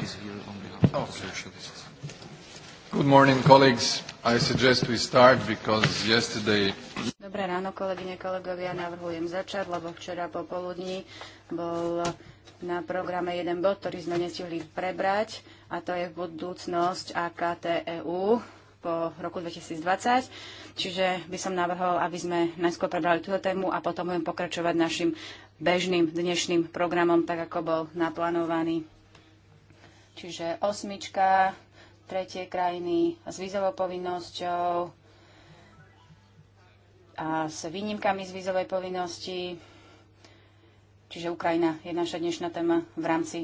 here on behalf of the socialists. Good morning, colleagues. I suggest we start because yesterday... Dobré ráno, kolegyne, kolegovia. Navrhujem začať, lebo včera popoludní bol na programe jeden bod, ktorý sme nestihli prebrať, a to je budúcnosť AKTEU po roku 2020. Čiže by som navrhol, aby sme najskôr prebrali túto tému a potom budem pokračovať našim bežným dnešným programom, tak ako bol naplánovaný. Čiže osmička, tretie krajiny s vízovou povinnosťou a s výnimkami z vízovej povinnosti. Čiže Ukrajina je naša dnešná téma v rámci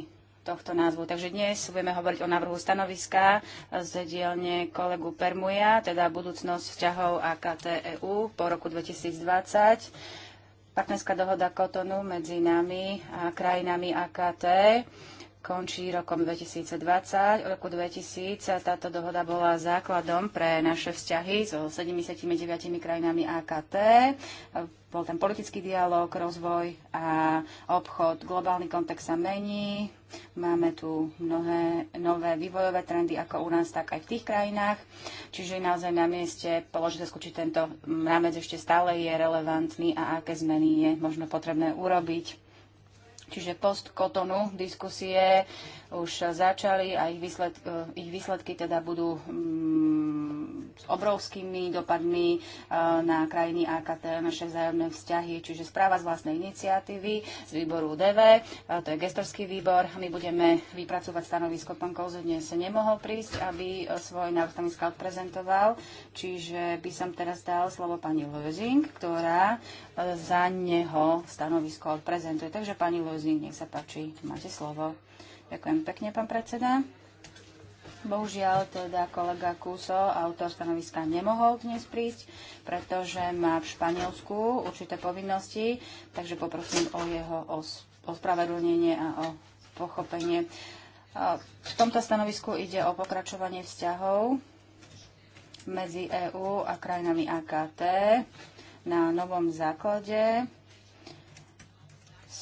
tohto názvu. Takže dnes budeme hovoriť o návrhu stanoviska z dielne kolegu Permuja, teda budúcnosť vzťahov AKT-EU po roku 2020. Partnerská dohoda Kotonu medzi nami a krajinami AKT končí rokom 2020. V roku 2000 táto dohoda bola základom pre naše vzťahy so 79 krajinami AKT. Bol tam politický dialog, rozvoj a obchod. Globálny kontext sa mení. Máme tu mnohé nové vývojové trendy, ako u nás, tak aj v tých krajinách. Čiže naozaj na mieste položiť sa skúčiť tento rámec ešte stále je relevantný a aké zmeny je možno potrebné urobiť čiže post kotonu diskusie už začali a ich, výsledky, eh, ich výsledky teda budú mm, s obrovskými dopadmi eh, na krajiny AKT, naše vzájomné vzťahy, čiže správa z vlastnej iniciatívy z výboru DV, eh, to je gestorský výbor. My budeme vypracovať stanovisko. Pán Kouzo dnes nemohol prísť, aby svoj návrh stanoviska odprezentoval, čiže by som teraz dal slovo pani Lozing, ktorá za neho stanovisko odprezentuje. Takže pani Lozing, nech sa páči, máte slovo. Ďakujem pekne, pán predseda. Bohužiaľ teda kolega Kuso, autor stanoviska, nemohol dnes prísť, pretože má v Španielsku určité povinnosti, takže poprosím o jeho ospravedlnenie a o pochopenie. V tomto stanovisku ide o pokračovanie vzťahov medzi EÚ a krajinami AKT na novom základe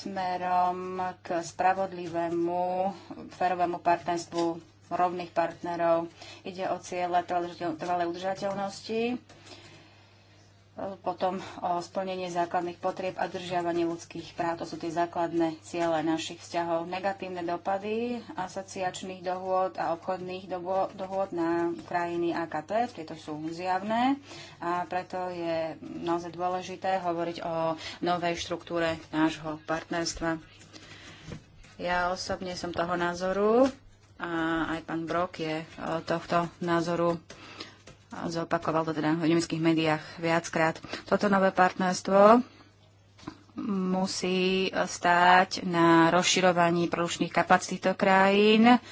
smerom k spravodlivému, férovému partnerstvu rovných partnerov. Ide o ciele trvalej udržateľnosti potom o splnenie základných potrieb a držiavanie ľudských práv. To sú tie základné ciele našich vzťahov. Negatívne dopady asociačných dohôd a obchodných dohôd na krajiny AKP, tieto sú zjavné a preto je naozaj dôležité hovoriť o novej štruktúre nášho partnerstva. Ja osobne som toho názoru a aj pán Brok je tohto názoru Zopakoval to teda v nemeckých médiách viackrát. Toto nové partnerstvo musí stáť na rozširovaní produčných kapacít týchto krajín,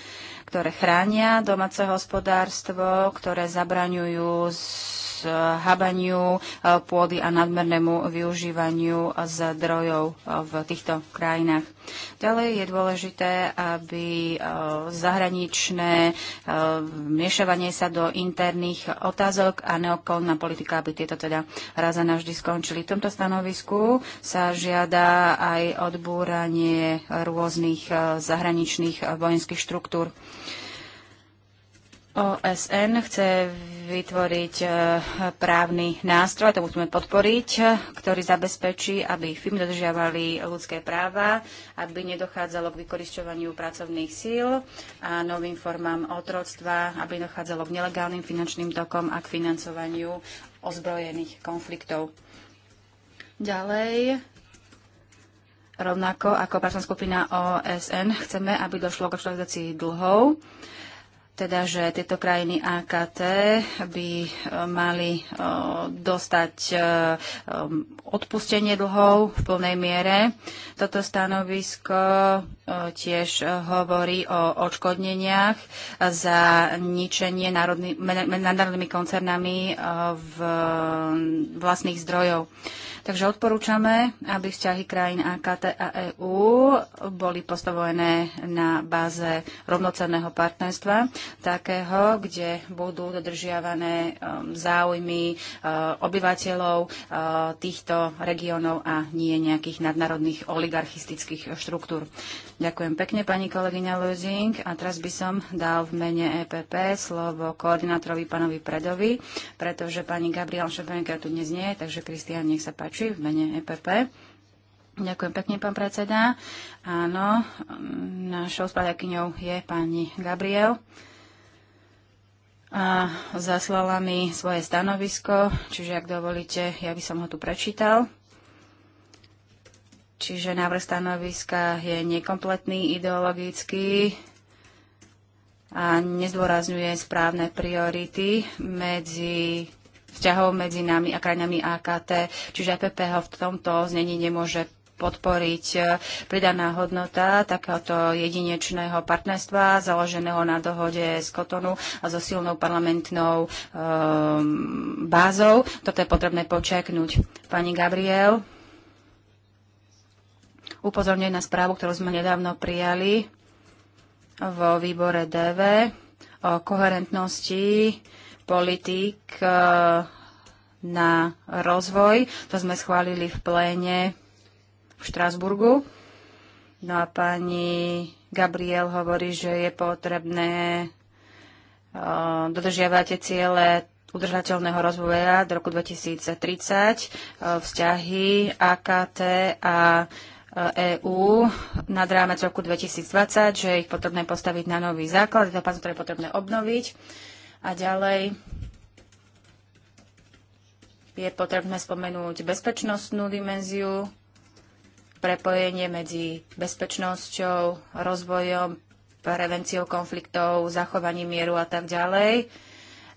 ktoré chránia domáce hospodárstvo, ktoré zabraňujú z habaniu e, pôdy a nadmernému využívaniu zdrojov e, v týchto krajinách. Ďalej je dôležité, aby e, zahraničné miešavanie sa do interných otázok a neokolná politika, aby tieto teda raz a navždy skončili. V tomto stanovisku sa žiada aj odbúranie rôznych zahraničných vojenských štruktúr. OSN chce vytvoriť e, právny nástroj, to musíme podporiť, e, ktorý zabezpečí, aby firmy dodržiavali ľudské práva, aby nedochádzalo k vykorisťovaniu pracovných síl a novým formám otroctva, aby dochádzalo k nelegálnym finančným tokom a k financovaniu ozbrojených konfliktov. Ďalej Rovnako ako pracovná skupina OSN chceme, aby došlo k aktualizácii dlhov teda, že tieto krajiny AKT by e, mali e, dostať e, odpustenie dlhov v plnej miere. Toto stanovisko tiež hovorí o odškodneniach za ničenie národnými koncernami v vlastných zdrojov. Takže odporúčame, aby vzťahy krajín AKT a EÚ boli postavené na báze rovnocenného partnerstva, takého, kde budú dodržiavané um, záujmy uh, obyvateľov uh, týchto regiónov a nie nejakých nadnárodných oligarchistických štruktúr. Ďakujem pekne, pani kolegyňa Lozing. A teraz by som dal v mene EPP slovo koordinátorovi pánovi Predovi, pretože pani Gabriel Šepenka tu dnes nie je, takže Kristián, nech sa páči páči v mene EPP. Ďakujem pekne, pán predseda. Áno, našou spadakyňou je pani Gabriel a zaslala mi svoje stanovisko, čiže ak dovolíte, ja by som ho tu prečítal. Čiže návrh stanoviska je nekompletný ideologický a nezdôrazňuje správne priority medzi vzťahov medzi nami a krajinami AKT, čiže PP ho v tomto znení nemôže podporiť e, pridaná hodnota takéhoto jedinečného partnerstva založeného na dohode z Kotonu a so silnou parlamentnou um, bázou. Toto je potrebné počeknúť. Pani Gabriel, upozorňuje na správu, ktorú sme nedávno prijali vo výbore DV o koherentnosti politík e, na rozvoj. To sme schválili v pléne v Štrásburgu. No a pani Gabriel hovorí, že je potrebné e, dodržiavate ciele udržateľného rozvoja do roku 2030, e, vzťahy AKT a EÚ nad rámec roku 2020, že ich potrebné postaviť na nový základ, to je potrebné obnoviť. A ďalej je potrebné spomenúť bezpečnostnú dimenziu, prepojenie medzi bezpečnosťou, rozvojom, prevenciou konfliktov, zachovaním mieru a tak ďalej.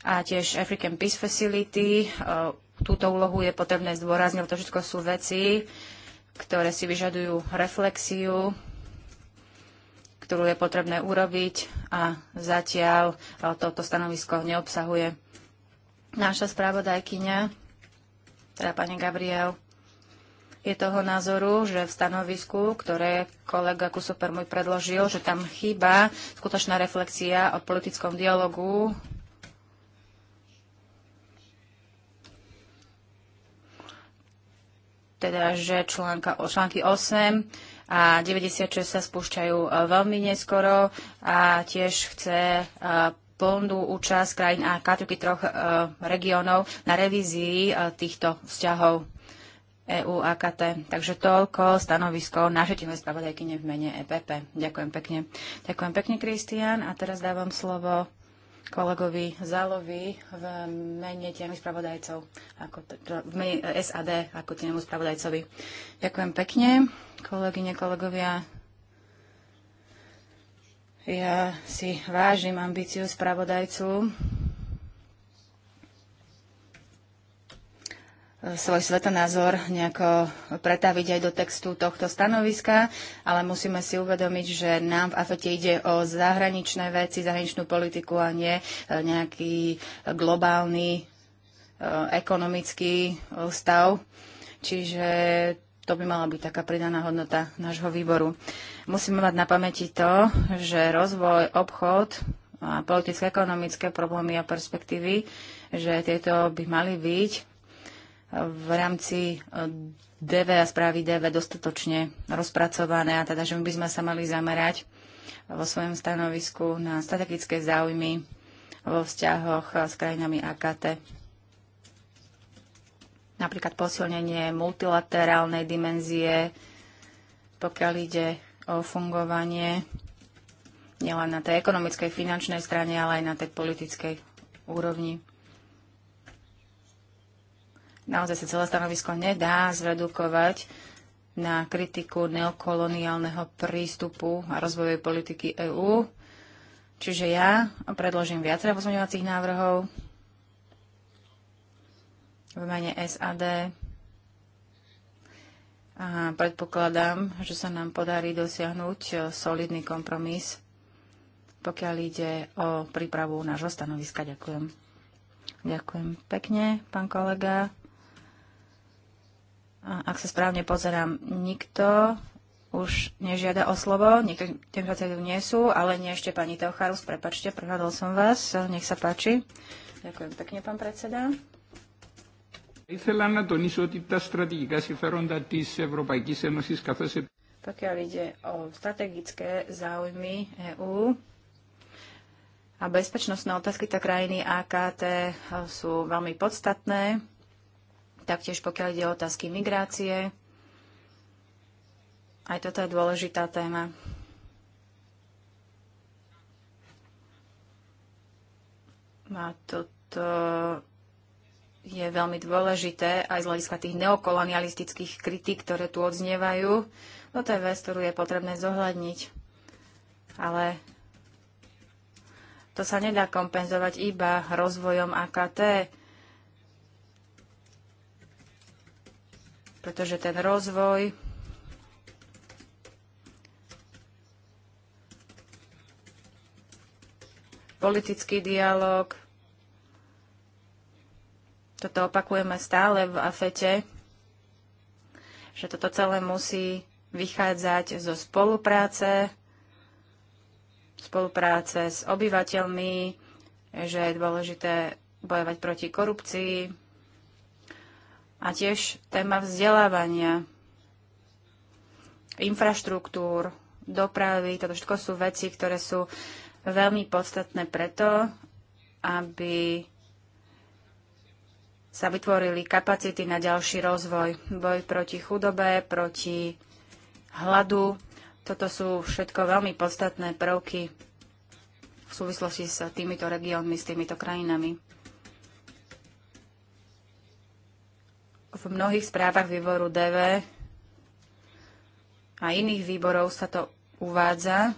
A tiež African Peace Facility. Túto úlohu je potrebné zdôrazniť, to všetko sú veci, ktoré si vyžadujú reflexiu ktorú je potrebné urobiť a zatiaľ e, toto stanovisko neobsahuje. Naša správodajkyňa, teda pani Gabriel, je toho názoru, že v stanovisku, ktoré kolega Kusoper môj predložil, že tam chýba skutočná reflexia o politickom dialogu teda, že článka, články 8 a 96 sa spúšťajú e, veľmi neskoro a tiež chce e, plnú účasť krajín a katruky troch e, regiónov na revízii týchto vzťahov EU a KT. Takže toľko stanovisko našej tímovej spravodajkyne v mene EPP. Ďakujem pekne. Ďakujem pekne, Kristian. A teraz dávam slovo kolegovi Zálovi v mene tiemu spravodajcov, ako teda v mene eh, SAD ako tiemu spravodajcovi. Ďakujem pekne, kolegyne, kolegovia. Ja si vážim ambíciu spravodajcu svoj svetonázor nejako pretaviť aj do textu tohto stanoviska, ale musíme si uvedomiť, že nám v AFETE ide o zahraničné veci, zahraničnú politiku a nie e, nejaký globálny e, ekonomický e, stav. Čiže to by mala byť taká pridaná hodnota nášho výboru. Musíme mať na pamäti to, že rozvoj, obchod a politické ekonomické problémy a perspektívy, že tieto by mali byť v rámci e, DV a správy DV dostatočne rozpracované a teda, že my by sme sa mali zamerať vo svojom stanovisku na strategické záujmy vo vzťahoch e, s krajinami AKT. Napríklad posilnenie multilaterálnej dimenzie, pokiaľ ide o fungovanie nielen na tej ekonomickej, finančnej strane, ale aj na tej politickej úrovni. Naozaj sa celé stanovisko nedá zredukovať na kritiku neokoloniálneho prístupu a rozvojovej politiky EÚ. Čiže ja predložím viacero pozmeňovacích návrhov v mene SAD. A predpokladám, že sa nám podarí dosiahnuť solidný kompromis, pokiaľ ide o prípravu nášho stanoviska. Ďakujem. Ďakujem pekne, pán kolega. Ak sa správne pozerám, nikto už nežiada o slovo, niektorí tým tu nie sú, ale nie ešte pani Teocharus, prepačte, prehľadol som vás, nech sa páči. Ďakujem pekne, pán predseda. Pokiaľ ide o strategické záujmy EÚ a bezpečnostné otázky, tak krajiny AKT eh, sú veľmi podstatné Taktiež pokiaľ ide o otázky migrácie, aj toto je dôležitá téma. A toto je veľmi dôležité aj z hľadiska tých neokolonialistických kritik, ktoré tu odznievajú. Toto no je vec, ktorú je potrebné zohľadniť. Ale to sa nedá kompenzovať iba rozvojom AKT. pretože ten rozvoj politický dialog. Toto opakujeme stále v AFETE, že toto celé musí vychádzať zo spolupráce, spolupráce s obyvateľmi, že je dôležité bojovať proti korupcii, a tiež téma vzdelávania, infraštruktúr, dopravy, toto všetko sú veci, ktoré sú veľmi podstatné preto, aby sa vytvorili kapacity na ďalší rozvoj. Boj proti chudobe, proti hladu. Toto sú všetko veľmi podstatné prvky v súvislosti s týmito regiónmi, s týmito krajinami. v mnohých správach výboru DV a iných výborov sa to uvádza,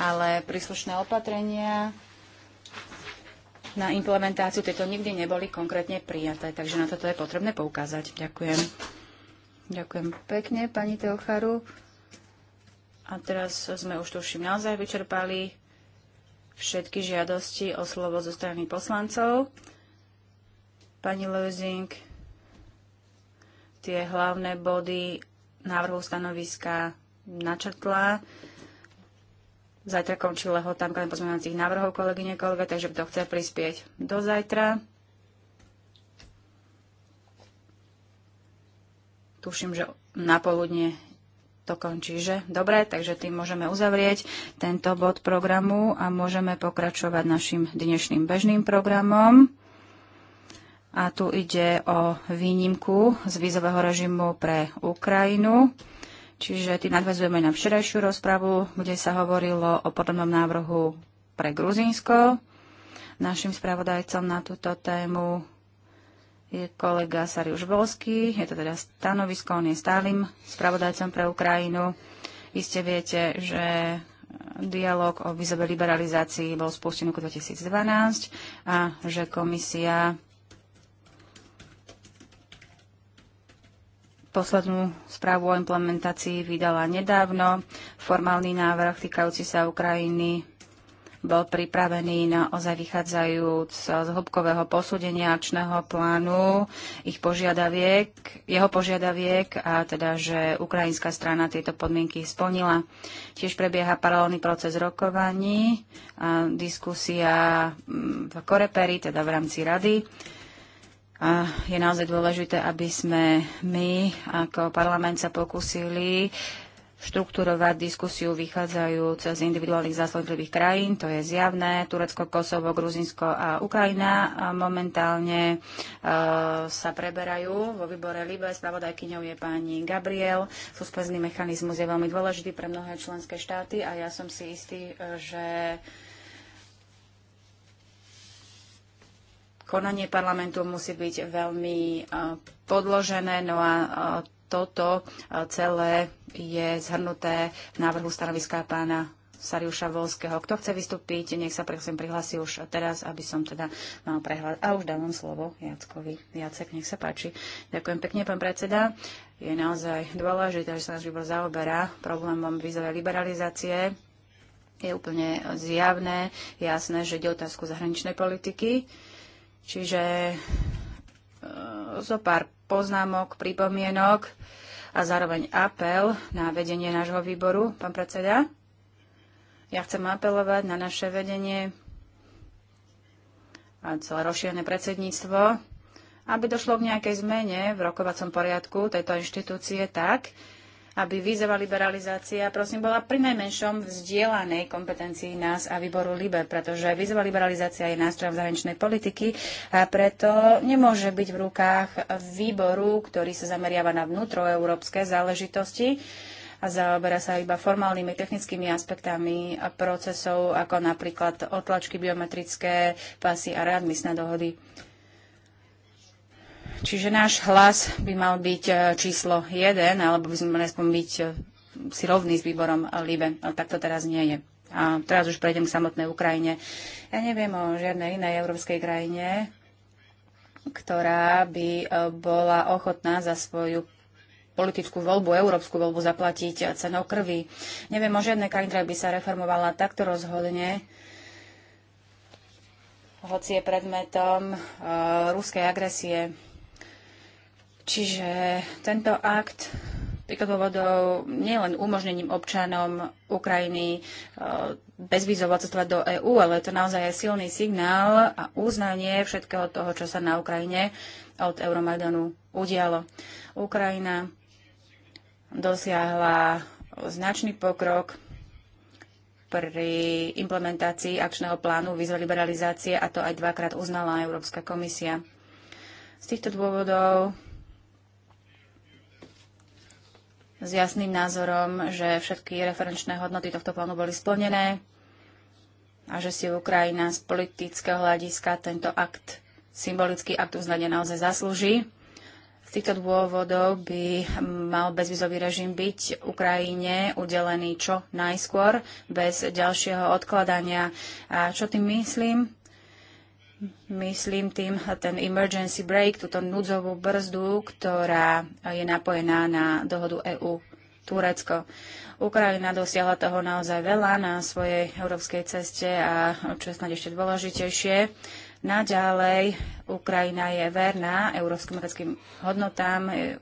ale príslušné opatrenia na implementáciu tieto nikdy neboli konkrétne prijaté, takže na toto je potrebné poukázať. Ďakujem. Ďakujem pekne, pani Teocharu. A teraz sme už tuším naozaj vyčerpali všetky žiadosti o slovo zo strany poslancov. Pani Leuzink, tie hlavné body návrhu stanoviska načrtla. Zajtra končí lehota pozmeňovacích návrhov kolegyne kolega, takže kto chce prispieť do zajtra. Tuším, že na poludne to končí, že? Dobre, takže tým môžeme uzavrieť tento bod programu a môžeme pokračovať našim dnešným bežným programom. A tu ide o výnimku z vízového režimu pre Ukrajinu. Čiže tým nadvezujeme na včerajšiu rozpravu, kde sa hovorilo o podobnom návrhu pre Gruzínsko. Našim spravodajcom na túto tému je kolega Sariuš Volský. Je to teda stanovisko, on je stálym spravodajcom pre Ukrajinu. Iste viete, že dialog o vízovej liberalizácii bol spustený roku 2012 a že komisia Poslednú správu o implementácii vydala nedávno. Formálny návrh týkajúci sa Ukrajiny bol pripravený na ozaj vychádzajúc z hĺbkového posúdenia akčného plánu ich požiadaviek, jeho požiadaviek a teda, že ukrajinská strana tieto podmienky splnila. Tiež prebieha paralelný proces rokovaní a diskusia v Koreperi, teda v rámci rady. A je naozaj dôležité, aby sme my ako parlament sa pokúsili štruktúrovať diskusiu vychádzajúc z individuálnych zásledlivých krajín, to je zjavné, Turecko, Kosovo, Gruzinsko a Ukrajina. A momentálne e, sa preberajú vo výbore Libe, spravodajkyňou je pani Gabriel. Suspenzný mechanizmus je veľmi dôležitý pre mnohé členské štáty a ja som si istý, e, že konanie parlamentu musí byť veľmi e, podložené, no a e, toto e, celé je zhrnuté v návrhu stanoviska pána Sariuša Volského. Kto chce vystúpiť, nech sa prosím prihlási už teraz, aby som teda mal prehľad. A už dávam slovo Jackovi. Jacek, nech sa páči. Ďakujem pekne, pán predseda. Je naozaj dôležité, že sa náš výbor zaoberá problémom vízovej liberalizácie. Je úplne zjavné, jasné, že ide otázku zahraničnej politiky Čiže e, zo pár poznámok, pripomienok a zároveň apel na vedenie nášho výboru, pán predseda. Ja chcem apelovať na naše vedenie a celé rozšírené predsedníctvo, aby došlo k nejakej zmene v rokovacom poriadku tejto inštitúcie tak, aby vízová liberalizácia, prosím, bola pri najmenšom vzdielanej kompetencii nás a výboru LIBE, pretože vízová liberalizácia je nástrojom zahraničnej politiky a preto nemôže byť v rukách výboru, ktorý sa zameriava na vnútroeurópske záležitosti a zaoberá sa iba formálnymi technickými aspektami a procesov, ako napríklad otlačky biometrické pasy a readmisné dohody. Čiže náš hlas by mal byť e, číslo 1, alebo by sme mali aspoň byť e, si rovný s výborom LIBE. Ale tak to teraz nie je. A teraz už prejdem k samotnej Ukrajine. Ja neviem o žiadnej inej európskej krajine, ktorá by e, bola ochotná za svoju politickú voľbu, európsku voľbu zaplatiť cenou krvi. Neviem o žiadnej krajine, ktorá by sa reformovala takto rozhodne, hoci je predmetom uh, ruskej agresie Čiže tento akt týchto dôvodov nie len umožnením občanom Ukrajiny e, bezvízovo cestovať do EÚ, ale to naozaj je silný signál a uznanie všetkého toho, čo sa na Ukrajine od Euromajdanu udialo. Ukrajina dosiahla značný pokrok pri implementácii akčného plánu výzva liberalizácie a to aj dvakrát uznala Európska komisia. Z týchto dôvodov s jasným názorom, že všetky referenčné hodnoty tohto plánu boli splnené a že si Ukrajina z politického hľadiska tento akt, symbolický akt uznania naozaj zaslúži. Z týchto dôvodov by mal bezvizový režim byť Ukrajine udelený čo najskôr, bez ďalšieho odkladania. A čo tým myslím? myslím tým ten emergency break, túto núdzovú brzdu, ktorá je napojená na dohodu EU Turecko. Ukrajina dosiahla toho naozaj veľa na svojej európskej ceste a čo je snáď ešte dôležitejšie, naďalej Ukrajina je verná európskym ľudským hodnotám, e,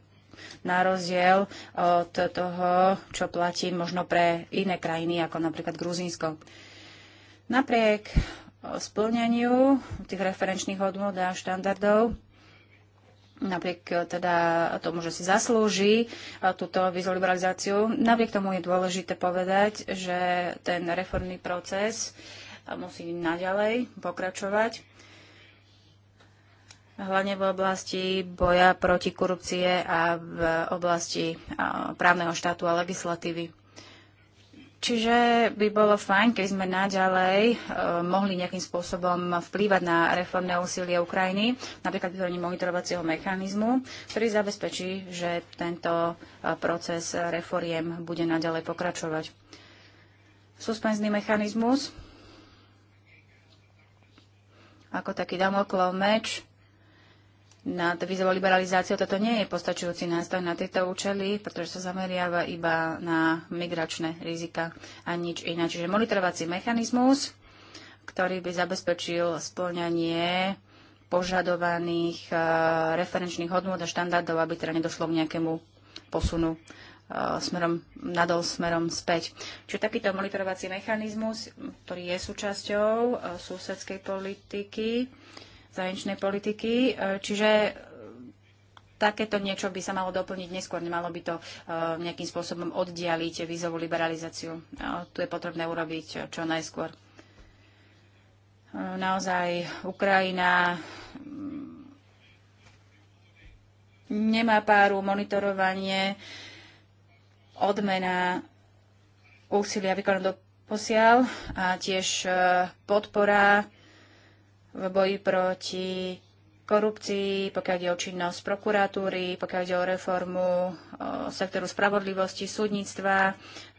na rozdiel od toho, čo platí možno pre iné krajiny, ako napríklad Gruzínsko. Napriek splneniu tých referenčných hodnot a štandardov napriek e, teda tomu, že si zaslúži e, túto vizualizáciu. Napriek tomu je dôležité povedať, že ten reformný proces e, musí naďalej pokračovať, hlavne v oblasti boja proti korupcie a v oblasti právneho štátu a legislatívy. Čiže by bolo fajn, keby sme naďalej e, mohli nejakým spôsobom vplývať na reformné úsilie Ukrajiny, napríklad vytvorením monitorovacieho mechanizmu, ktorý zabezpečí, že tento e, proces reforiem bude naďalej pokračovať. Suspenzný mechanizmus ako taký damoklov meč nad vízovou liberalizáciou. Toto nie je postačujúci nástroj na tieto účely, pretože sa zameriava iba na migračné rizika a nič iné. Čiže monitorovací mechanizmus, ktorý by zabezpečil splňanie požadovaných e, referenčných hodnôt a štandardov, aby teda nedošlo k nejakému posunu e, smerom nadol, smerom späť. Čiže takýto monitorovací mechanizmus, ktorý je súčasťou e, susedskej politiky, zahraničnej politiky. E, čiže e, takéto niečo by sa malo doplniť neskôr, nemalo by to e, nejakým spôsobom oddialiť vízovú liberalizáciu. Tu je potrebné urobiť čo najskôr. Naozaj Ukrajina mm, nemá páru, monitorovanie, odmena úsilia vykonaného posiaľ a tiež podpora v boji proti korupcii, pokiaľ ide o činnosť prokuratúry, pokiaľ ide o reformu o sektoru spravodlivosti, súdnictva,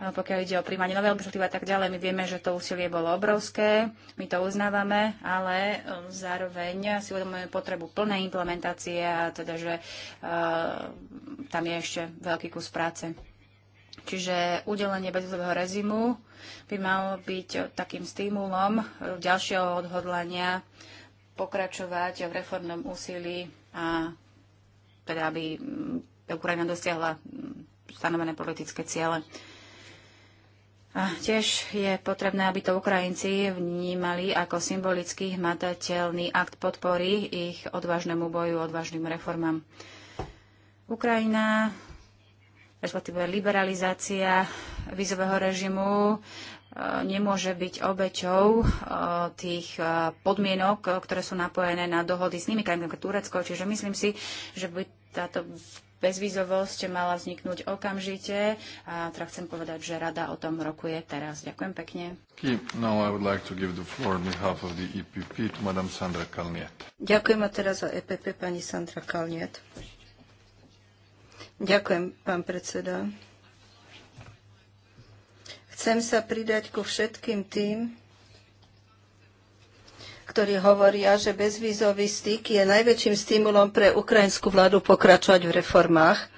pokiaľ ide o príjmanie nového legislatívy a tak ďalej. My vieme, že to úsilie bolo obrovské, my to uznávame, ale zároveň si uvedomujeme potrebu plnej implementácie a teda, že e, tam je ešte veľký kus práce. Čiže udelenie bezúzového rezimu by malo byť takým stimulom ďalšieho odhodlania pokračovať v reformnom úsilí a teda aby Ukrajina dosiahla mm, stanovené politické ciele. A tiež je potrebné, aby to Ukrajinci vnímali ako symbolický, hmatateľný akt podpory ich odvážnemu boju, odvážnym reformám. Ukrajina respektíve liberalizácia vízového režimu e, nemôže byť obeťou e, tých e, podmienok, ktoré sú napojené na dohody s nimi, krajinami ako Turecko. Čiže myslím si, že by táto bezvízovosť mala vzniknúť okamžite. A teda chcem povedať, že rada o tom rokuje teraz. Ďakujem pekne. Ďakujem a teraz za EPP pani Sandra Kalniet. Ďakujem, pán predseda. Chcem sa pridať ku všetkým tým, ktorí hovoria, že bezvízový styk je najväčším stimulom pre ukrajinskú vládu pokračovať v reformách.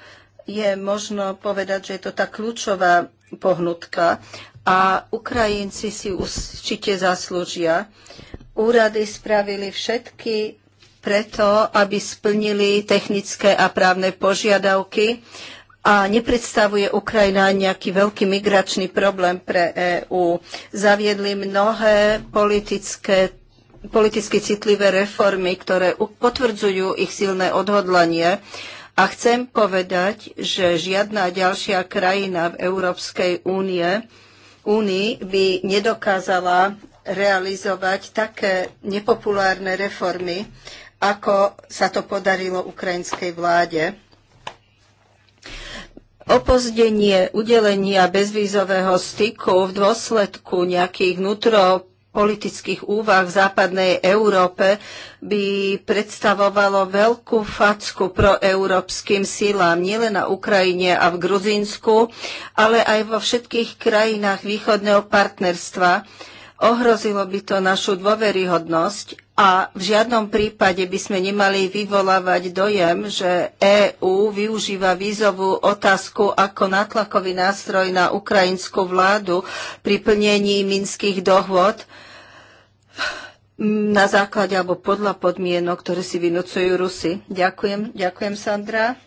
Je možno povedať, že je to tá kľúčová pohnutka a Ukrajinci si určite zaslúžia. Úrady spravili všetky preto, aby splnili technické a právne požiadavky a nepredstavuje Ukrajina nejaký veľký migračný problém pre EÚ. Zaviedli mnohé politické politicky citlivé reformy, ktoré potvrdzujú ich silné odhodlanie. A chcem povedať, že žiadna ďalšia krajina v Európskej únie, únii by nedokázala realizovať také nepopulárne reformy ako sa to podarilo ukrajinskej vláde. Opozdenie udelenia bezvízového styku v dôsledku nejakých vnútro politických úvah v západnej Európe by predstavovalo veľkú facku pro európskym sílám, nielen na Ukrajine a v Gruzínsku, ale aj vo všetkých krajinách východného partnerstva. Ohrozilo by to našu dôveryhodnosť a v žiadnom prípade by sme nemali vyvolávať dojem, že EÚ využíva vízovú otázku ako natlakový nástroj na ukrajinskú vládu pri plnení minských dohôd na základe alebo podľa podmienok, ktoré si vynúcujú Rusy. Ďakujem, ďakujem Sandra.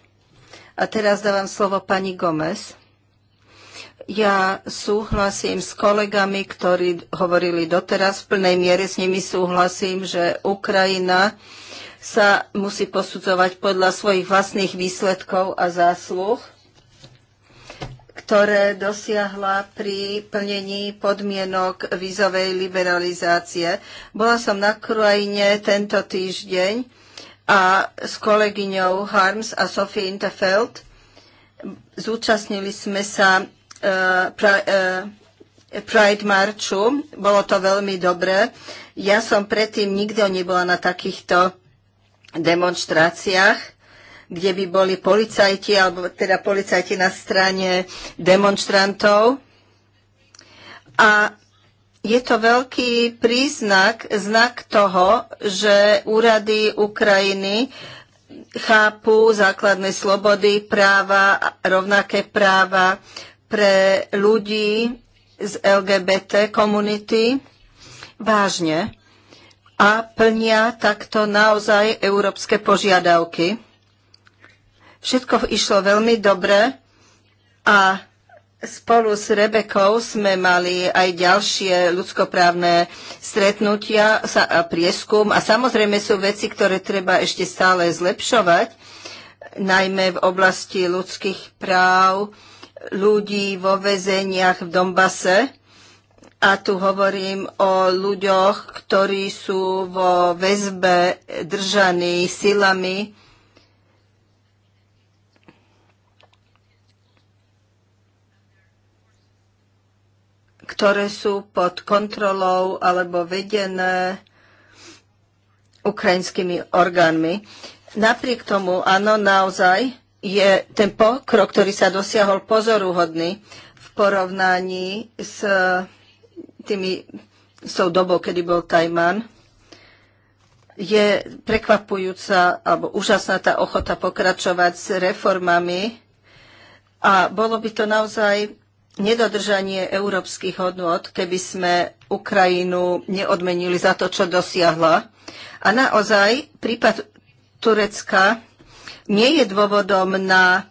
A teraz dávam slovo pani Gomez. Ja súhlasím s kolegami, ktorí hovorili doteraz. V plnej miere s nimi súhlasím, že Ukrajina sa musí posudzovať podľa svojich vlastných výsledkov a zásluh, ktoré dosiahla pri plnení podmienok vízovej liberalizácie. Bola som na krajine tento týždeň a s kolegyňou Harms a Sophie Interfeld zúčastnili sme sa Eh, eh, Pride Marchu. Bolo to veľmi dobré. Ja som predtým nikto nebola na takýchto demonstráciách kde by boli policajti, alebo teda policajti na strane demonstrantov. A je to veľký príznak, znak toho, že úrady Ukrajiny chápu základné slobody, práva, rovnaké práva pre ľudí z LGBT komunity vážne a plnia takto naozaj európske požiadavky. Všetko išlo veľmi dobre a spolu s Rebekou sme mali aj ďalšie ľudskoprávne stretnutia a prieskum a samozrejme sú veci, ktoré treba ešte stále zlepšovať, najmä v oblasti ľudských práv, ľudí vo väzeniach v Dombase. A tu hovorím o ľuďoch, ktorí sú vo väzbe držaní silami ktoré sú pod kontrolou alebo vedené ukrajinskými orgánmi. Napriek tomu, áno, naozaj, je ten pokrok, ktorý sa dosiahol pozoruhodný v porovnaní s eh, tými, s tou dobou, kedy bol Tajman. Je prekvapujúca alebo úžasná tá ochota pokračovať s reformami a bolo by to naozaj nedodržanie európskych hodnot, keby sme Ukrajinu neodmenili za to, čo dosiahla. A naozaj prípad Turecka nie je dôvodom na,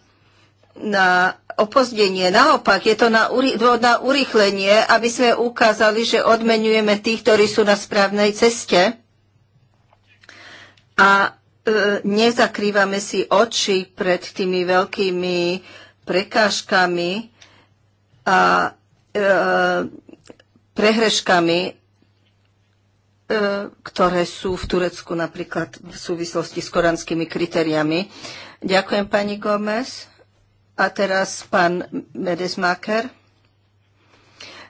na opozdenie. Naopak, je to na, dôvod na urychlenie, aby sme ukázali, že odmenujeme tých, ktorí sú na správnej ceste a e, nezakrývame si oči pred tými veľkými prekážkami a e, prehreškami E, ktoré sú v Turecku napríklad v súvislosti s koranskými kritériami. Ďakujem pani Gomez. A teraz pán Medesmaker.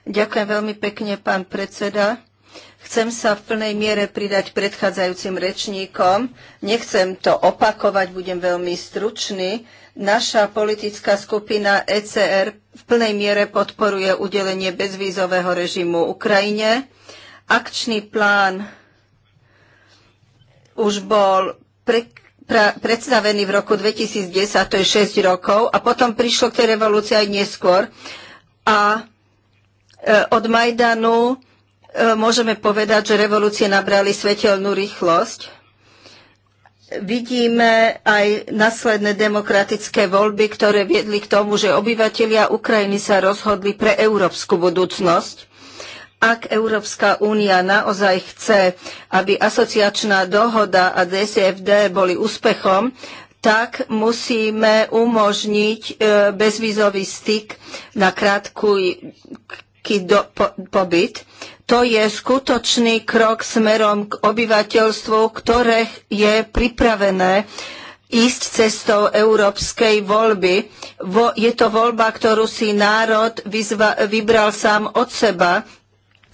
Ďakujem veľmi pekne, pán predseda. Chcem sa v plnej miere pridať predchádzajúcim rečníkom. Nechcem to opakovať, budem veľmi stručný. Naša politická skupina ECR v plnej miere podporuje udelenie bezvízového režimu Ukrajine. Akčný plán už bol pre, pra, predstavený v roku 2010, to je 6 rokov, a potom prišlo k tej revolúcii aj neskôr. A e, od Majdanu e, môžeme povedať, že revolúcie nabrali svetelnú rýchlosť vidíme aj následné demokratické voľby, ktoré viedli k tomu, že obyvatelia Ukrajiny sa rozhodli pre európsku budúcnosť. Ak Európska únia naozaj chce, aby asociačná dohoda a DCFD boli úspechom, tak musíme umožniť e, bezvízový styk na krátku do, po, pobyt. To je skutočný krok smerom k obyvateľstvu, ktoré je pripravené ísť cestou európskej voľby. Vo, je to voľba, ktorú si národ vyzva, vybral sám od seba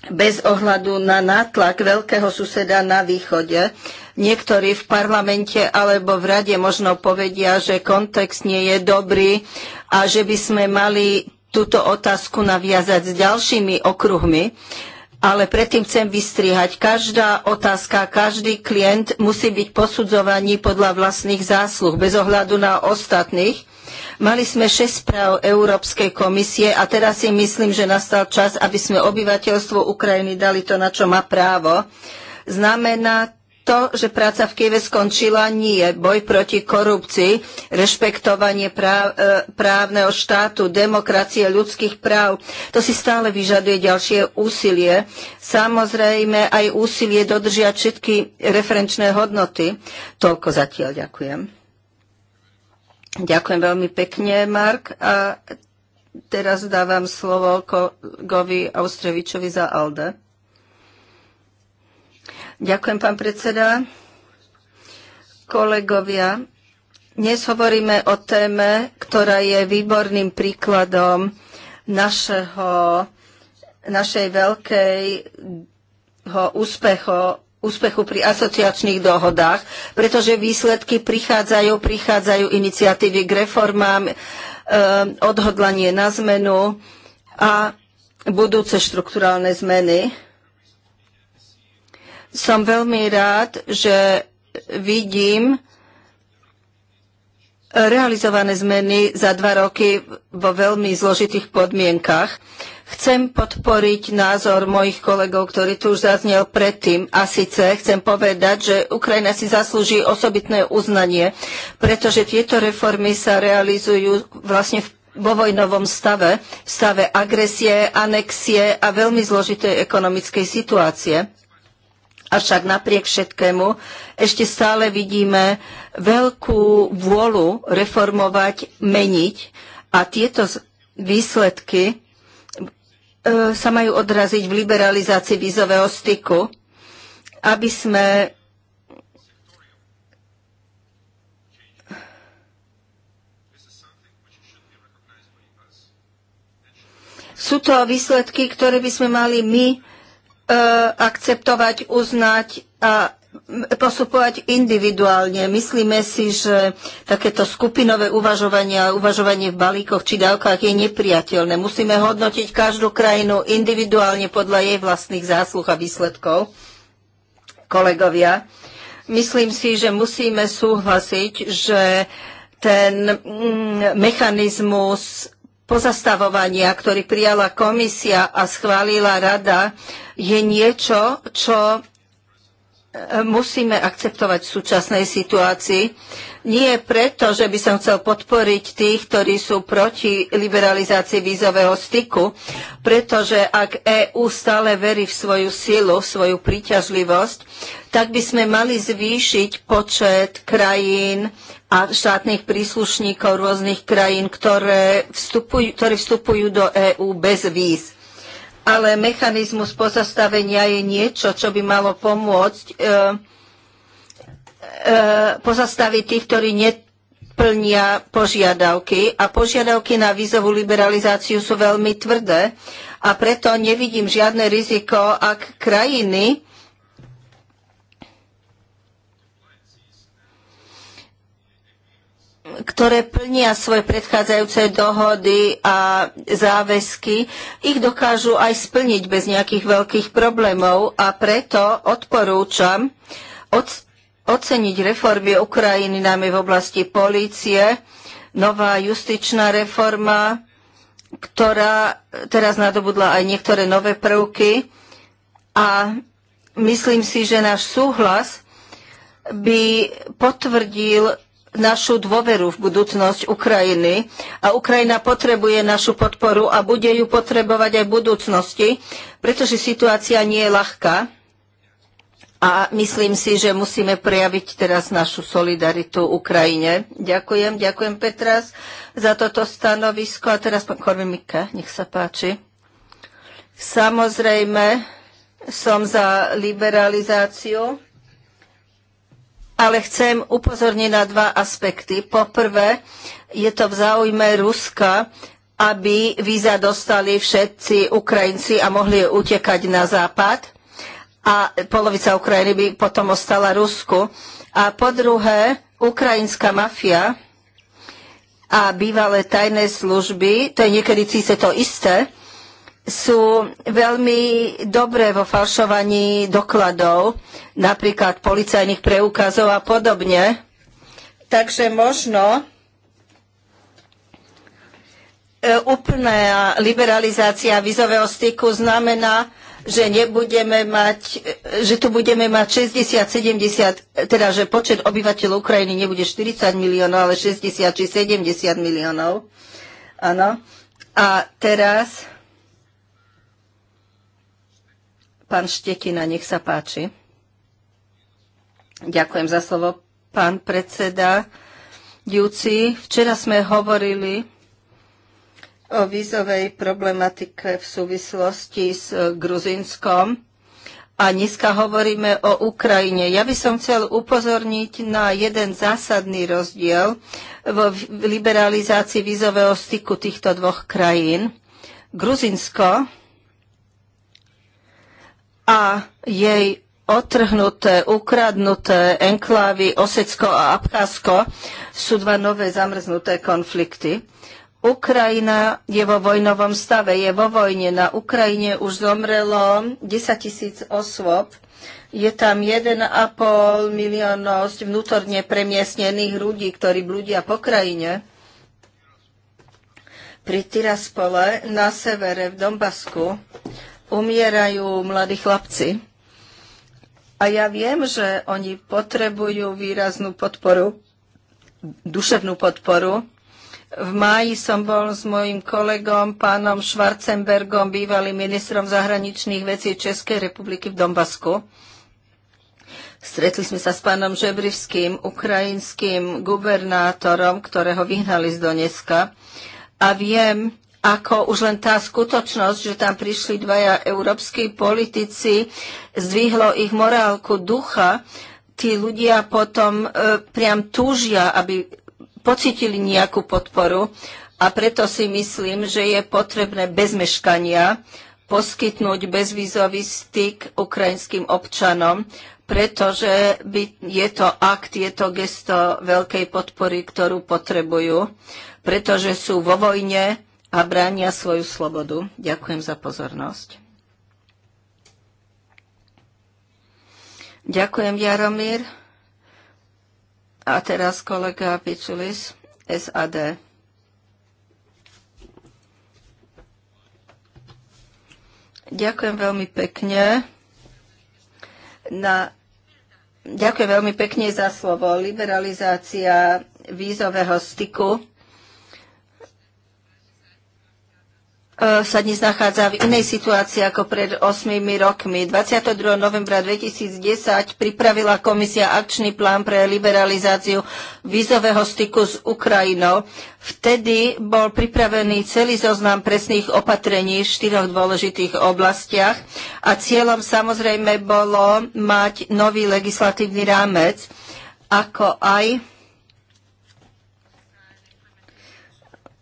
bez ohľadu na nátlak veľkého suseda na východe. Niektorí v parlamente alebo v rade možno povedia, že kontext nie je dobrý a že by sme mali túto otázku naviazať s ďalšími okruhmi. Ale predtým chcem vystrihať. Každá otázka, každý klient musí byť posudzovaný podľa vlastných zásluh, bez ohľadu na ostatných. Mali sme 6 správ Európskej komisie a teraz si myslím, že nastal čas, aby sme obyvateľstvo Ukrajiny dali to, na čo má právo. Znamená to, že práca v Kieve skončila, nie. Boj proti korupcii, rešpektovanie práv, e, právneho štátu, demokracie, ľudských práv, to si stále vyžaduje ďalšie úsilie. Samozrejme aj úsilie dodržiať všetky referenčné hodnoty. Toľko zatiaľ ďakujem. Ďakujem veľmi pekne, Mark. A teraz dávam slovo kolegovi Austrevičovi za ALDE. Ďakujem, pán predseda. Kolegovia, dnes hovoríme o téme, ktorá je výborným príkladom našeho, našej veľkej úspechu úspechu pri asociačných dohodách, pretože výsledky prichádzajú, prichádzajú iniciatívy k reformám, e, odhodlanie na zmenu a budúce štrukturálne zmeny. Som veľmi rád, že vidím realizované zmeny za dva roky vo veľmi zložitých podmienkach. Chcem podporiť názor mojich kolegov, ktorý tu už zaznel predtým. A síce chcem povedať, že Ukrajina si zaslúži osobitné uznanie, pretože tieto reformy sa realizujú vlastne v vo vojnovom stave, v stave agresie, anexie a veľmi zložitej ekonomickej situácie. Avšak napriek všetkému ešte stále vidíme veľkú vôľu reformovať, meniť a tieto výsledky E, sa majú odraziť v liberalizácii vízového styku, aby sme Sú to výsledky, ktoré by sme mali my e, akceptovať, uznať a postupovať individuálne. Myslíme si, že takéto skupinové uvažovanie a uvažovanie v balíkoch či dávkach je nepriateľné. Musíme hodnotiť každú krajinu individuálne podľa jej vlastných zásluh a výsledkov. Kolegovia, myslím si, že musíme súhlasiť, že ten mm, mechanizmus pozastavovania, ktorý prijala komisia a schválila rada, je niečo, čo musíme akceptovať v súčasnej situácii. Nie preto, že by som chcel podporiť tých, ktorí sú proti liberalizácii vízového styku, pretože ak EÚ stále verí v svoju silu, v svoju príťažlivosť, tak by sme mali zvýšiť počet krajín a štátnych príslušníkov rôznych krajín, ktoré vstupujú, ktoré vstupujú do EÚ bez víz ale mechanizmus pozastavenia je niečo, čo by malo pomôcť e, e, pozastaviť tých, ktorí neplnia požiadavky. A požiadavky na vízovú liberalizáciu sú veľmi tvrdé a preto nevidím žiadne riziko, ak krajiny, ktoré plnia svoje predchádzajúce dohody a záväzky, ich dokážu aj splniť bez nejakých veľkých problémov a preto odporúčam od, oceniť reformy Ukrajiny najmä v oblasti polície, nová justičná reforma, ktorá teraz nadobudla aj niektoré nové prvky a myslím si, že náš súhlas by potvrdil našu dôveru v budúcnosť Ukrajiny a Ukrajina potrebuje našu podporu a bude ju potrebovať aj v budúcnosti, pretože situácia nie je ľahká a myslím si, že musíme prejaviť teraz našu solidaritu Ukrajine. Ďakujem, ďakujem Petras za toto stanovisko a teraz pán Korvin nech sa páči. Samozrejme som za liberalizáciu ale chcem upozorniť na dva aspekty. Poprvé, je to v záujme Ruska, aby víza dostali všetci Ukrajinci a mohli utekať na západ a polovica Ukrajiny by potom ostala Rusku. A po druhé, ukrajinská mafia a bývalé tajné služby, to je niekedy síce to isté, sú veľmi dobré vo falšovaní dokladov, napríklad policajných preukazov a podobne. Takže možno e, úplná liberalizácia vizového styku znamená, že nebudeme mať, e, že tu budeme mať 60, 70, teda že počet obyvateľov Ukrajiny nebude 40 miliónov, ale 60 či 70 miliónov. Áno. A teraz Pán Štetina, nech sa páči. Ďakujem za slovo, pán predseda. včera sme hovorili o vízovej problematike v súvislosti s e, Gruzinskom a dneska hovoríme o Ukrajine. Ja by som chcel upozorniť na jeden zásadný rozdiel v liberalizácii vízového styku týchto dvoch krajín. Gruzinsko a jej otrhnuté, ukradnuté enklávy Osecko a Abcházsko sú dva nové zamrznuté konflikty. Ukrajina je vo vojnovom stave, je vo vojne. Na Ukrajine už zomrelo 10 tisíc osôb. Je tam 1,5 miliónosť vnútorne premiesnených ľudí, ktorí blúdia po krajine. Pri Tiraspole na severe v Donbasku umierajú mladí chlapci. A ja viem, že oni potrebujú výraznú podporu, duševnú podporu. V máji som bol s mojim kolegom, pánom Schwarzenbergom, bývalým ministrom zahraničných vecí Českej republiky v Donbasku. Stretli sme sa s pánom Žebrivským, ukrajinským gubernátorom, ktorého vyhnali z Donecka. A viem, ako už len tá skutočnosť, že tam prišli dvaja európsky politici, zdvihlo ich morálku ducha, tí ľudia potom e, priam túžia, aby pocitili nejakú podporu a preto si myslím, že je potrebné bez meškania poskytnúť bezvízový styk ukrajinským občanom, pretože by, je to akt, je to gesto veľkej podpory, ktorú potrebujú, pretože sú vo vojne, a bránia svoju slobodu. Ďakujem za pozornosť. Ďakujem, Jaromír. A teraz kolega Pičulis, SAD. Ďakujem veľmi pekne. Na... Ďakujem veľmi pekne za slovo. Liberalizácia vízového styku E, sa dnes nachádza v inej situácii ako pred 8 rokmi. 22. novembra 2010 pripravila komisia akčný plán pre liberalizáciu vízového styku s Ukrajinou. Vtedy bol pripravený celý zoznam presných opatrení v štyroch dôležitých oblastiach a cieľom samozrejme bolo mať nový legislatívny rámec, ako aj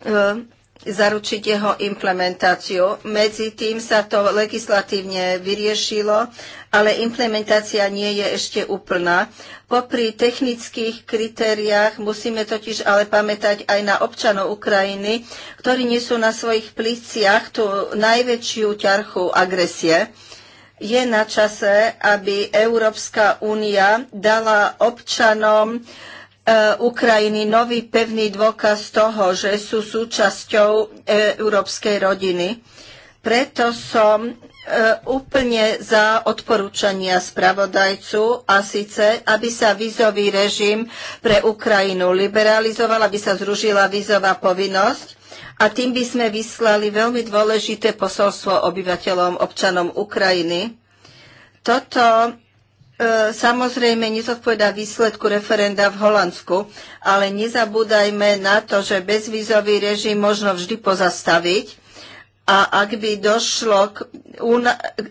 e, zaručiť jeho implementáciu. Medzi tým sa to legislatívne vyriešilo, ale implementácia nie je ešte úplná. Popri technických kritériách musíme totiž ale pamätať aj na občanov Ukrajiny, ktorí nesú na svojich pliciach tú najväčšiu ťarchu agresie. Je na čase, aby Európska únia dala občanom E, Ukrajiny nový pevný dôkaz toho, že sú súčasťou e, európskej rodiny. Preto som e, úplne za odporúčania spravodajcu a síce, aby sa vízový režim pre Ukrajinu liberalizoval, aby sa zružila vízová povinnosť a tým by sme vyslali veľmi dôležité posolstvo obyvateľom, občanom Ukrajiny. Toto E, samozrejme nezodpovedá výsledku referenda v Holandsku, ale nezabúdajme na to, že bezvízový režim možno vždy pozastaviť a ak by došlo k,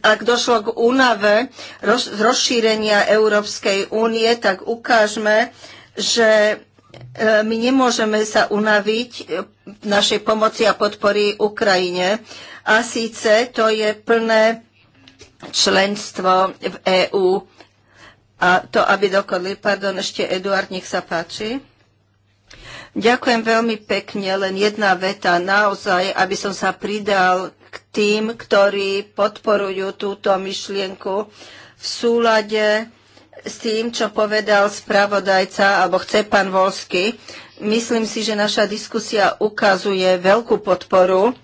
ak došlo k únave roz, rozšírenia Európskej únie, tak ukážme, že e, my nemôžeme sa unaviť v e, našej pomoci a podpory Ukrajine. A síce to je plné členstvo v EÚ a to, aby dokodli. Pardon, ešte Eduard, nech sa páči. Ďakujem veľmi pekne, len jedna veta naozaj, aby som sa pridal k tým, ktorí podporujú túto myšlienku v súlade s tým, čo povedal spravodajca, alebo chce pán Volsky. Myslím si, že naša diskusia ukazuje veľkú podporu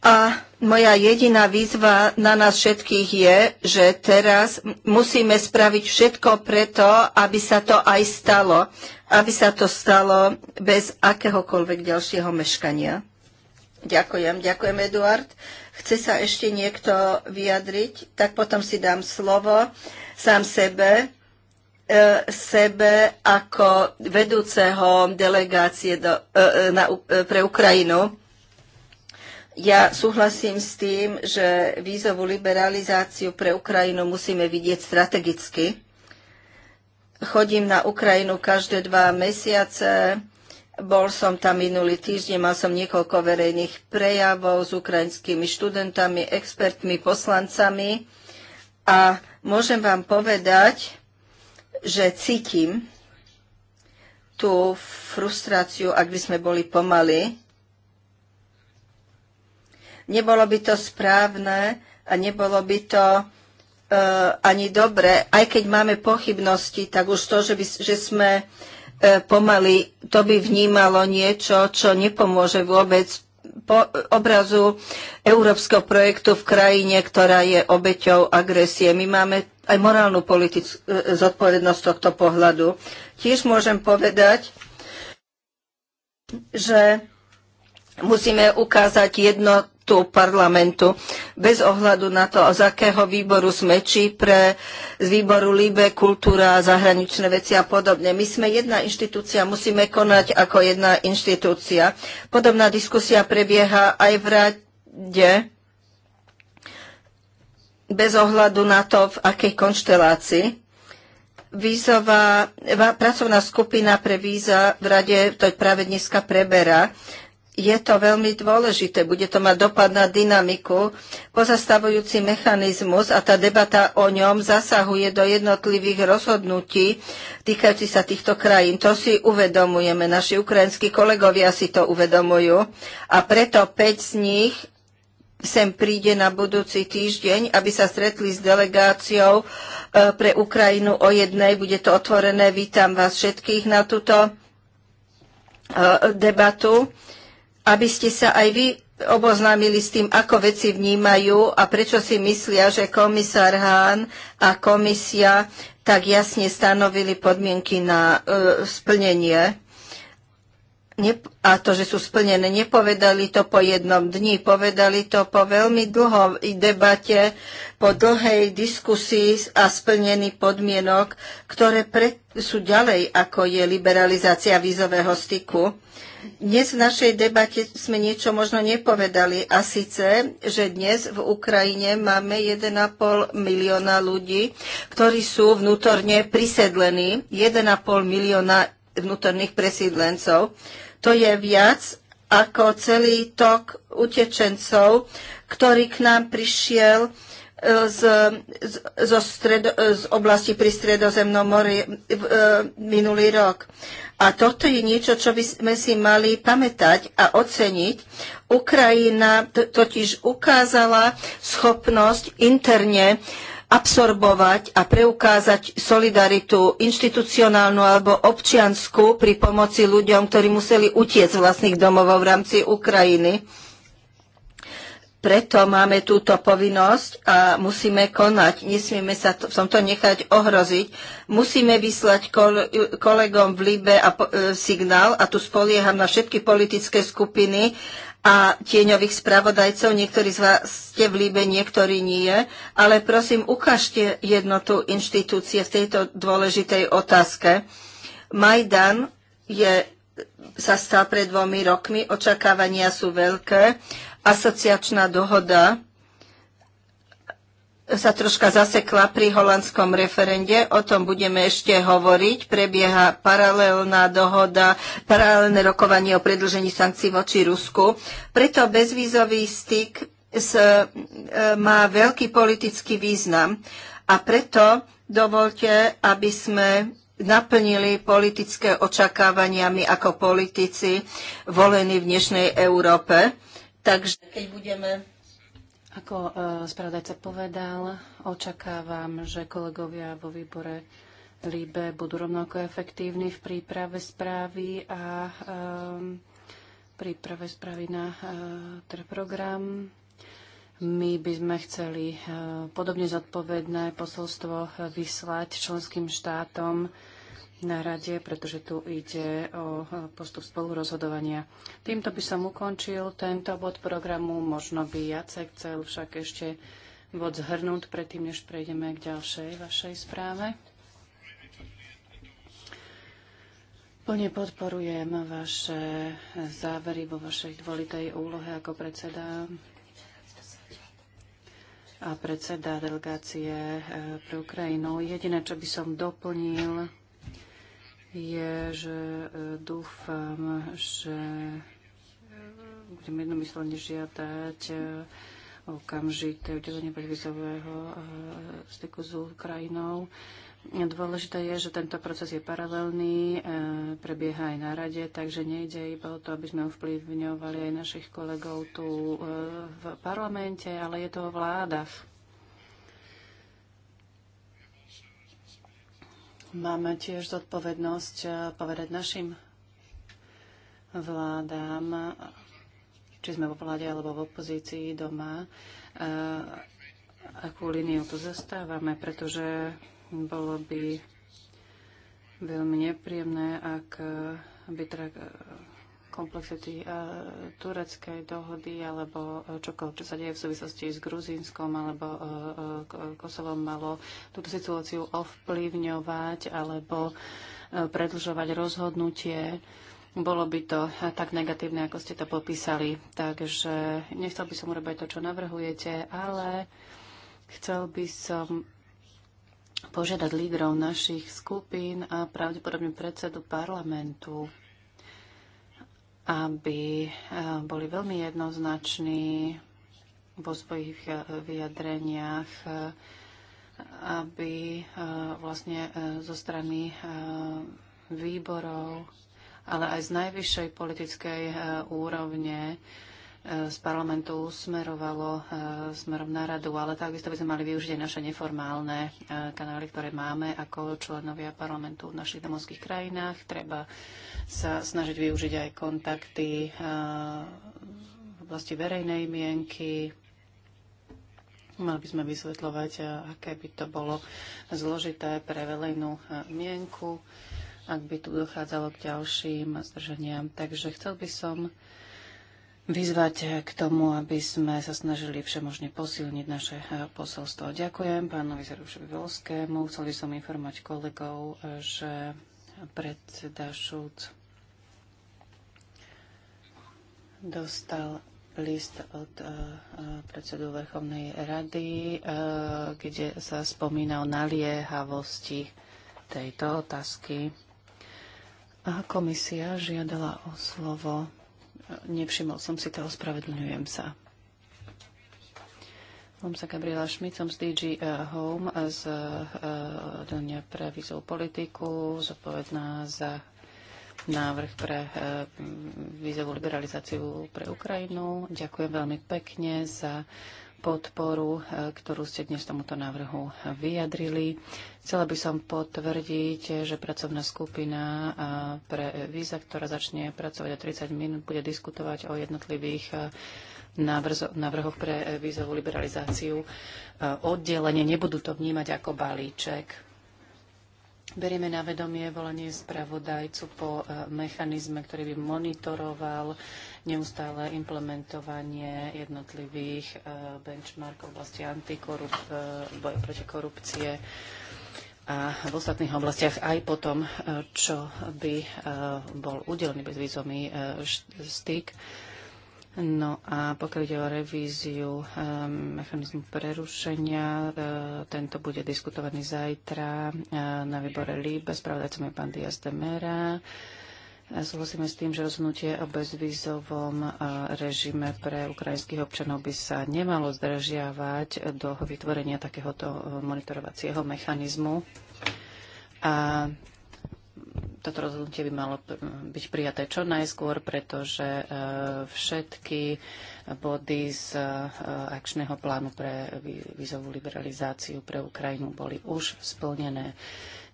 a moja jediná výzva na nás všetkých je, že teraz musíme spraviť všetko preto, aby sa to aj stalo. Aby sa to stalo bez akéhokoľvek ďalšieho meškania. Ďakujem, ďakujem Eduard. Chce sa ešte niekto vyjadriť? Tak potom si dám slovo sám sebe e, sebe ako vedúceho delegácie do, e, e, na, pre Ukrajinu. Ja súhlasím s tým, že vízovú liberalizáciu pre Ukrajinu musíme vidieť strategicky. Chodím na Ukrajinu každé dva mesiace. Bol som tam minulý týždeň, mal som niekoľko verejných prejavov s ukrajinskými študentami, expertmi, poslancami a môžem vám povedať, že cítim tú frustráciu, ak by sme boli pomaly, Nebolo by to správne a nebolo by to eh, ani dobre, aj keď máme pochybnosti, tak už to, že, by, že sme e, pomaly, to by vnímalo niečo, čo nepomôže vôbec po obrazu európskeho projektu v krajine, ktorá je obeťou agresie. My máme aj morálnu politickú eh, zodpovednosť tohto pohľadu. Tiež môžem povedať, že musíme ukázať jedno, tu parlamentu, bez ohľadu na to, z akého výboru sme, či pre z výboru libe, kultúra, zahraničné veci a podobne. My sme jedna inštitúcia, musíme konať ako jedna inštitúcia. Podobná diskusia prebieha aj v rade bez ohľadu na to, v akej konštelácii vízová, pracovná skupina pre víza v rade to práve dneska preberá je to veľmi dôležité, bude to mať dopad na dynamiku, pozastavujúci mechanizmus a tá debata o ňom zasahuje do jednotlivých rozhodnutí týkajúci sa týchto krajín. To si uvedomujeme, naši ukrajinskí kolegovia si to uvedomujú a preto 5 z nich sem príde na budúci týždeň, aby sa stretli s delegáciou e, pre Ukrajinu o jednej. Bude to otvorené. Vítam vás všetkých na túto e, debatu aby ste sa aj vy oboznámili s tým, ako veci vnímajú a prečo si myslia, že komisár Hahn a komisia tak jasne stanovili podmienky na e, splnenie a to, že sú splnené. Nepovedali to po jednom dni, povedali to po veľmi dlhom debate, po dlhej diskusii a splnený podmienok, ktoré pre, sú ďalej, ako je liberalizácia vízového styku. Dnes v našej debate sme niečo možno nepovedali a síce, že dnes v Ukrajine máme 1,5 milióna ľudí, ktorí sú vnútorne prisedlení, 1,5 milióna vnútorných presídlencov. To je viac ako celý tok utečencov, ktorý k nám prišiel e, z, z, zo stredo, e, z oblasti pri Stredozemnom mori e, minulý rok. A toto je niečo, čo by sme si mali pamätať a oceniť. Ukrajina totiž ukázala schopnosť interne absorbovať a preukázať solidaritu inštitucionálnu alebo občiansku pri pomoci ľuďom, ktorí museli utiec vlastných domov v rámci Ukrajiny. Preto máme túto povinnosť a musíme konať. Nesmieme sa to, som to nechať ohroziť. Musíme vyslať kol, kolegom v Libe a, e, signál, a tu spolieham na všetky politické skupiny, a tieňových spravodajcov. Niektorí z vás ste v Líbe, niektorí nie. Ale prosím, ukážte jednotu inštitúcie v tejto dôležitej otázke. Majdan je, sa stal pred dvomi rokmi, očakávania sú veľké. Asociačná dohoda sa troška zasekla pri holandskom referende. O tom budeme ešte hovoriť. Prebieha paralelná dohoda, paralelné rokovanie o predlžení sankcií voči Rusku. Preto bezvízový styk s, e, má veľký politický význam. A preto dovolte, aby sme naplnili politické očakávaniami ako politici volení v dnešnej Európe. Takže keď budeme ako e, spravodajca povedal, očakávam, že kolegovia vo výbore LIBE budú rovnako efektívni v príprave správy a um, príprave správy na uh, program. My by sme chceli uh, podobne zodpovedné posolstvo vyslať členským štátom na rade, pretože tu ide o postup spolurozhodovania. Týmto by som ukončil tento bod programu. Možno by Jacek chcel však ešte bod zhrnúť predtým, než prejdeme k ďalšej vašej správe. Plne podporujem vaše závery vo vašej dvolitej úlohe ako predseda a predseda delegácie eh, pre Ukrajinu. Jediné, čo by som doplnil, je, že e, dúfam, že e, budem jednomyselne žiadať e, okamžité udelenie bezvizového styku s Ukrajinou. Dôležité je, že tento proces je paralelný, prebieha aj na rade, takže nejde iba o to, aby sme ovplyvňovali aj našich kolegov tu v parlamente, ale je to o vládach Máme tiež zodpovednosť eh, povedať našim vládám, či sme vo vláde alebo v opozícii doma, eh, akú líniu tu zastávame, pretože bolo by veľmi nepríjemné, ak by tra- komplexity e, tureckej dohody alebo e, čokoľvek, čo sa deje v súvislosti s Gruzínskom alebo e, Kosovom malo túto situáciu ovplyvňovať alebo predlžovať rozhodnutie. Bolo by to tak negatívne, ako ste to popísali. Takže nechcel by som urobiť to, čo navrhujete, ale chcel by som požiadať lídrov našich skupín a pravdepodobne predsedu parlamentu aby eh, boli veľmi jednoznační vo svojich eh, vyjadreniach, eh, aby vlastne zo strany výborov, ale aj z najvyššej politickej úrovne z parlamentu smerovalo e, smerom na radu, ale takisto by sme mali využiť aj naše neformálne e, kanály, ktoré máme ako členovia parlamentu v našich domovských krajinách. Treba sa snažiť využiť aj kontakty e, v oblasti verejnej mienky, Mali by sme vysvetľovať, aké by to bolo zložité pre verejnú mienku, ak by tu dochádzalo k ďalším zdržaniam. Takže chcel by som vyzvať k tomu, aby sme sa snažili všemožne posilniť naše eh, posolstvo. Ďakujem pánovi Zerušovi Volskému. Chcel by som informovať kolegov, že predseda Šúc dostal list od eh, eh, predsedu Vrchovnej rady, kde sa spomína o naliehavosti tejto otázky. A komisia žiadala o slovo Nevšimol som si to, ospravedlňujem sa. Volám sa Gabriela Šmit, som z DG eh, Home eh, z eh, Dňa pre vízovú politiku, zodpovedná za návrh pre vízovú liberalizáciu pre Ukrajinu. Ďakujem veľmi pekne za podporu, e, ktorú ste dnes tomuto návrhu vyjadrili. Chcela by som potvrdiť, že pracovná skupina e, pre víza, ktorá začne pracovať o 30 minút, bude diskutovať o jednotlivých e, návrhoch pre vízovú liberalizáciu. Oddelenie nebudú to vnímať ako balíček Berieme na vedomie volanie spravodajcu po e, mechanizme, ktorý by monitoroval neustále implementovanie jednotlivých e, benchmarkov v oblasti antikorup, e, boja proti korupcie a v ostatných oblastiach aj po tom, čo by bol udelený bezvýzový styk No a pokiaľ ide o revíziu ehm, mechanizmu prerušenia, e, tento bude diskutovaný zajtra e, na výbore LIBE. s je pán Diaz de Mera. Súhlasíme s tým, že rozhodnutie o bezvízovom e, režime pre ukrajinských občanov by sa nemalo zdržiavať do vytvorenia takéhoto monitorovacieho mechanizmu. A toto rozhodnutie by malo byť prijaté čo najskôr, pretože e, všetky body z e, akčného plánu pre vízovú liberalizáciu pre Ukrajinu boli už splnené.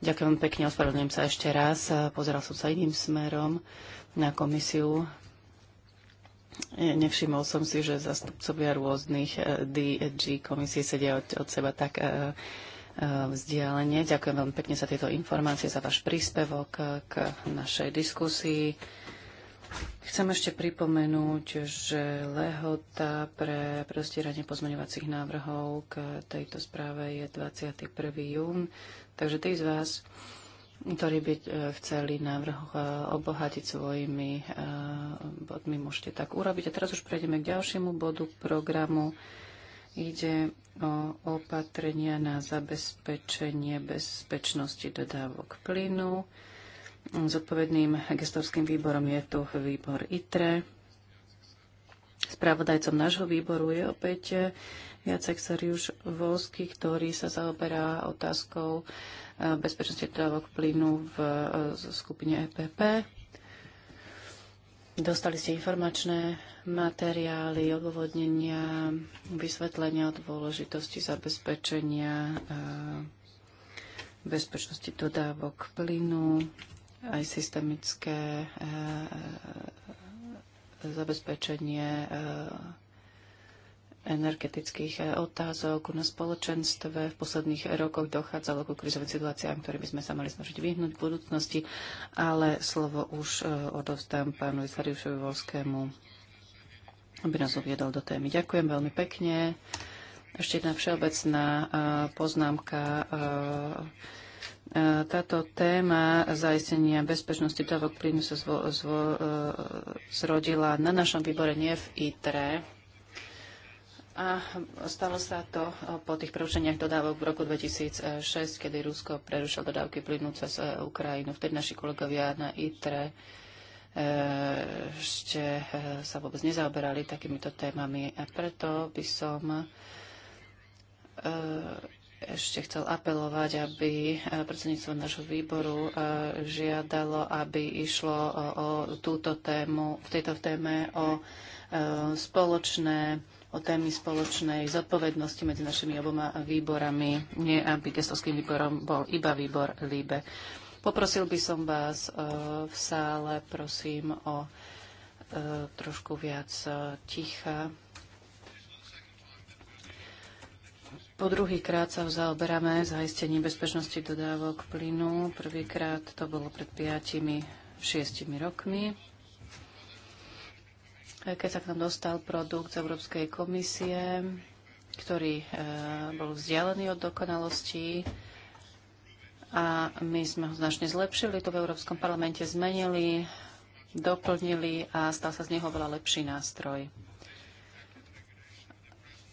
Ďakujem pekne, ospravedlňujem sa ešte raz. E, pozeral som sa iným smerom na komisiu. Nevšimol som si, že zastupcovia rôznych DG komisie sedia od, od seba tak Eh, vzdialenie. Ďakujem veľmi pekne za tieto informácie, za váš príspevok eh, k našej diskusii. Chcem ešte pripomenúť, že lehota pre prostieranie pozmeňovacích návrhov k tejto správe je 21. jún. Takže tí z vás, ktorí by eh, chceli návrh obohatiť svojimi bodmi, môžete tak urobiť. A teraz už prejdeme k ďalšiemu bodu programu Ide o opatrenia na zabezpečenie bezpečnosti dodávok plynu. Zodpovedným gestorským výborom je tu výbor ITRE. Spravodajcom nášho výboru je opäť Jacek Sariuš Volsky, ktorý sa zaoberá otázkou bezpečnosti dodávok plynu v e, skupine EPP. Dostali ste informačné materiály, odôvodnenia, vysvetlenia o dôležitosti zabezpečenia eh, bezpečnosti dodávok plynu, aj systemické eh, eh, zabezpečenie energetických eh, otázok na spoločenstve. V posledných rokoch dochádzalo ku krizovým situáciám, ktoré by sme sa mali snažiť vyhnúť v budúcnosti, ale slovo už eh, odovzdám pánu Isariušovi Volskému, aby nás uviedol do témy. Ďakujem veľmi pekne. Ešte jedna všeobecná eh, poznámka. Táto téma zaistenia bezpečnosti dávok plynu sa zrodila na našom výbore, nie v ITRE a stalo sa to e, po tých prerušeniach dodávok v roku 2006, kedy Rusko prerušilo dodávky plynu cez e, Ukrajinu. Vtedy naši kolegovia na ITRE e, ešte sa vôbec nezaoberali takýmito témami. A preto by som ešte chcel apelovať, aby predsedníctvo nášho výboru žiadalo, aby išlo o túto tému, v tejto téme o spoločné o témy spoločnej zodpovednosti medzi našimi oboma výborami, nie aby gestovským výborom bol iba výbor LIBE. Poprosil by som vás eh, v sále, prosím, o eh, trošku viac eh, ticha. Po druhý krát sa zaoberáme zaistením bezpečnosti dodávok plynu. Prvýkrát to bolo pred 5-6 rokmi. E, keď sa k nám dostal produkt z Európskej komisie, ktorý e, bol vzdialený od dokonalosti a my sme ho značne zlepšili, to v Európskom parlamente zmenili, doplnili a stal sa z neho veľa lepší nástroj.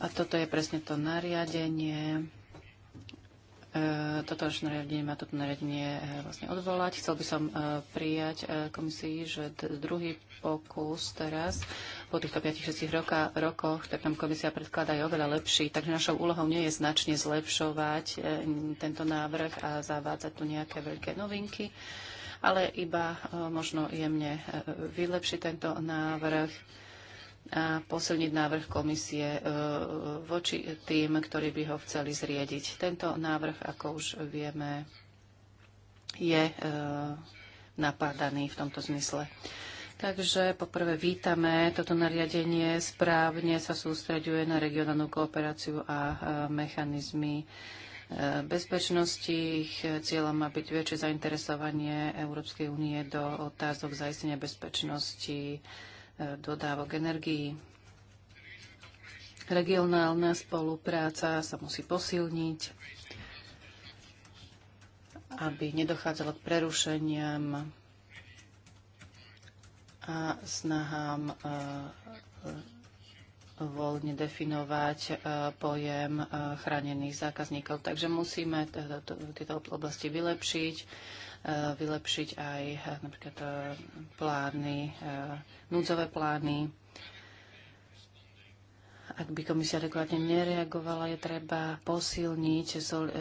A toto je presne to nariadenie, E, toto nariadenie má toto nariadenie e, vlastne odvolať. Chcel by som e, prijať komisii, že druhý pokus teraz po týchto 5-6 roka, rokoch, tak nám komisia predkladá je oveľa lepší. Takže našou úlohou nie je značne zlepšovať tento návrh a zavádzať tu nejaké veľké novinky, ale iba možno jemne vylepšiť tento návrh a posilniť návrh komisie e, voči tým, ktorí by ho chceli zriediť. Tento návrh, ako už vieme, je e, napádaný v tomto zmysle. Takže poprvé vítame toto nariadenie. Správne sa sústreďuje na regionálnu kooperáciu a mechanizmy e, bezpečnosti. Ich cieľom má byť väčšie zainteresovanie Európskej únie do otázok zaistenia bezpečnosti dodávok energií. Regionálna spolupráca sa musí posilniť, aby nedochádzalo k prerušeniam a snahám e, voľne definovať e, pojem e, chránených zákazníkov. Takže musíme tieto oblasti vylepšiť Eh, vylepšiť aj eh, napríklad eh, plány, núdzové plány. Ak by komisia adekvátne nereagovala, je treba posilniť sol,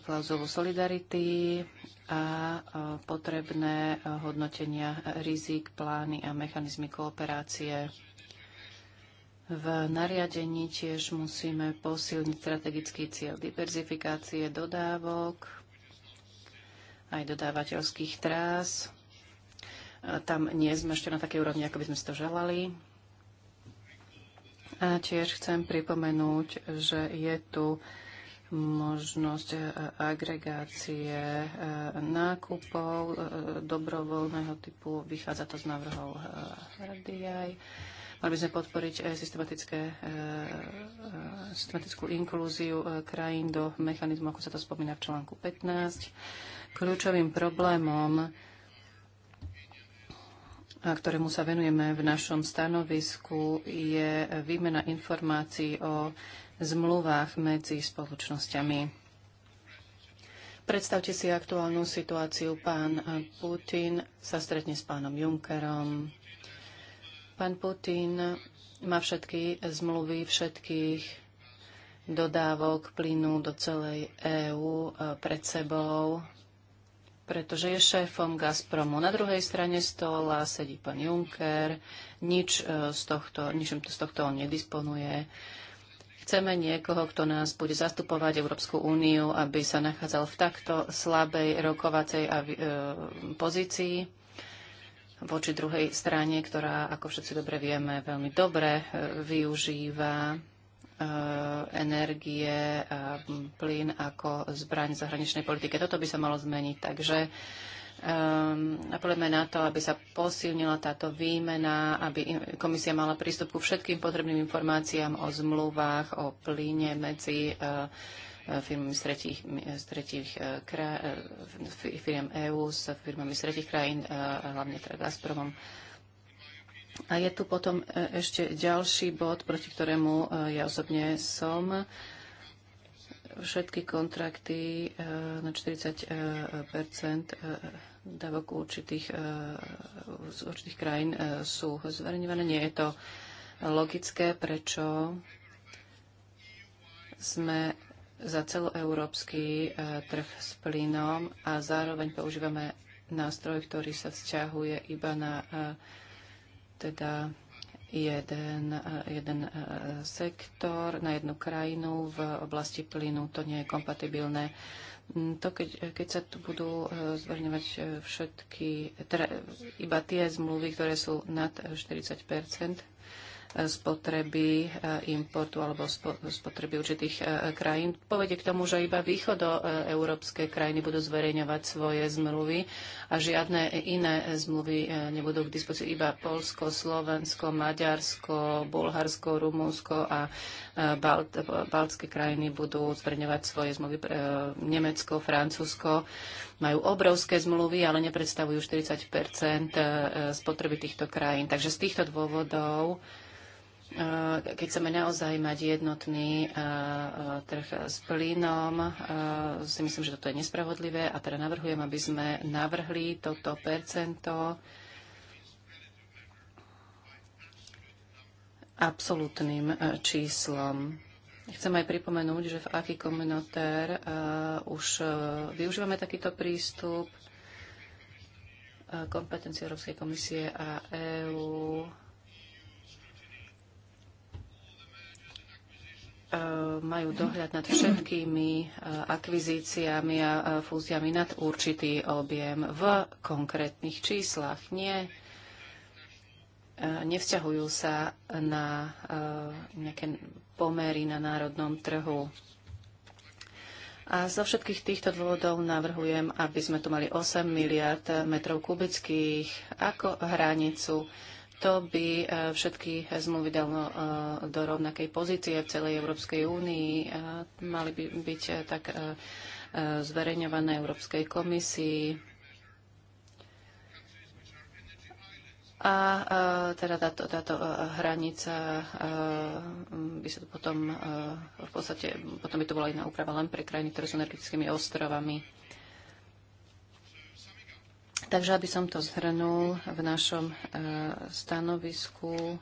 klauzulu solidarity a potrebné hodnotenia rizik, plány a mechanizmy kooperácie. V nariadení tiež musíme posilniť strategický cieľ diverzifikácie dodávok aj dodávateľských trás. Tam nie sme ešte na takej úrovni, ako by sme si to želali. A tiež chcem pripomenúť, že je tu možnosť e, agregácie e, nákupov e, dobrovoľného typu. Vychádza to z návrhov RDI. Mali by sme podporiť systematickú inklúziu krajín do mechanizmu, ako sa to spomína v článku 15 Kľúčovým problémom, ktorému sa venujeme v našom stanovisku, je výmena informácií o zmluvách medzi spoločnosťami. Predstavte si aktuálnu situáciu. Pán Putin sa stretne s pánom Junckerom. Pán Putin má všetky zmluvy všetkých dodávok plynu do celej EÚ eh, pred sebou pretože je šéfom Gazpromu. Na druhej strane stola sedí pán Juncker, nič e, z tohto, ničím z tohto on nedisponuje. Chceme niekoho, kto nás bude zastupovať Európsku úniu, aby sa nachádzal v takto slabej rokovacej e, pozícii voči druhej strane, ktorá, ako všetci dobre vieme, veľmi dobre e, využíva Eh, energie, a eh, plyn ako zbraň zahraničnej politike. Toto by sa malo zmeniť. Takže um, na to, aby sa posilnila táto výmena, aby komisia mala prístup ku všetkým potrebným informáciám o zmluvách, o plyne medzi uh, firmami z tretich, z tretich krá, firm EÚ s firmami z tretich krajín, hlavne teda Gazpromom. Uh, a je tu potom e, ešte ďalší bod, proti ktorému e, ja osobne som. Všetky kontrakty e, na 40 dávok určitých, z určitých krajín sú zverejňované. Nie je to logické, prečo sme za celoeurópsky trh s plynom a zároveň používame nástroj, ktorý sa vzťahuje iba na teda jeden, jeden e, sektor na jednu krajinu v oblasti plynu. To nie je kompatibilné. Mm, to, keď, keď sa tu budú e, zverňovať e, všetky, teda iba tie zmluvy, ktoré sú nad 40 spotreby eh, importu alebo spotreby určitých eh, krajín. Povedie k tomu, že iba východoeurópske krajiny budú zverejňovať svoje zmluvy a žiadne iné zmluvy eh, nebudú k dispozícii. Iba Polsko, Slovensko, Maďarsko, Bulharsko, Rumúnsko a Balt, baltské krajiny budú zverejňovať svoje zmluvy. Nemecko, Francúzsko majú obrovské zmluvy, ale nepredstavujú 40 spotreby týchto krajín. Takže z týchto dôvodov Eh, keď chceme naozaj mať jednotný eh, eh, trh s plynom, si myslím, že toto je nespravodlivé a teda navrhujem, aby sme navrhli toto percento absolútnym číslom. Chcem aj pripomenúť, že v aký komunitér už využívame takýto prístup kompetencie Európskej komisie a EÚ E, majú dohľad nad všetkými e, akvizíciami a e, fúziami nad určitý objem v konkrétnych číslach. Nie nevzťahujú sa na nejaké pomery na národnom trhu. A zo všetkých týchto dôvodov navrhujem, aby sme tu mali 8 miliard metrov kubických ako hranicu to by e, všetky zmluvy dalo e, do rovnakej pozície v celej Európskej únii. E, mali by byť tak zverejňované Európskej komisii. A teda táto, táto hranica by sa potom v podstate, potom by to bola iná úprava len pre krajiny, ktoré sú energetickými ostrovami. Takže aby som to zhrnul v našom e, stanovisku,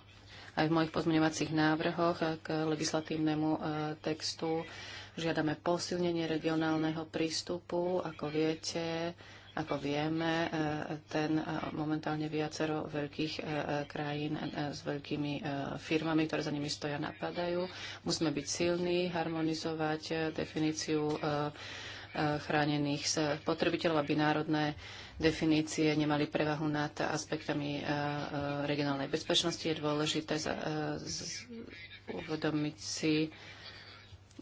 aj v mojich pozmeňovacích návrhoch k legislatívnemu e, textu, žiadame posilnenie regionálneho prístupu. Ako viete, ako vieme, e, ten momentálne viacero veľkých krajín s veľkými firmami, ktoré za nimi stoja, napadajú. Musíme byť silní, harmonizovať definíciu chránených spotrebiteľov, aby národné definície nemali prevahu nad aspektami eh, eh, regionálnej bezpečnosti. Je dôležité eh, uvedomiť si,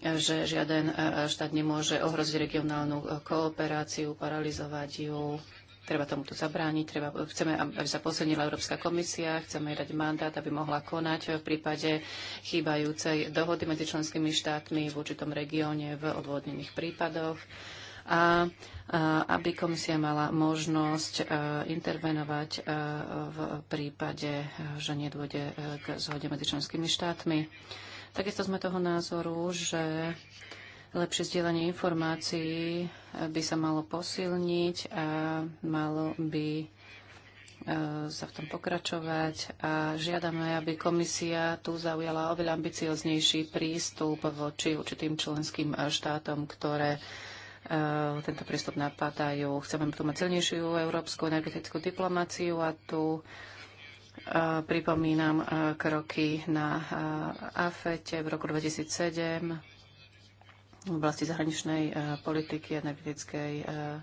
že žiaden štát nemôže ohroziť regionálnu kooperáciu, paralizovať ju. Treba tomuto zabrániť, treba, chceme, aby sa posilnila Európska komisia, chceme jej dať mandát, aby mohla konať v prípade chýbajúcej dohody medzi členskými štátmi v určitom regióne v odvodnených prípadoch a aby komisia mala možnosť e, intervenovať e, v prípade, e, že nedôjde k zhode medzi členskými štátmi. Takisto sme toho názoru, že lepšie zdieľanie informácií by sa malo posilniť a malo by sa v tom pokračovať a žiadame, aby komisia tu zaujala oveľa ambicioznejší prístup voči určitým členským štátom, ktoré Eh, tento prístup napadajú. Chceme tu mať silnejšiu európsku energetickú diplomáciu a tu eh, pripomínam eh, kroky na AFETE v roku 2007 v oblasti zahraničnej politiky, energetickej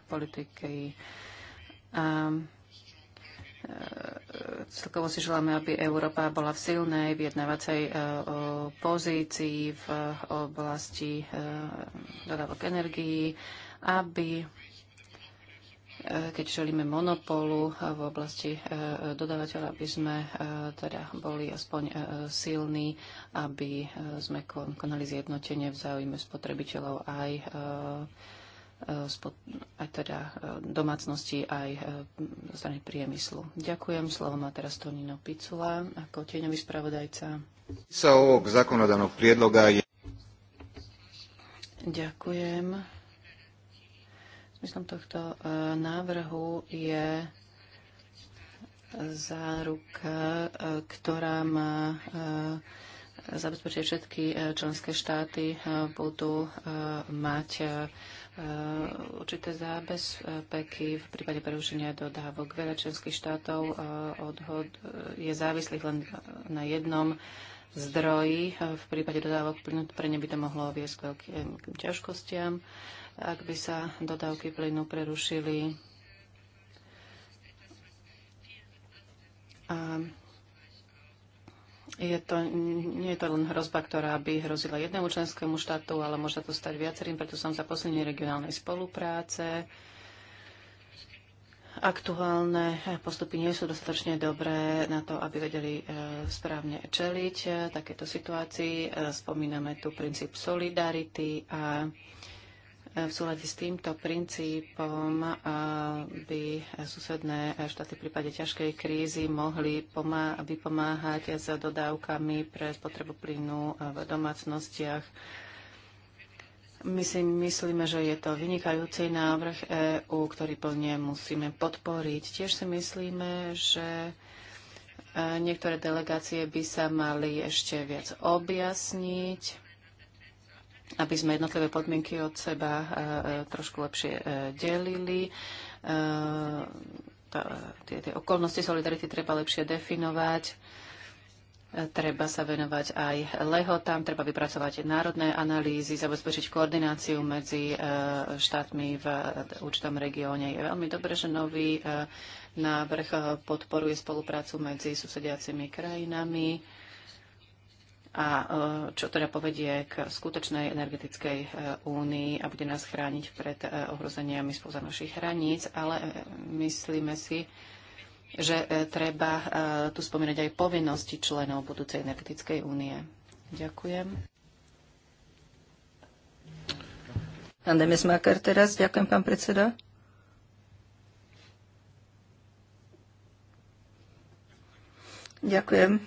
politiky. Ehm, E, celkovo si želáme, aby Európa bola v silnej vyjednávacej e, pozícii v oblasti e, dodávok energií, aby keď želíme monopolu v oblasti dodávateľa, aby sme teda boli aspoň silní, aby sme konali zjednotenie v záujme spotrebiteľov aj Eh, aj teda eh, domácnosti, aj eh, zo strany priemyslu. Ďakujem. Slovo má teraz Tonino Picula ako tieňový spravodajca. Sa je... Ďakujem. Myslím tohto návrhu je záruka, ktorá má zabezpečiť všetky členské štáty budú mať Eh, určité zábezpeky v prípade prerušenia dodávok. Veľa členských štátov eh, odhod eh, je závislých len na jednom zdroji. V prípade dodávok plynu pre ne by to mohlo viesť k veľkým ťažkostiam. Ak by sa dodávky plynu prerušili, a je to, nie je to len hrozba, ktorá by hrozila jednému členskému štátu, ale môže to stať viacerým, preto som za posilnenie regionálnej spolupráce. Aktuálne postupy nie sú dostatočne dobré na to, aby vedeli e, správne čeliť e, takéto situácii. E, spomíname tu princíp solidarity a E, v súlade s týmto princípom e, by susedné štáty v prípade ťažkej krízy mohli vypomáhať s dodávkami pre spotrebu plynu e, v domácnostiach. My si myslíme, že je to vynikajúci návrh EÚ, ktorý plne musíme podporiť. Tiež si myslíme, že niektoré delegácie by sa mali ešte viac objasniť aby sme jednotlivé podmienky od seba e, e, trošku lepšie e, delili. Tie okolnosti solidarity treba lepšie definovať. Treba sa venovať aj lehotám, treba vypracovať národné analýzy, zabezpečiť koordináciu medzi štátmi v určitom regióne. Je veľmi dobré, že nový návrh podporuje spoluprácu medzi susediacimi krajinami a e, čo teda povedie k skutočnej energetickej e, únii a bude nás chrániť pred e, ohrozeniami spoza našich hraníc, ale myslíme si, že treba tu spomínať aj povinnosti členov budúcej energetickej únie. Ďakujem. Pán Demesmaker teraz. Ďakujem, pán predseda. Ďakujem.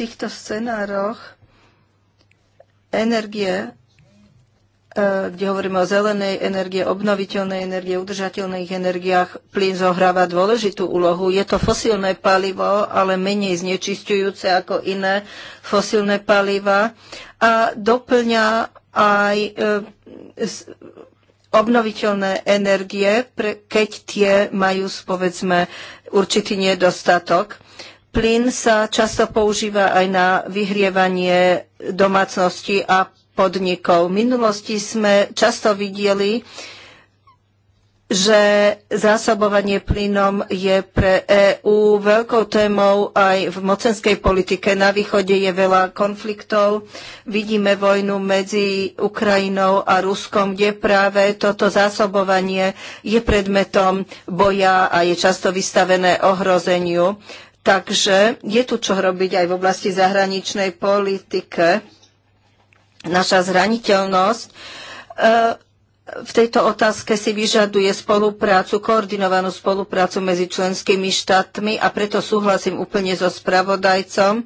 týchto scenároch energie, e, kde hovoríme o zelenej energie, obnoviteľnej energie, udržateľných energiách, plyn zohráva dôležitú úlohu. Je to fosílne palivo, ale menej znečisťujúce ako iné fosílne paliva a doplňa aj e, obnoviteľné energie, keď tie majú, povedzme, určitý nedostatok. Plyn sa často používa aj na vyhrievanie domácnosti a podnikov. V minulosti sme často videli, že zásobovanie plynom je pre EÚ veľkou témou aj v mocenskej politike. Na východe je veľa konfliktov. Vidíme vojnu medzi Ukrajinou a Ruskom, kde práve toto zásobovanie je predmetom boja a je často vystavené ohrozeniu. Takže je tu čo robiť aj v oblasti zahraničnej politike. Naša zraniteľnosť eh, v tejto otázke si vyžaduje spoluprácu, koordinovanú spoluprácu medzi členskými štátmi a preto súhlasím úplne so spravodajcom,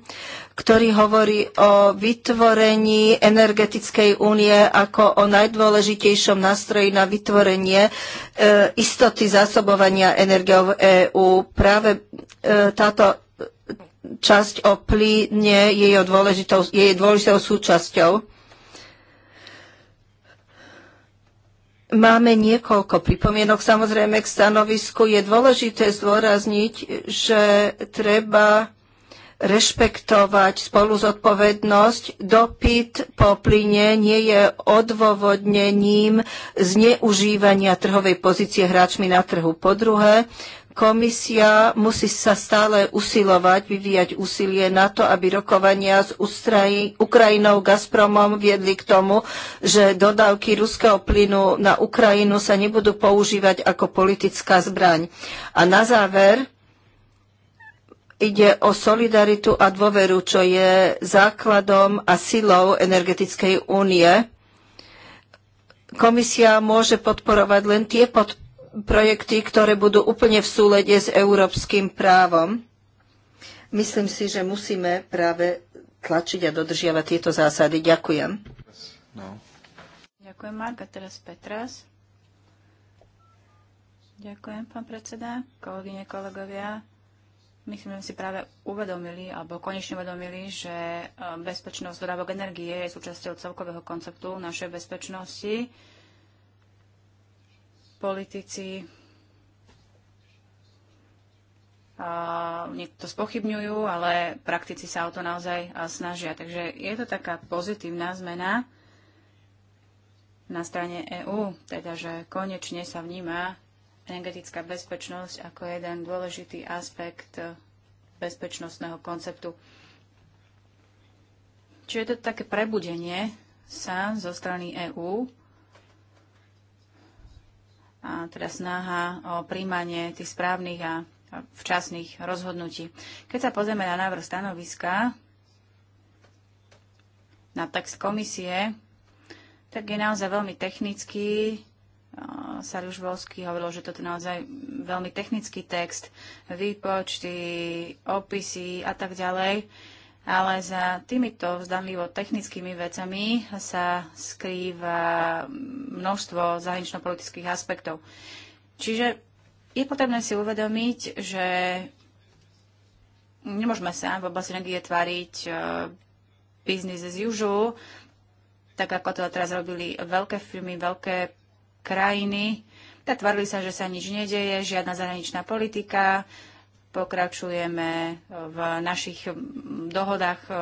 ktorý hovorí o vytvorení energetickej únie ako o najdôležitejšom nástroji na vytvorenie e, istoty zásobovania energiou v EÚ. Práve táto časť o plyne je jej dôležitou, je jej dôležitou súčasťou. Máme niekoľko pripomienok samozrejme k stanovisku. Je dôležité zdôrazniť, že treba rešpektovať spolu zodpovednosť. Dopyt po plyne nie je odôvodnením zneužívania trhovej pozície hráčmi na trhu. Po druhé, Komisia musí sa stále usilovať, vyvíjať úsilie na to, aby rokovania s Ukrajinou, Gazpromom viedli k tomu, že dodávky ruského plynu na Ukrajinu sa nebudú používať ako politická zbraň. A na záver ide o solidaritu a dôveru, čo je základom a silou energetickej únie. Komisia môže podporovať len tie pod projekty, ktoré budú úplne v súlede s európskym právom. Myslím si, že musíme práve tlačiť a dodržiavať tieto zásady. Ďakujem. No. Ďakujem, Mark. A teraz Petras. Ďakujem, pán predseda, kolegyne, kolegovia. Myslím, že si práve uvedomili, alebo konečne uvedomili, že e, bezpečnosť dodávok energie je súčasťou celkového konceptu našej bezpečnosti politici a niekto to spochybňujú, ale praktici sa o to naozaj snažia. Takže je to taká pozitívna zmena na strane EÚ, teda že konečne sa vníma energetická bezpečnosť ako jeden dôležitý aspekt e, bezpečnostného konceptu. Čiže je to také prebudenie sa zo strany EÚ a teda snaha o príjmanie tých správnych a včasných rozhodnutí. Keď sa pozrieme na návrh stanoviska, na text komisie, tak je naozaj veľmi technický. Sariuš Volsky hovoril, že toto je naozaj veľmi technický text, výpočty, opisy a tak ďalej ale za týmito vzdanlivo technickými vecami sa skrýva množstvo zahranično-politických aspektov. Čiže je potrebné si uvedomiť, že nemôžeme sa v oblasti energie tváriť e, business as usual, tak ako to teraz robili veľké firmy, veľké krajiny. tvarili sa, že sa nič nedeje, žiadna zahraničná politika, pokračujeme v našich dohodách e,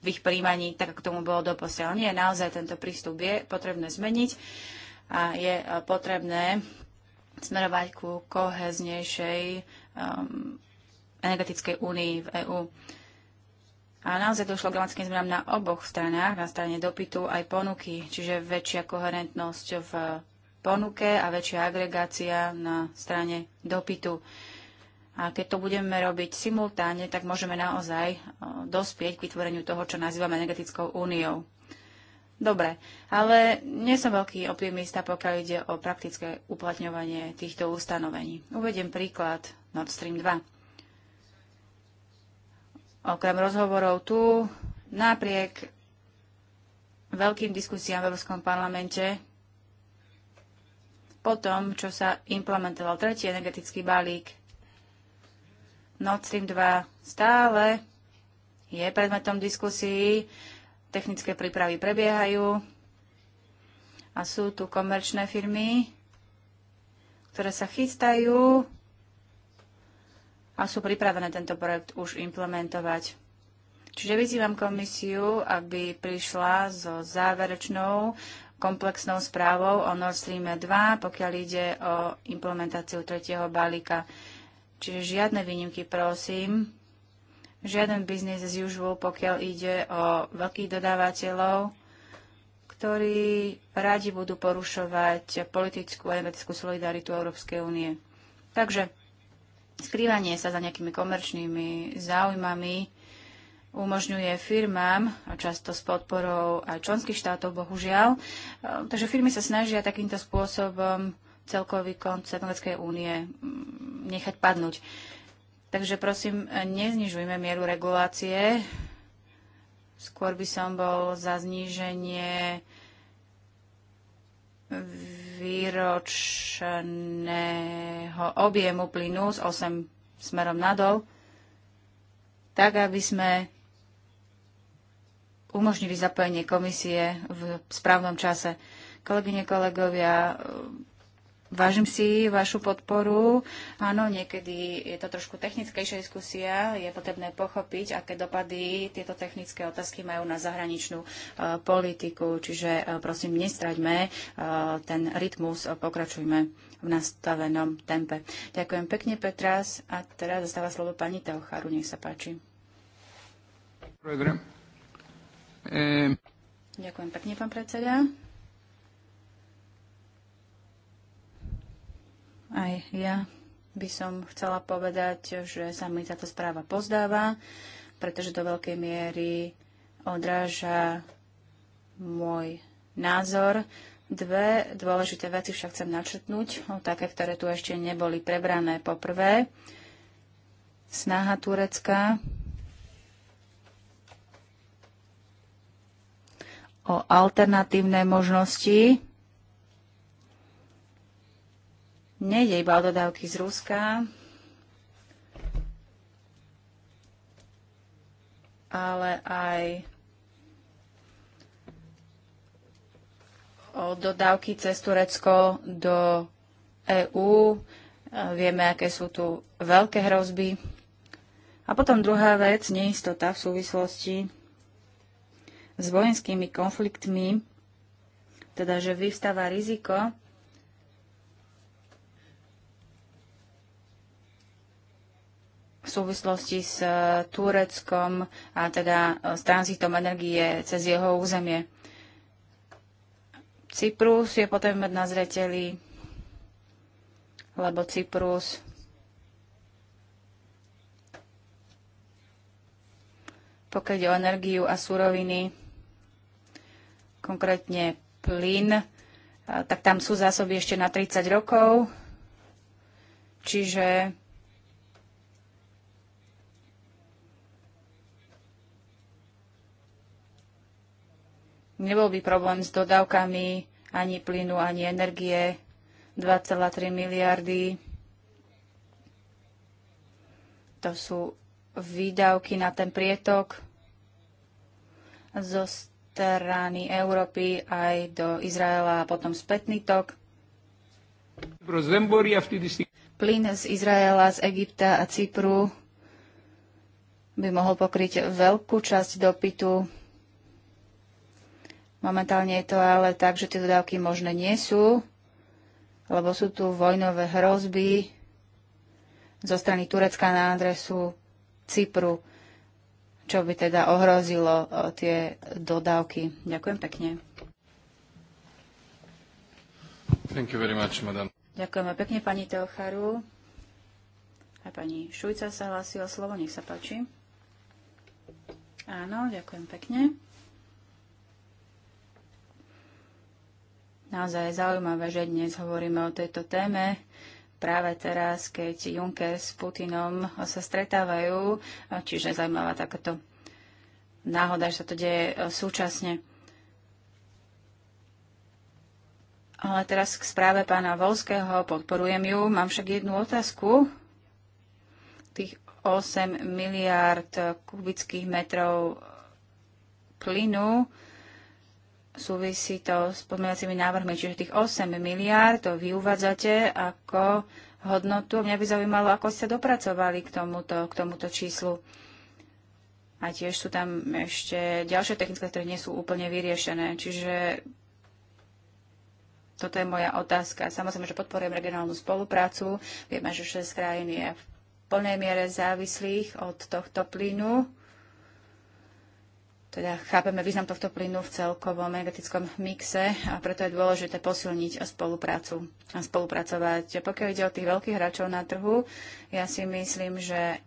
v ich príjmaní, tak ako tomu bolo doposiaľ. Nie, naozaj tento prístup je potrebné zmeniť a je e, potrebné smerovať ku koheznejšej um, energetickej únii v EÚ. A naozaj došlo k dramatickým zmenám na oboch stranách, na strane dopytu aj ponuky, čiže väčšia koherentnosť v ponuke a väčšia agregácia na strane dopytu. Uh, a keď to budeme robiť simultáne, tak môžeme naozaj dospieť k vytvoreniu toho, čo nazývame energetickou úniou. Dobre, ale nie som veľký optimista, pokiaľ ide o praktické uplatňovanie týchto ustanovení. Uvediem príklad Nord Stream 2. Okrem rozhovorov tu, napriek veľkým diskusiám v Európskom parlamente, po tom, čo sa implementoval tretí energetický balík, Nord Stream 2 stále je predmetom diskusí, technické prípravy prebiehajú a sú tu komerčné firmy, ktoré sa chystajú a sú pripravené tento projekt už implementovať. Čiže vyzývam komisiu, aby prišla so záverečnou komplexnou správou o Nord Stream 2, pokiaľ ide o implementáciu tretieho balíka. Čiže žiadne výnimky, prosím. Žiaden business as usual, pokiaľ ide o veľkých dodávateľov, ktorí radi budú porušovať politickú a energetickú solidaritu Európskej únie. Takže skrývanie sa za nejakými komerčnými záujmami umožňuje firmám, a často s podporou aj členských štátov, bohužiaľ. Eh, takže firmy sa snažia takýmto spôsobom celkový koncept Európskej únie mm, nechať padnúť. Takže prosím, neznižujme mieru regulácie. Skôr by som bol za zníženie výročného objemu plynu s 8 smerom nadol, tak aby sme umožnili zapojenie komisie v správnom čase. Kolegyne, kolegovia, Vážim si vašu podporu. Áno, niekedy je to trošku technickejšia diskusia. Je potrebné pochopiť, aké dopady tieto technické otázky majú na zahraničnú e, politiku. Čiže e, prosím, nestraďme e, ten rytmus, e, pokračujme v nastavenom tempe. Ďakujem pekne, Petras. A teraz zastáva slovo pani Teocharu. Nech sa páči. Program. Ehm. Ďakujem pekne, pán predseda. Ja by som chcela povedať, že sa mi táto správa pozdáva, pretože do veľkej miery odráža môj názor. Dve dôležité veci však chcem načrtnúť, také, ktoré tu ešte neboli prebrané. Poprvé, snaha Turecka o alternatívne možnosti Nejde iba o dodávky z Ruska, ale aj o dodávky cez Turecko do EÚ. Vieme, aké sú tu veľké hrozby. A potom druhá vec, neistota v súvislosti s vojenskými konfliktmi, teda že vyvstáva riziko, v súvislosti s e, Tureckom a teda e, s tranzitom energie cez jeho územie. Cyprus je potom mať na zreteli, lebo Cyprus pokiaľ ide o energiu a suroviny, konkrétne plyn, e, tak tam sú zásoby ešte na 30 rokov, čiže Nebol by problém s dodávkami ani plynu, ani energie. 2,3 miliardy. To sú výdavky na ten prietok zo strany Európy aj do Izraela a potom spätný tok. Plyn z Izraela, z Egypta a Cypru by mohol pokryť veľkú časť dopytu Momentálne je to ale tak, že tie dodávky možné nie sú, lebo sú tu vojnové hrozby zo strany Turecka na adresu Cypru, čo by teda ohrozilo e, tie dodávky. Ďakujem pekne. Thank you very much, madam. Ďakujeme pekne pani Teocharu. A pani Šujca sa hlásila slovo, nech sa páči. Áno, ďakujem pekne. Naozaj je zaujímavé, že dnes hovoríme o tejto téme. Práve teraz, keď Juncker s Putinom sa stretávajú, čiže zaujímavá takáto náhoda, že sa to deje e, súčasne. Ale teraz k správe pána Volského, podporujem ju. Mám však jednu otázku. Tých 8 miliárd kubických metrov plynu, súvisí to s pozmeňovacími návrhmi, čiže tých 8 miliárd to vy uvádzate ako hodnotu. Mňa by zaujímalo, ako ste dopracovali k tomuto, k tomuto číslu. A tiež sú tam ešte ďalšie technické, ktoré nie sú úplne vyriešené. Čiže toto je moja otázka. Samozrejme, že podporujem regionálnu spoluprácu. Vieme, že 6 krajín je v plnej miere závislých od tohto plynu teda chápeme význam tohto plynu v celkovom energetickom mixe a preto je dôležité posilniť spoluprácu a spolupracovať. Pokiaľ ide o tých veľkých hráčov na trhu, ja si myslím, že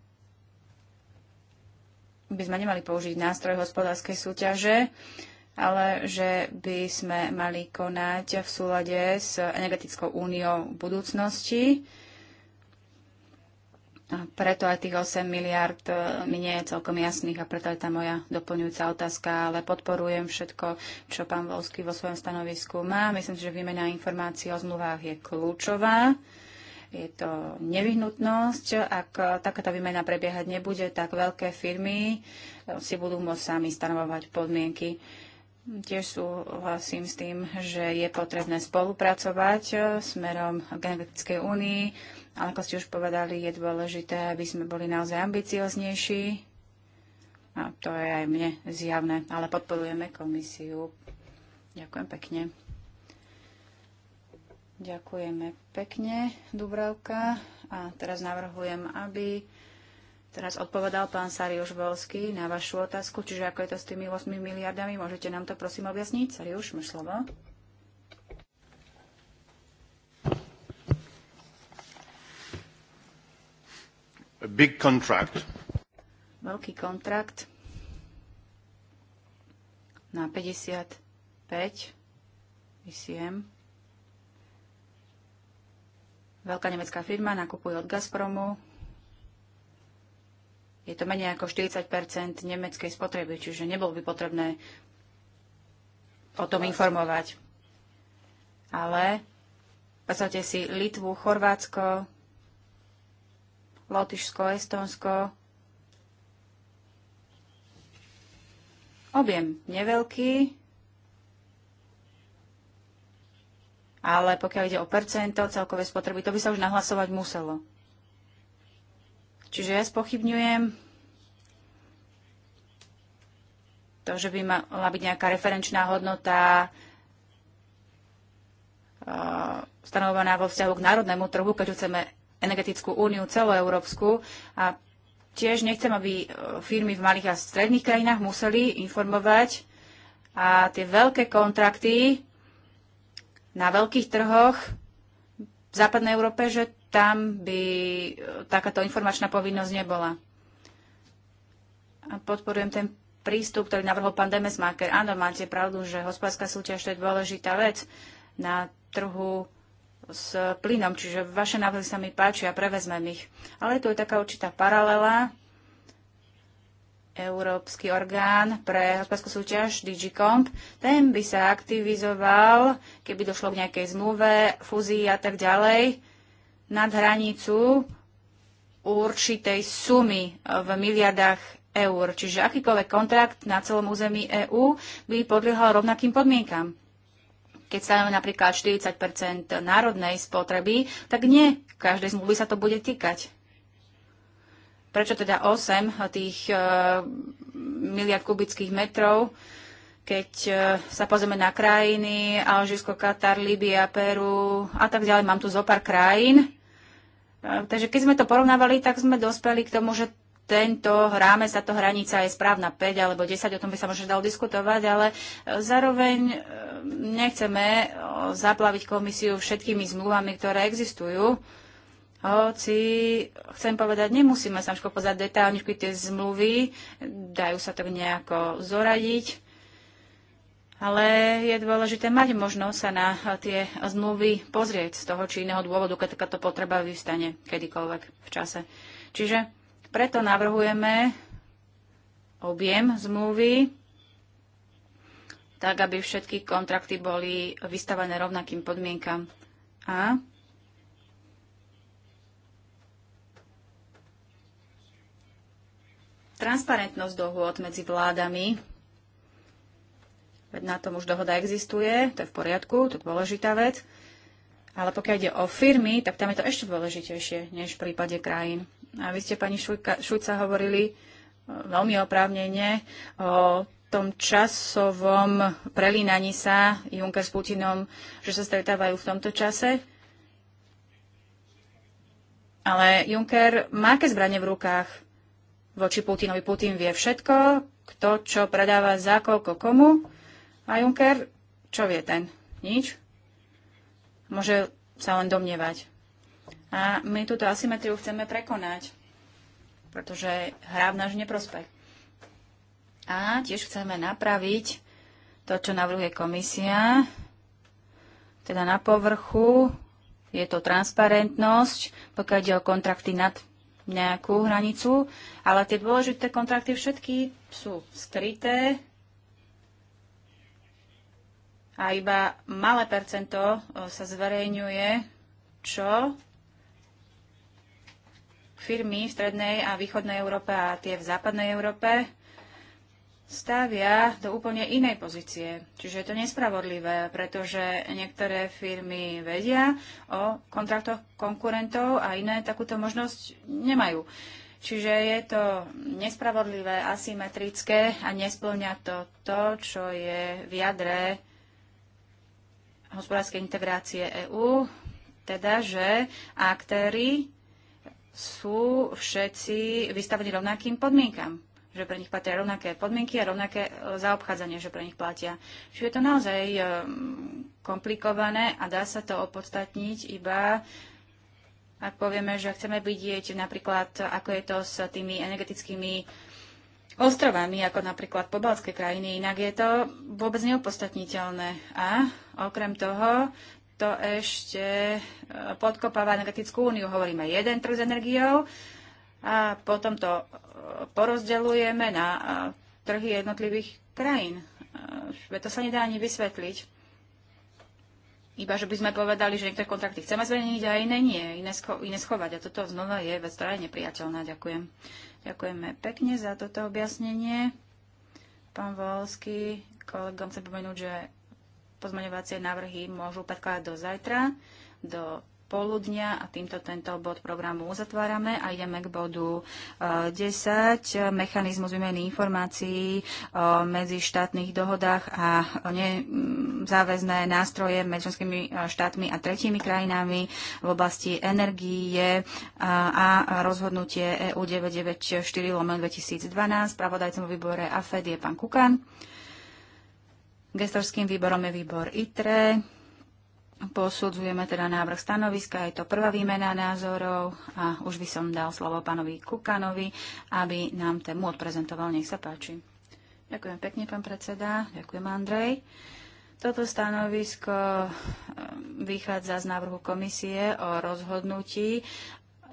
by sme nemali použiť nástroj hospodárskej súťaže, ale že by sme mali konať v súlade s energetickou úniou budúcnosti preto aj tých 8 miliard e, mi nie je celkom jasných a preto je tá moja doplňujúca otázka, ale podporujem všetko, čo pán Volský vo svojom stanovisku má. Myslím si, že výmena informácií o zmluvách je kľúčová. Je to nevyhnutnosť. Ak takáto výmena prebiehať nebude, tak veľké firmy e, si budú môcť sami stanovovať podmienky. Tiež súhlasím s tým, že je potrebné spolupracovať e, smerom k energetickej únii ale ako ste už povedali, je dôležité, aby sme boli naozaj ambicioznejší. A to je aj mne zjavné. Ale podporujeme komisiu. Ďakujem pekne. Ďakujeme pekne, Dubravka. A teraz navrhujem, aby teraz odpovedal pán Sariuš Volský na vašu otázku, čiže ako je to s tými 8 miliardami, môžete nám to prosím objasniť? Sariuš, máš slovo. a big contract. Veľký kontrakt na 55 ICM. Veľká nemecká firma nakupuje od Gazpromu. Je to menej ako 40 nemeckej spotreby, čiže nebolo by potrebné o tom informovať. Ale v podstate si Litvu, Chorvátsko, Lotyšsko, Estonsko. Objem neveľký, ale pokiaľ ide o percento celkové spotreby, to by sa už nahlasovať muselo. Čiže ja spochybňujem to, že by mala byť nejaká referenčná hodnota uh, stanovená vo vzťahu k národnému trhu, keď chceme energetickú úniu celoeurópsku a tiež nechcem, aby e, firmy v malých a stredných krajinách museli informovať a tie veľké kontrakty na veľkých trhoch v západnej Európe, že tam by e, takáto informačná povinnosť nebola. A podporujem ten prístup, ktorý navrhol pán Demesmaker. Áno, máte pravdu, že hospodárska súťaž to je dôležitá vec na trhu s plynom, čiže vaše návrhy sa mi páčia, prevezmem ich. Ale tu je taká určitá paralela. Európsky orgán pre hospodárskú súťaž DigiComp, ten by sa aktivizoval, keby došlo k nejakej zmluve, fúzii a tak ďalej, nad hranicu určitej sumy v miliardách eur. Čiže akýkoľvek kontrakt na celom území EÚ by podliehal rovnakým podmienkam keď sa napríklad 40 národnej spotreby, tak nie každej zmluvy sa to bude týkať. Prečo teda 8 tých e, miliard kubických metrov, keď e, sa pozrieme na krajiny, Alžírsko, Katar, Líbia, Peru a tak ďalej, mám tu zo pár krajín. E, takže keď sme to porovnávali, tak sme dospeli k tomu, že tento hráme sa to hranica je správna 5 alebo 10, o tom by sa možno dalo diskutovať, ale e, zároveň e, nechceme e, zaplaviť komisiu všetkými zmluvami, ktoré existujú. Hoci, chcem povedať, nemusíme sa všetko pozrieť detálne, tie zmluvy, dajú sa to nejako zoradiť, ale je dôležité mať možnosť sa na tie zmluvy pozrieť z toho či iného dôvodu, keď takáto potreba vystane kedykoľvek v čase. Čiže preto navrhujeme objem zmluvy, tak aby všetky kontrakty boli vystavené rovnakým podmienkam. A transparentnosť dohôd medzi vládami, veď na tom už dohoda existuje, to je v poriadku, to je dôležitá vec, ale pokiaľ ide o firmy, tak tam je to ešte dôležitejšie než v prípade krajín. A vy ste, pani Šujka, Šujca, hovorili e, veľmi oprávnene o tom časovom prelínaní sa Juncker s Putinom, že sa stretávajú v tomto čase. Ale Juncker má aké zbranie v rukách voči Putinovi? Putin vie všetko, kto čo predáva za koľko komu. A Juncker, čo vie ten? Nič? Môže sa len domnievať. A my túto asymetriu chceme prekonať, pretože hrá v náš neprospech. A tiež chceme napraviť to, čo navrhuje komisia, teda na povrchu je to transparentnosť, pokiaľ ide o kontrakty nad nejakú hranicu, ale tie dôležité kontrakty všetky sú skryté a iba malé percento e, sa zverejňuje, čo firmy v strednej a východnej Európe a tie v západnej Európe stavia do úplne inej pozície. Čiže je to nespravodlivé, pretože niektoré firmy vedia o kontraktoch konkurentov a iné takúto možnosť nemajú. Čiže je to nespravodlivé, asymetrické a nesplňa to to, čo je v jadre hospodárskej integrácie EÚ, teda že aktéry sú všetci vystavení rovnakým podmienkam že pre nich platia rovnaké podmienky a rovnaké e, zaobchádzanie, že pre nich platia. Čiže je to naozaj e, komplikované a dá sa to opodstatniť iba ak povieme, že chceme vidieť napríklad, ako je to s tými energetickými ostrovami, ako napríklad pobalské krajiny, inak je to vôbec neopodstatniteľné. A okrem toho, to ešte e, podkopáva energetickú úniu. Hovoríme jeden trh s energiou a potom to e, porozdelujeme na e, trhy jednotlivých krajín. To sa nedá ani vysvetliť. Iba, že by sme povedali, že niektoré kontrakty chceme zmeniť a iné nie, iné, scho- iné schovať. A toto znova je vec, ktorá je nepriateľná. Ďakujem. Ďakujeme pekne za toto objasnenie. Pán Volsky, kolegom chcem pomenúť, že pozmeňovacie návrhy môžu predkladať do zajtra, do poludnia a týmto tento bod programu uzatvárame a ideme k bodu 10. Eh, mechanizmus výmeny informácií o eh, medzištátnych dohodách a eh, nezáväzné mm, nástroje medzi členskými štátmi a tretími krajinami v oblasti energie a rozhodnutie EU 994 2012. Pravodajcom v výbore AFED je pán Kukan. Gestorským výborom je výbor ITRE. Posudzujeme teda návrh stanoviska, je to prvá výmena názorov a už by som dal slovo pánovi Kukanovi, aby nám tému odprezentoval. Nech sa páči. Ďakujem pekne, pán predseda. Ďakujem, Andrej. Toto stanovisko ehm, vychádza z návrhu komisie o rozhodnutí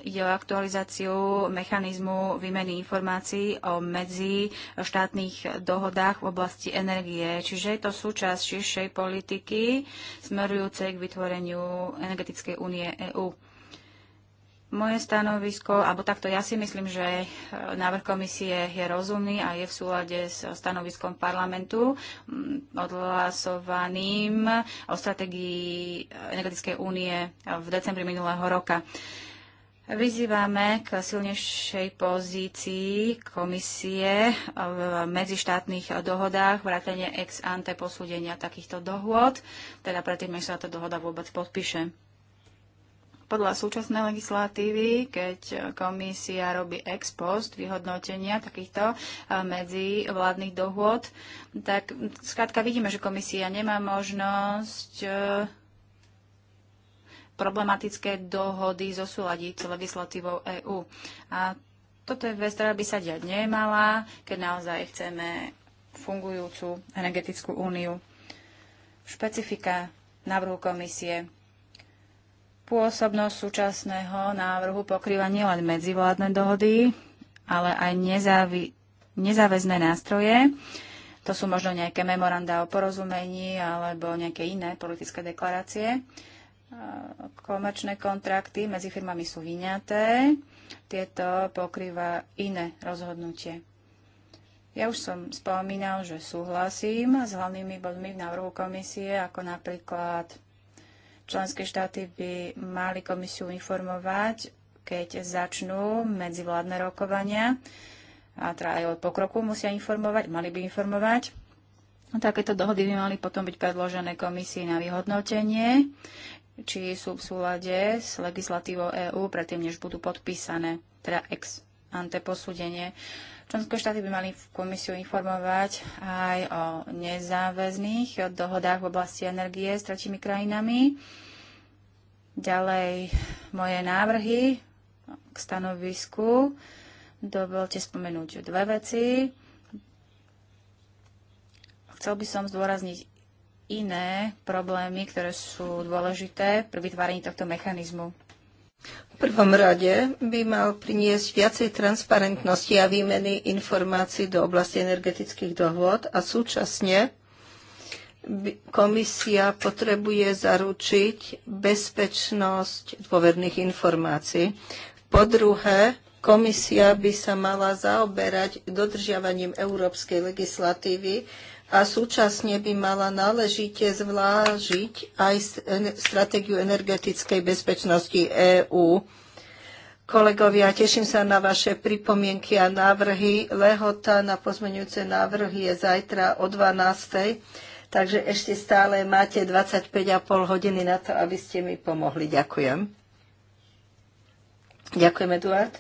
Ide o aktualizáciu mechanizmu výmeny informácií o medzi štátnych dohodách v oblasti energie. Čiže je to súčasť širšej politiky smerujúcej k vytvoreniu energetickej únie EÚ. Moje stanovisko, alebo takto ja si myslím, že eh, návrh komisie je rozumný a je v súlade s stanoviskom parlamentu mm, odhlasovaným o strategii eh, energetickej únie v decembri minulého roka. Vyzývame k silnejšej pozícii komisie v medzištátnych dohodách, vrátane ex ante posúdenia takýchto dohôd, teda predtým, než sa tá dohoda vôbec podpíše. Podľa súčasnej legislatívy, keď komisia robí ex post vyhodnotenia takýchto eh, medzivládnych dohôd, tak skrátka vidíme, že komisia nemá možnosť eh, problematické dohody zosúľadiť s legislatívou EÚ. A toto je vec, ktorá by sa diať nemala, keď naozaj chceme fungujúcu energetickú úniu. Špecifika návrhu komisie. Pôsobnosť súčasného návrhu pokrýva nielen medzivládne dohody, ale aj nezávi- nezáväzné nástroje. To sú možno nejaké memoranda o porozumení alebo nejaké iné politické deklarácie komerčné kontrakty medzi firmami sú vyňaté. Tieto pokrýva iné rozhodnutie. Ja už som spomínal, že súhlasím s hlavnými bodmi v návrhu komisie, ako napríklad členské štáty by mali komisiu informovať, keď začnú medzivládne rokovania, a teda aj o pokroku musia informovať, mali by informovať. Takéto dohody by mali potom byť predložené komisii na vyhodnotenie či sú v súlade s legislatívou EÚ predtým, než budú podpísané, teda ex ante posúdenie. Členské štáty by mali komisiu informovať aj o nezáväzných dohodách v oblasti energie s tretími krajinami. Ďalej moje návrhy k stanovisku. Dovolte spomenúť dve veci. Chcel by som zdôrazniť iné problémy, ktoré sú dôležité pri vytváraní tohto mechanizmu? V prvom rade by mal priniesť viacej transparentnosti a výmeny informácií do oblasti energetických dohôd a súčasne komisia potrebuje zaručiť bezpečnosť dôverných informácií. Po druhé, komisia by sa mala zaoberať dodržiavaním európskej legislatívy a súčasne by mala náležite zvlážiť aj stratégiu energetickej bezpečnosti EÚ. Kolegovia, teším sa na vaše pripomienky a návrhy. Lehota na pozmeňujúce návrhy je zajtra o 12. Takže ešte stále máte 25,5 hodiny na to, aby ste mi pomohli. Ďakujem. Ďakujem, Eduard.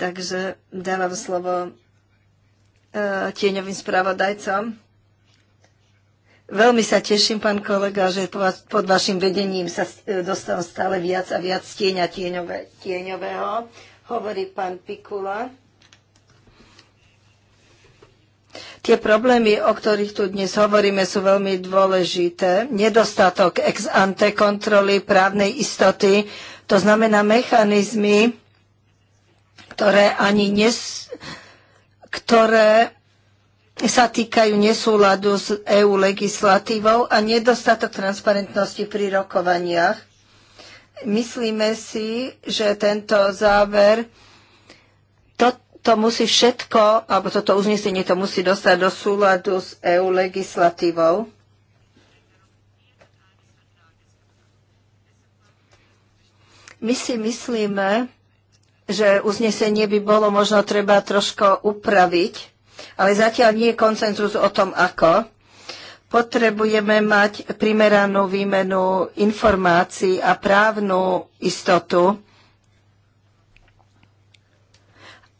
Takže dávam slovo e, tieňovým spravodajcom. Veľmi sa teším, pán kolega, že pod vašim vedením sa e, dostalo stále viac a viac tieňa tieňové, tieňového, hovorí pán Pikula. Tie problémy, o ktorých tu dnes hovoríme, sú veľmi dôležité. Nedostatok ex ante kontroly, právnej istoty, to znamená mechanizmy, ktoré ani nes, ktoré sa týkajú nesúladu s EU legislatívou a nedostatok transparentnosti pri rokovaniach. Myslíme si, že tento záver, to, to musí všetko, alebo toto uznesenie to musí dostať do súladu s EU legislatívou. My si myslíme, že uznesenie by bolo možno treba trošku upraviť, ale zatiaľ nie je koncenzus o tom, ako. Potrebujeme mať primeranú výmenu informácií a právnu istotu.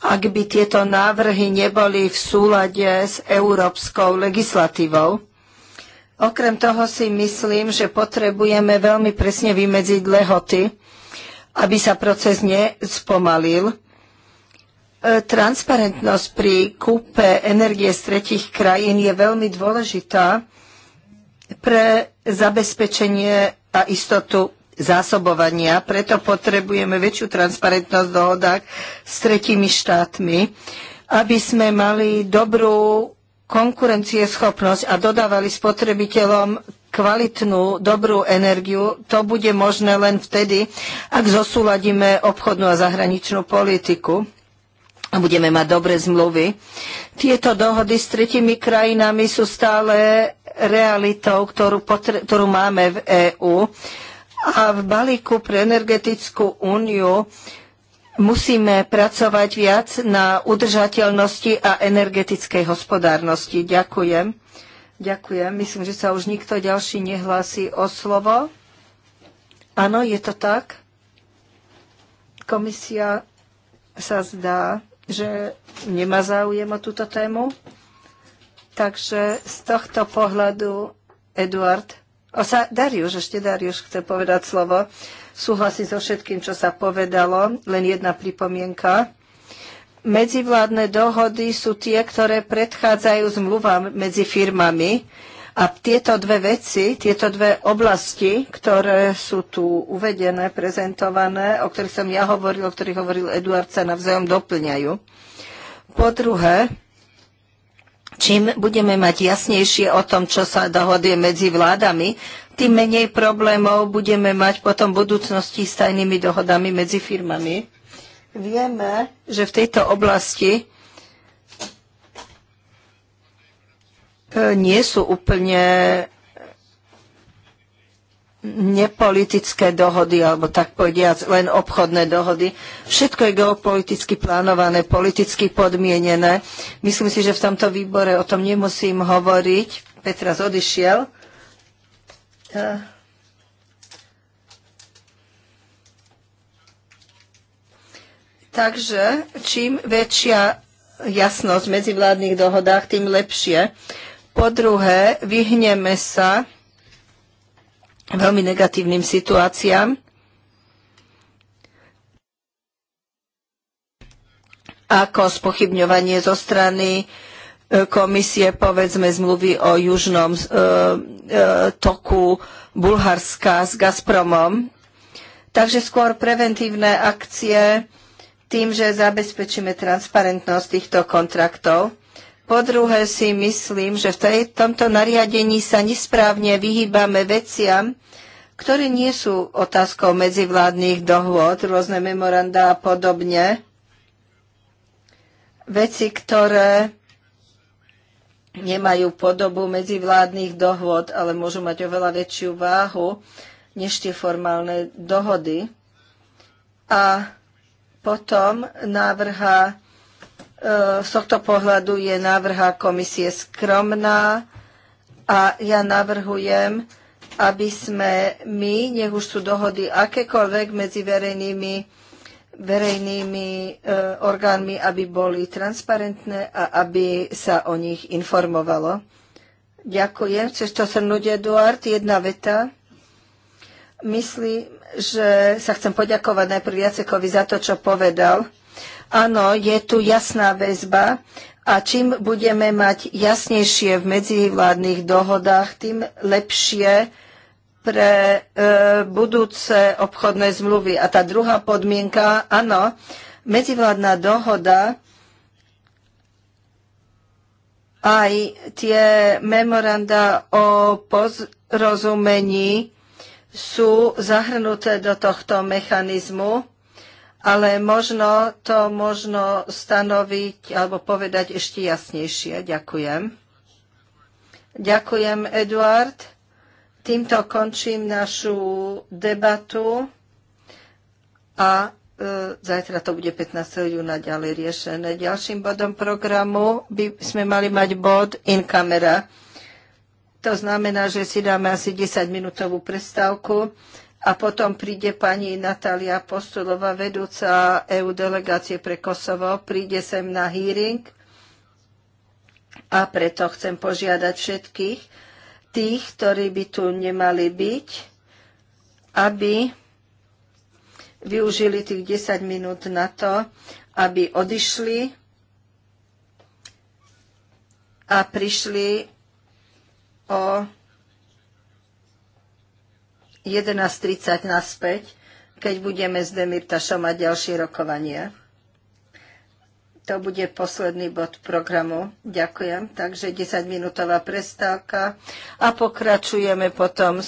Ak by tieto návrhy neboli v súlade s európskou legislatívou, Okrem toho si myslím, že potrebujeme veľmi presne vymedziť lehoty, aby sa proces nespomalil. E, transparentnosť pri kúpe energie z tretich krajín je veľmi dôležitá pre zabezpečenie a istotu zásobovania, preto potrebujeme väčšiu transparentnosť v dohodách s tretími štátmi, aby sme mali dobrú konkurencieschopnosť a dodávali spotrebiteľom kvalitnú, dobrú energiu, to bude možné len vtedy, ak zosúladíme obchodnú a zahraničnú politiku a budeme mať dobré zmluvy. Tieto dohody s tretimi krajinami sú stále realitou, ktorú, ktorú máme v EÚ. A v balíku pre energetickú úniu musíme pracovať viac na udržateľnosti a energetickej hospodárnosti. Ďakujem. Ďakujem. Myslím, že sa už nikto ďalší nehlási o slovo. Áno, je to tak. Komisia sa zdá, že nemá záujem o túto tému. Takže z tohto pohľadu Eduard, o sa, Darius, ešte Darius chce povedať slovo, súhlasí so všetkým, čo sa povedalo, len jedna pripomienka. Medzivládne dohody sú tie, ktoré predchádzajú zmluvám medzi firmami. A tieto dve veci, tieto dve oblasti, ktoré sú tu uvedené, prezentované, o ktorých som ja hovoril, o ktorých hovoril Eduard, sa navzájom doplňajú. Po druhé, čím budeme mať jasnejšie o tom, čo sa dohoduje medzi vládami, tým menej problémov budeme mať potom v budúcnosti s tajnými dohodami medzi firmami. Vieme, že v tejto oblasti e, nie sú úplne nepolitické dohody, alebo tak povediac, len obchodné dohody. Všetko je geopoliticky plánované, politicky podmienené. Myslím si, že v tomto výbore o tom nemusím hovoriť. Petra Zodyšiel. Uh. E, Takže čím väčšia jasnosť v medzivládnych dohodách, tým lepšie. Po druhé, vyhneme sa veľmi negatívnym situáciám. ako spochybňovanie zo strany e, komisie, povedzme, zmluvy o južnom e, e, toku Bulharska s Gazpromom. Takže skôr preventívne akcie, tým, že zabezpečíme transparentnosť týchto kontraktov. Po druhé si myslím, že v tej, tomto nariadení sa nesprávne vyhýbame veciam, ktoré nie sú otázkou medzivládnych dohôd, rôzne memoranda a podobne. Veci, ktoré nemajú podobu medzivládnych dohôd, ale môžu mať oveľa väčšiu váhu než tie formálne dohody. A potom návrha e, z tohto pohľadu je návrha komisie skromná a ja navrhujem, aby sme my, nech už sú dohody akékoľvek medzi verejnými, verejnými e, orgánmi, aby boli transparentné a aby sa o nich informovalo. Ďakujem. Chceš to shrnúť, Eduard? Jedna veta. Myslím, že sa chcem poďakovať najprv Jacekovi za to, čo povedal. Áno, je tu jasná väzba a čím budeme mať jasnejšie v medzivládnych dohodách, tým lepšie pre e, budúce obchodné zmluvy. A tá druhá podmienka, áno, medzivládna dohoda aj tie memoranda o porozumení sú zahrnuté do tohto mechanizmu, ale možno to možno stanoviť alebo povedať ešte jasnejšie. Ďakujem. Ďakujem, Eduard. Týmto končím našu debatu a e, zajtra to bude 15. júna ďalej riešené. Ďalším bodom programu by sme mali mať bod in camera. To znamená, že si dáme asi 10-minútovú prestávku a potom príde pani Natália Postulová, vedúca EU delegácie pre Kosovo, príde sem na hearing a preto chcem požiadať všetkých tých, ktorí by tu nemali byť, aby využili tých 10 minút na to, aby odišli a prišli o 11.30 naspäť, keď budeme s Demirtašom mať ďalšie rokovanie. To bude posledný bod programu. Ďakujem. Takže 10-minútová prestávka a pokračujeme potom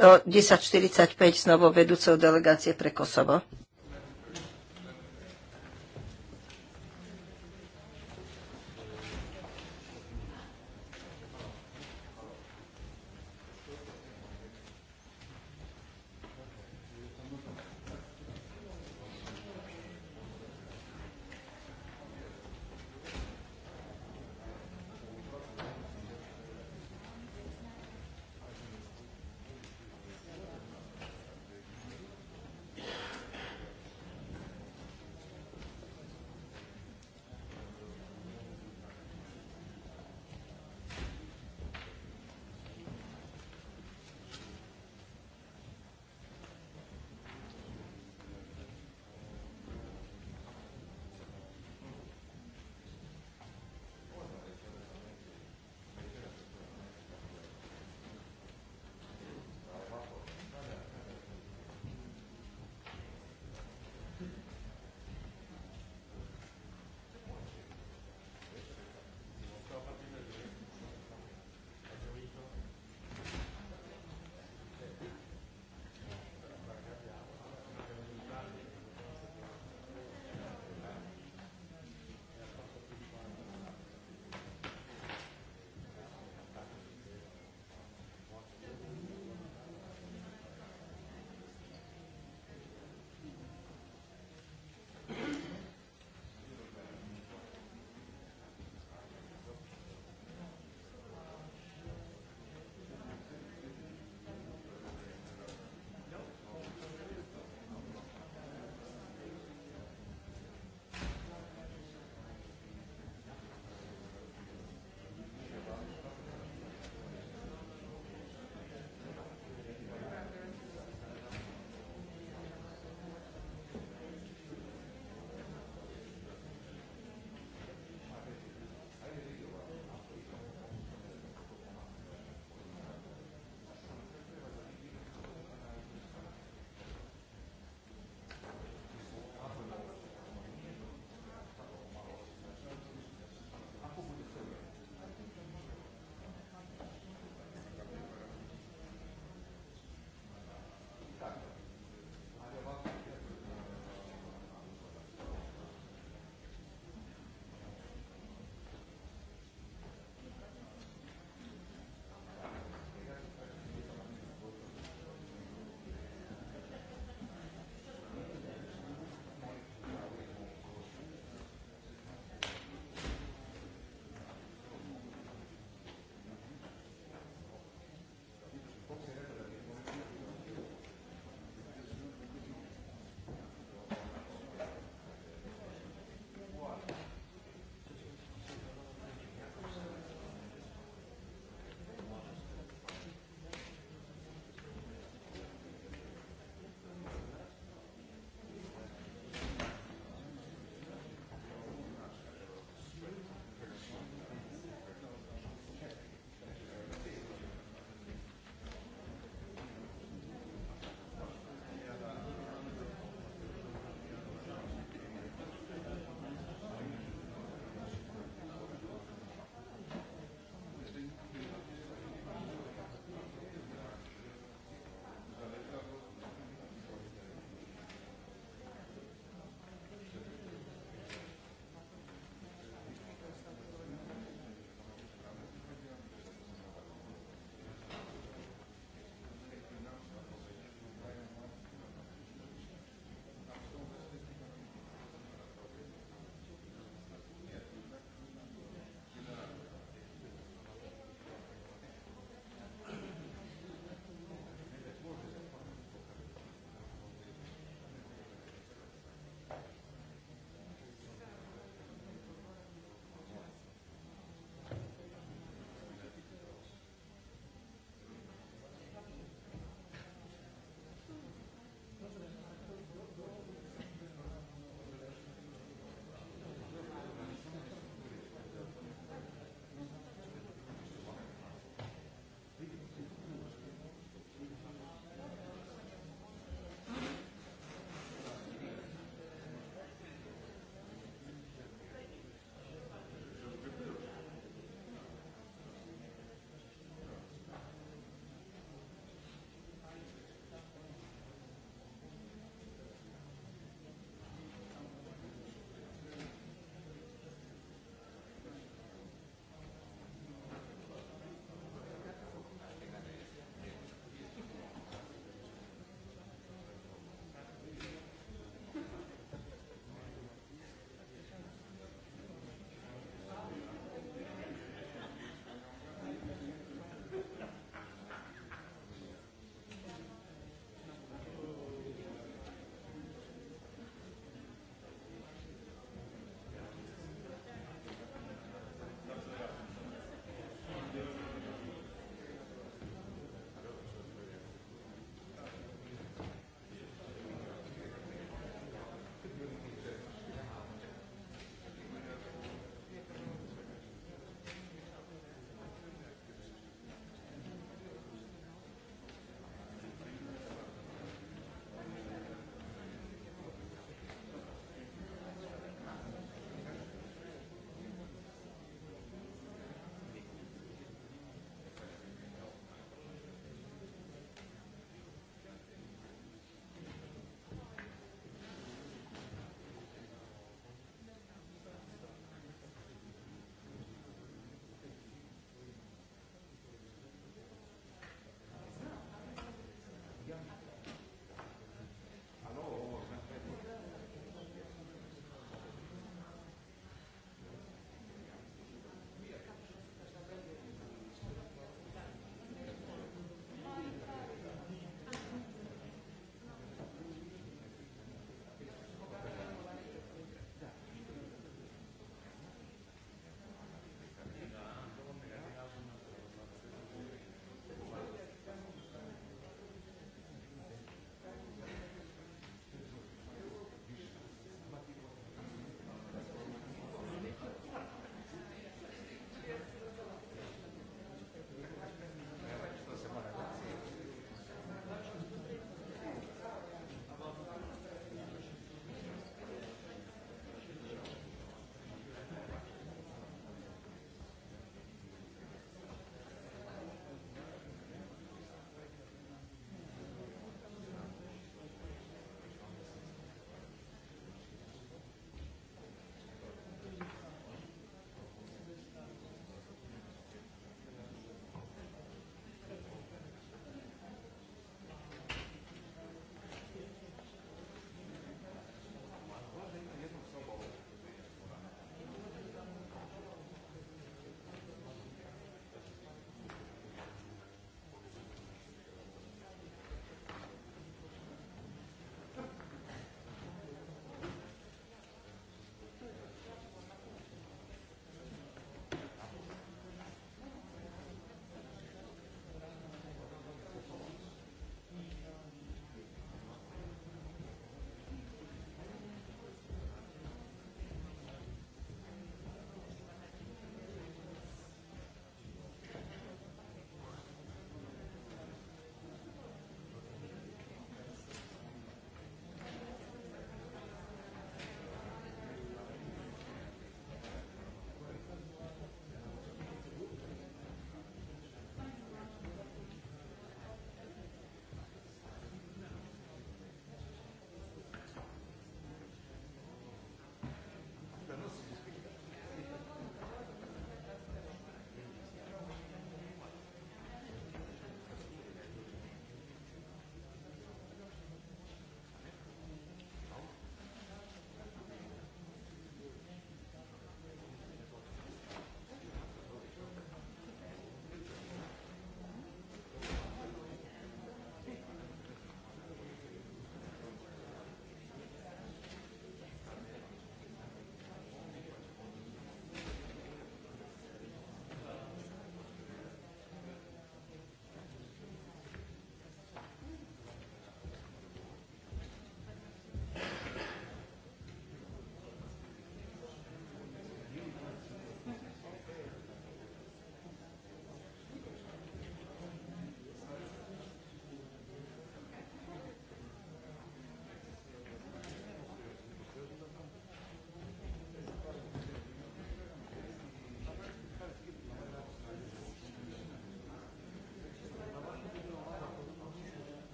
o 10.45 s novou vedúcou delegácie pre Kosovo.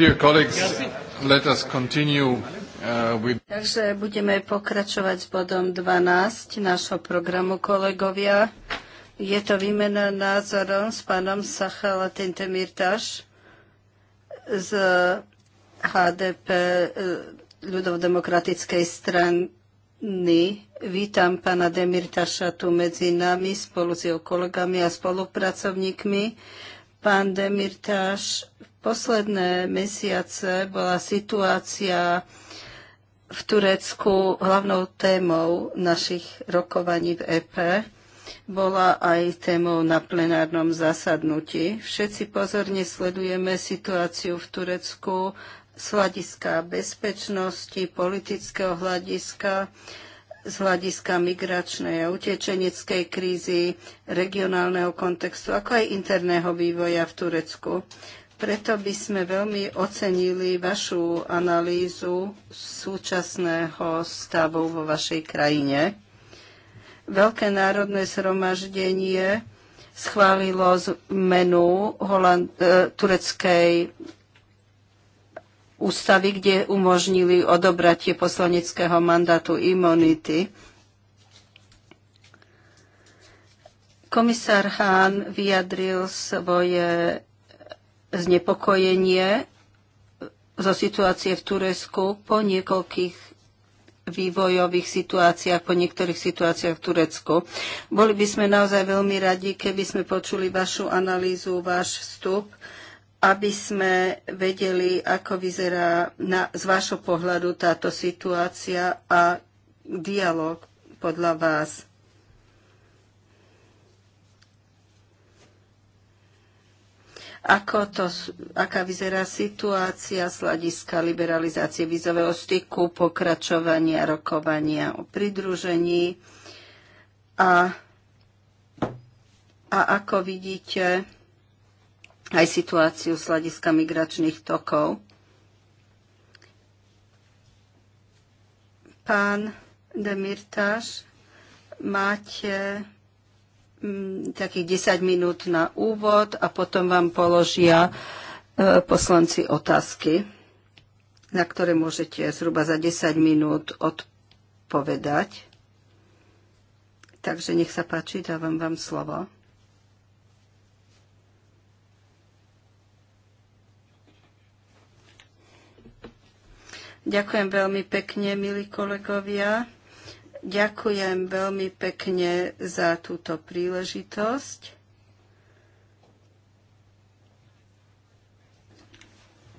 Uh, Takže budeme pokračovať s bodom 12 nášho programu, kolegovia. Je to výmena názorom s pánom Sachala Tintemirtaš z HDP eh, ľudovodemokratickej strany. Vítam pána Demirtaša tu medzi nami spolu s jeho kolegami a spolupracovníkmi. Pán Demirtaš posledné mesiace bola situácia v Turecku hlavnou témou našich rokovaní v EP. Bola aj témou na plenárnom zasadnutí. Všetci pozorne sledujeme situáciu v Turecku z hľadiska bezpečnosti, politického hľadiska, z hľadiska migračnej a utečeneckej krízy, regionálneho kontextu, ako aj interného vývoja v Turecku. Preto by sme veľmi ocenili vašu analýzu súčasného stavu vo vašej krajine. Veľké národné zhromaždenie schválilo menu Holand- e, tureckej ústavy, kde umožnili odobratie poslaneckého mandátu imunity. Komisár Hahn vyjadril svoje znepokojenie zo situácie v Turecku po niekoľkých vývojových situáciách, po niektorých situáciách v Turecku. Boli by sme naozaj veľmi radi, keby sme počuli vašu analýzu, váš vstup, aby sme vedeli, ako vyzerá na, z vášho pohľadu táto situácia a dialog podľa vás. Ako to, aká vyzerá situácia z hľadiska liberalizácie vízového styku, pokračovania rokovania o pridružení a, a ako vidíte aj situáciu z hľadiska migračných tokov. Pán Demirtaš, máte Mm, takých 10 minút na úvod a potom vám položia e, poslanci otázky, na ktoré môžete zhruba za 10 minút odpovedať. Takže nech sa páči, dávam vám slovo. Ďakujem veľmi pekne, milí kolegovia. Ďakujem veľmi pekne za túto príležitosť.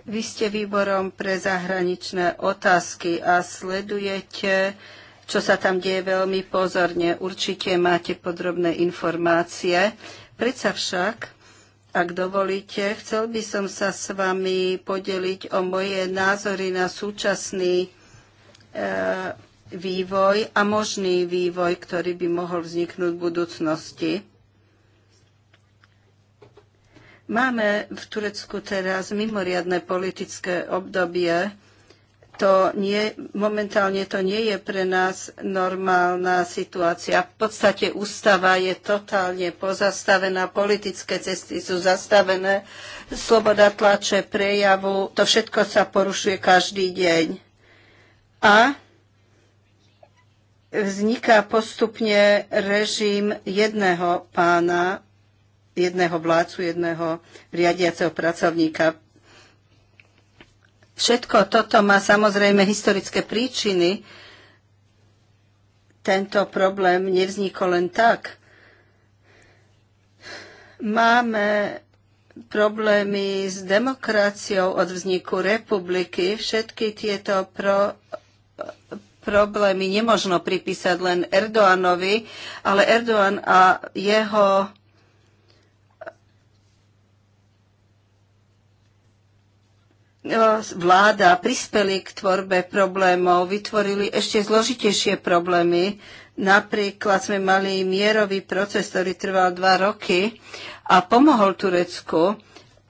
Vy ste výborom pre zahraničné otázky a sledujete, čo sa tam deje veľmi pozorne. Určite máte podrobné informácie. Predsa však ak dovolíte, chcel by som sa s vami podeliť o moje názory na súčasný e, vývoj a možný vývoj, ktorý by mohol vzniknúť v budúcnosti. Máme v Turecku teraz mimoriadne politické obdobie. To nie, momentálne to nie je pre nás normálna situácia. V podstate ústava je totálne pozastavená, politické cesty sú zastavené, sloboda tlače, prejavu, to všetko sa porušuje každý deň. A vzniká postupne režim jedného pána, jedného vládcu, jedného riadiaceho pracovníka. Všetko toto má samozrejme historické príčiny. Tento problém nevznikol len tak. Máme problémy s demokraciou od vzniku republiky. Všetky tieto pro, problémy nemožno pripísať len Erdoánovi, ale Erdoán a jeho e, vláda prispeli k tvorbe problémov, vytvorili ešte zložitejšie problémy. Napríklad sme mali mierový proces, ktorý trval dva roky a pomohol Turecku.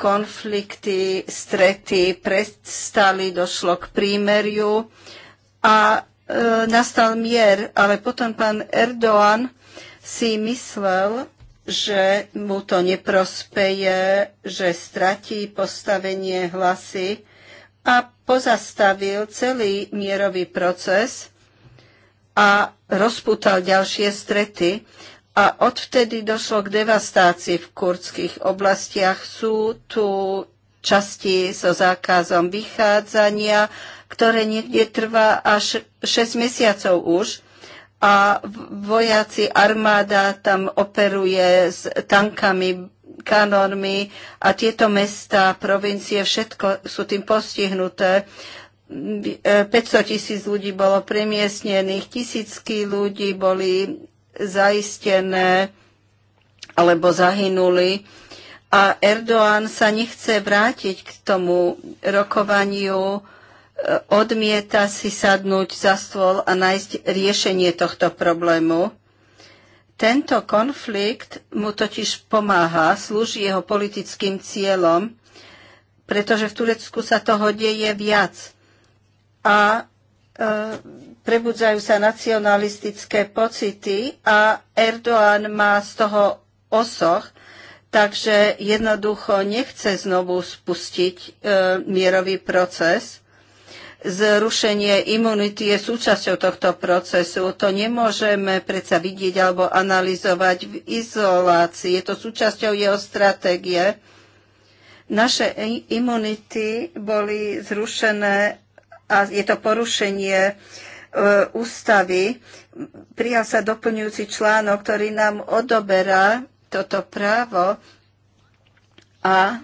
Konflikty, strety prestali, došlo k prímeriu a E, nastal mier, ale potom pán Erdoğan si myslel, že mu to neprospeje, že stratí postavenie hlasy a pozastavil celý mierový proces a rozputal ďalšie strety a odvtedy došlo k devastácii v kurdských oblastiach. Sú tu časti so zákazom vychádzania, ktoré niekde trvá až 6 mesiacov už a vojaci, armáda tam operuje s tankami, kanormi a tieto mesta, provincie, všetko sú tým postihnuté. 500 tisíc ľudí bolo premiestnených, tisícky ľudí boli zaistené alebo zahynuli. A Erdoğan sa nechce vrátiť k tomu rokovaniu E, odmieta si sadnúť za stôl a nájsť riešenie tohto problému. Tento konflikt mu totiž pomáha, slúži jeho politickým cieľom, pretože v Turecku sa toho deje viac. A e, prebudzajú sa nacionalistické pocity a Erdoğan má z toho osoch, takže jednoducho nechce znovu spustiť e, mierový proces zrušenie imunity je súčasťou tohto procesu. To nemôžeme predsa vidieť alebo analyzovať v izolácii. Je to súčasťou jeho stratégie. Naše imunity boli zrušené a je to porušenie e, ústavy. Prijal sa doplňujúci článok, ktorý nám odoberá toto právo a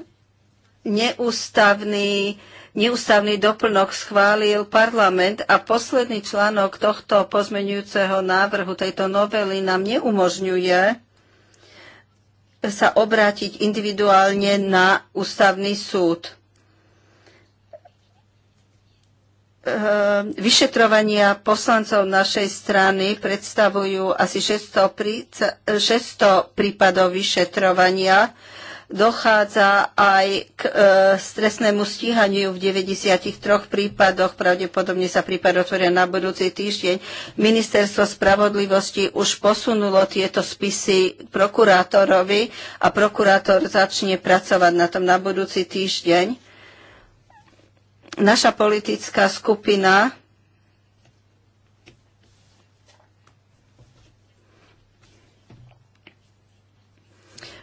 neústavný neústavný doplnok schválil parlament a posledný článok tohto pozmenujúceho návrhu tejto novely nám neumožňuje sa obrátiť individuálne na ústavný súd. Ehm, vyšetrovania poslancov našej strany predstavujú asi 600, 600 prípadov vyšetrovania dochádza aj k e, stresnému stíhaniu v 93 prípadoch. Pravdepodobne sa prípad otvoria na budúci týždeň. Ministerstvo spravodlivosti už posunulo tieto spisy prokurátorovi a prokurátor začne pracovať na tom na budúci týždeň. Naša politická skupina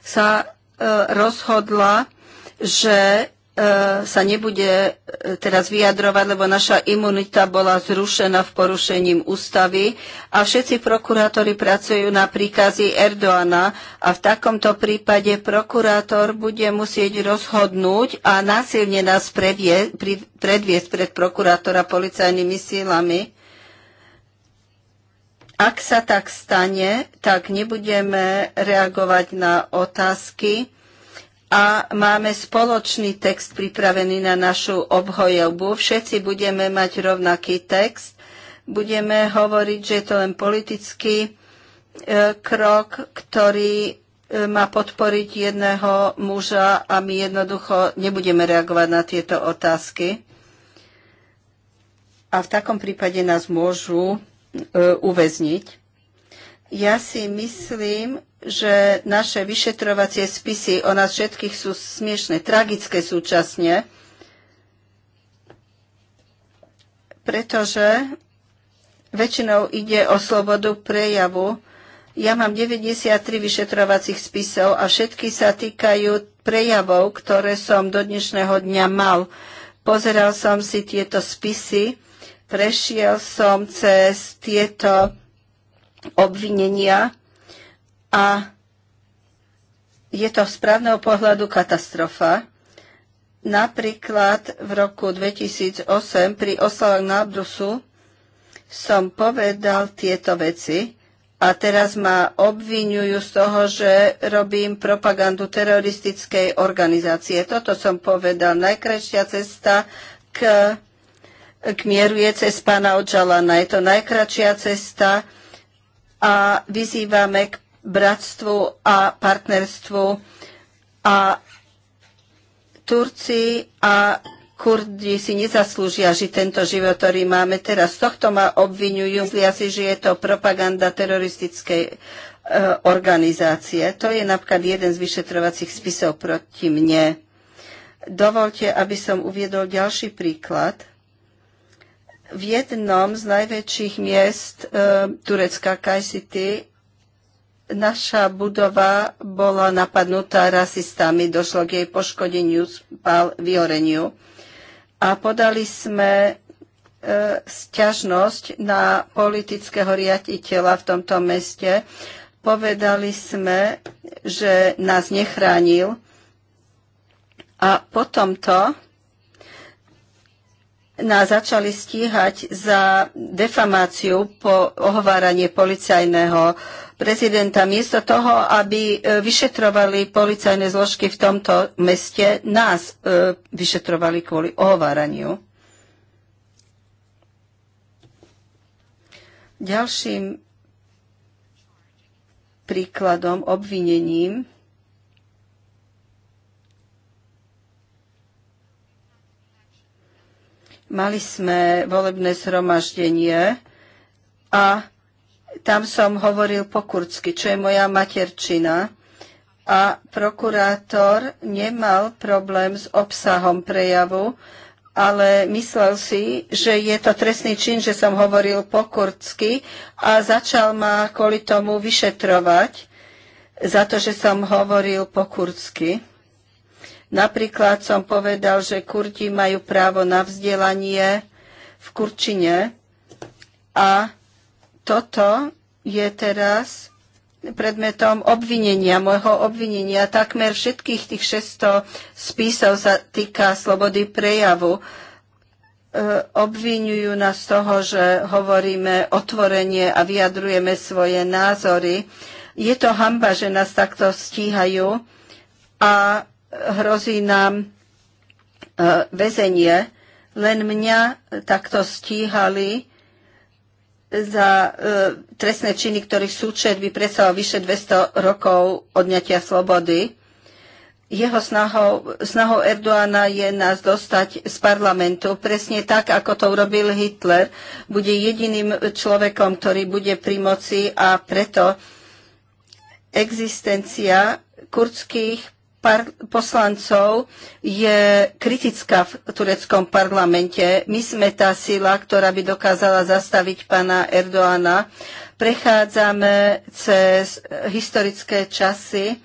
sa E, rozhodla, že e, sa nebude e, teraz vyjadrovať, lebo naša imunita bola zrušená v porušením ústavy a všetci prokurátori pracujú na príkazy Erdoána a v takomto prípade prokurátor bude musieť rozhodnúť a násilne nás predviesť pred prokurátora policajnými sílami. Ak sa tak stane, tak nebudeme reagovať na otázky, a máme spoločný text pripravený na našu obhojobu. Všetci budeme mať rovnaký text. Budeme hovoriť, že je to len politický e, krok, ktorý e, má podporiť jedného muža a my jednoducho nebudeme reagovať na tieto otázky. A v takom prípade nás môžu e, uväzniť. Ja si myslím, že naše vyšetrovacie spisy o nás všetkých sú smiešne, tragické súčasne, pretože väčšinou ide o slobodu prejavu. Ja mám 93 vyšetrovacích spisov a všetky sa týkajú prejavov, ktoré som do dnešného dňa mal. Pozeral som si tieto spisy, prešiel som cez tieto obvinenia a je to z právneho pohľadu katastrofa. Napríklad v roku 2008 pri oslavách Nábrusu som povedal tieto veci a teraz ma obvinujú z toho, že robím propagandu teroristickej organizácie. Toto som povedal. Najkrajšia cesta k, k mieru je cez pána Očalana. Je to najkračšia cesta a vyzývame k bratstvu a partnerstvu a Turci a Kurdi si nezaslúžia žiť tento život, ktorý máme teraz. Z tohto ma obvinujú, zlia si, že je to propaganda teroristickej e, organizácie. To je napríklad jeden z vyšetrovacích spisov proti mne. Dovolte, aby som uviedol ďalší príklad. V jednom z najväčších miest e, Turecka, Kaj City, Naša budova bola napadnutá rasistami, došlo k jej poškodeniu, spal, vyhoreniu. A podali sme e, sťažnosť na politického riaditeľa v tomto meste. Povedali sme, že nás nechránil. A potom to nás začali stíhať za defamáciu po ohováranie policajného prezidenta, miesto toho, aby e, vyšetrovali policajné zložky v tomto meste, nás e, vyšetrovali kvôli ohováraniu. Ďalším príkladom, obvinením mali sme volebné zhromaždenie a tam som hovoril po kurdsky, čo je moja materčina. A prokurátor nemal problém s obsahom prejavu, ale myslel si, že je to trestný čin, že som hovoril po kurdsky a začal ma kvôli tomu vyšetrovať za to, že som hovoril po kurdsky. Napríklad som povedal, že Kurti majú právo na vzdelanie v Kurčine a toto je teraz predmetom obvinenia, môjho obvinenia. Takmer všetkých tých 600 spisov sa týka slobody prejavu. E, obvinujú nás z toho, že hovoríme otvorenie a vyjadrujeme svoje názory. Je to hamba, že nás takto stíhajú a hrozí nám e, väzenie. Len mňa takto stíhali za e, trestné činy, ktorých súčet by predstavoval vyše 200 rokov odňatia slobody. Jeho snahou, snahou Erdoána je nás dostať z parlamentu. Presne tak, ako to urobil Hitler, bude jediným človekom, ktorý bude pri moci a preto existencia kurdských poslancov je kritická v tureckom parlamente. My sme tá sila, ktorá by dokázala zastaviť pána Erdoána. Prechádzame cez historické časy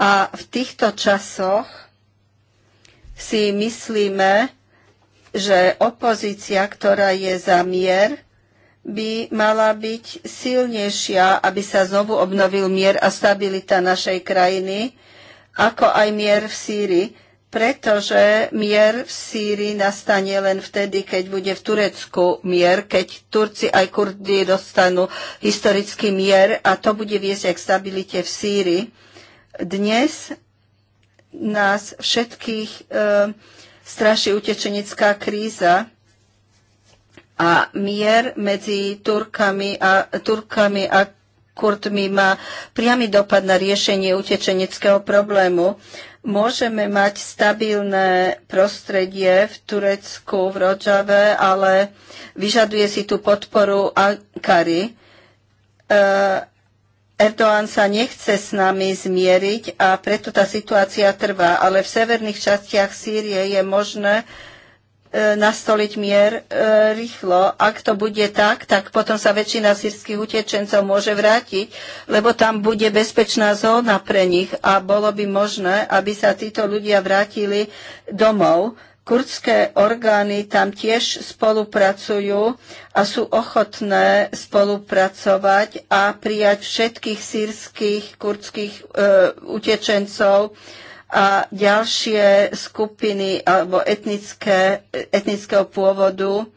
a v týchto časoch si myslíme, že opozícia, ktorá je za mier, by mala byť silnejšia, aby sa znovu obnovil mier a stabilita našej krajiny ako aj mier v Sýrii, pretože mier v Sýrii nastane len vtedy, keď bude v Turecku mier, keď Turci aj Kurdi dostanú historický mier a to bude viesť aj k stabilite v Sýrii. Dnes nás všetkých e, straší utečenická kríza a mier medzi Turkami a, Turkami a Kurtmi má priamy dopad na riešenie utečeneckého problému. Môžeme mať stabilné prostredie v Turecku, v Rodžave, ale vyžaduje si tú podporu Ankary. E, Erdoğan sa nechce s nami zmieriť a preto tá situácia trvá. Ale v severných častiach Sýrie je možné, E, nastoliť mier e, rýchlo. Ak to bude tak, tak potom sa väčšina sírskych utečencov môže vrátiť, lebo tam bude bezpečná zóna pre nich a bolo by možné, aby sa títo ľudia vrátili domov. Kurdské orgány tam tiež spolupracujú a sú ochotné spolupracovať a prijať všetkých sírskych kurdských e, utečencov, a ďalšie skupiny alebo etnické, etnického pôvodu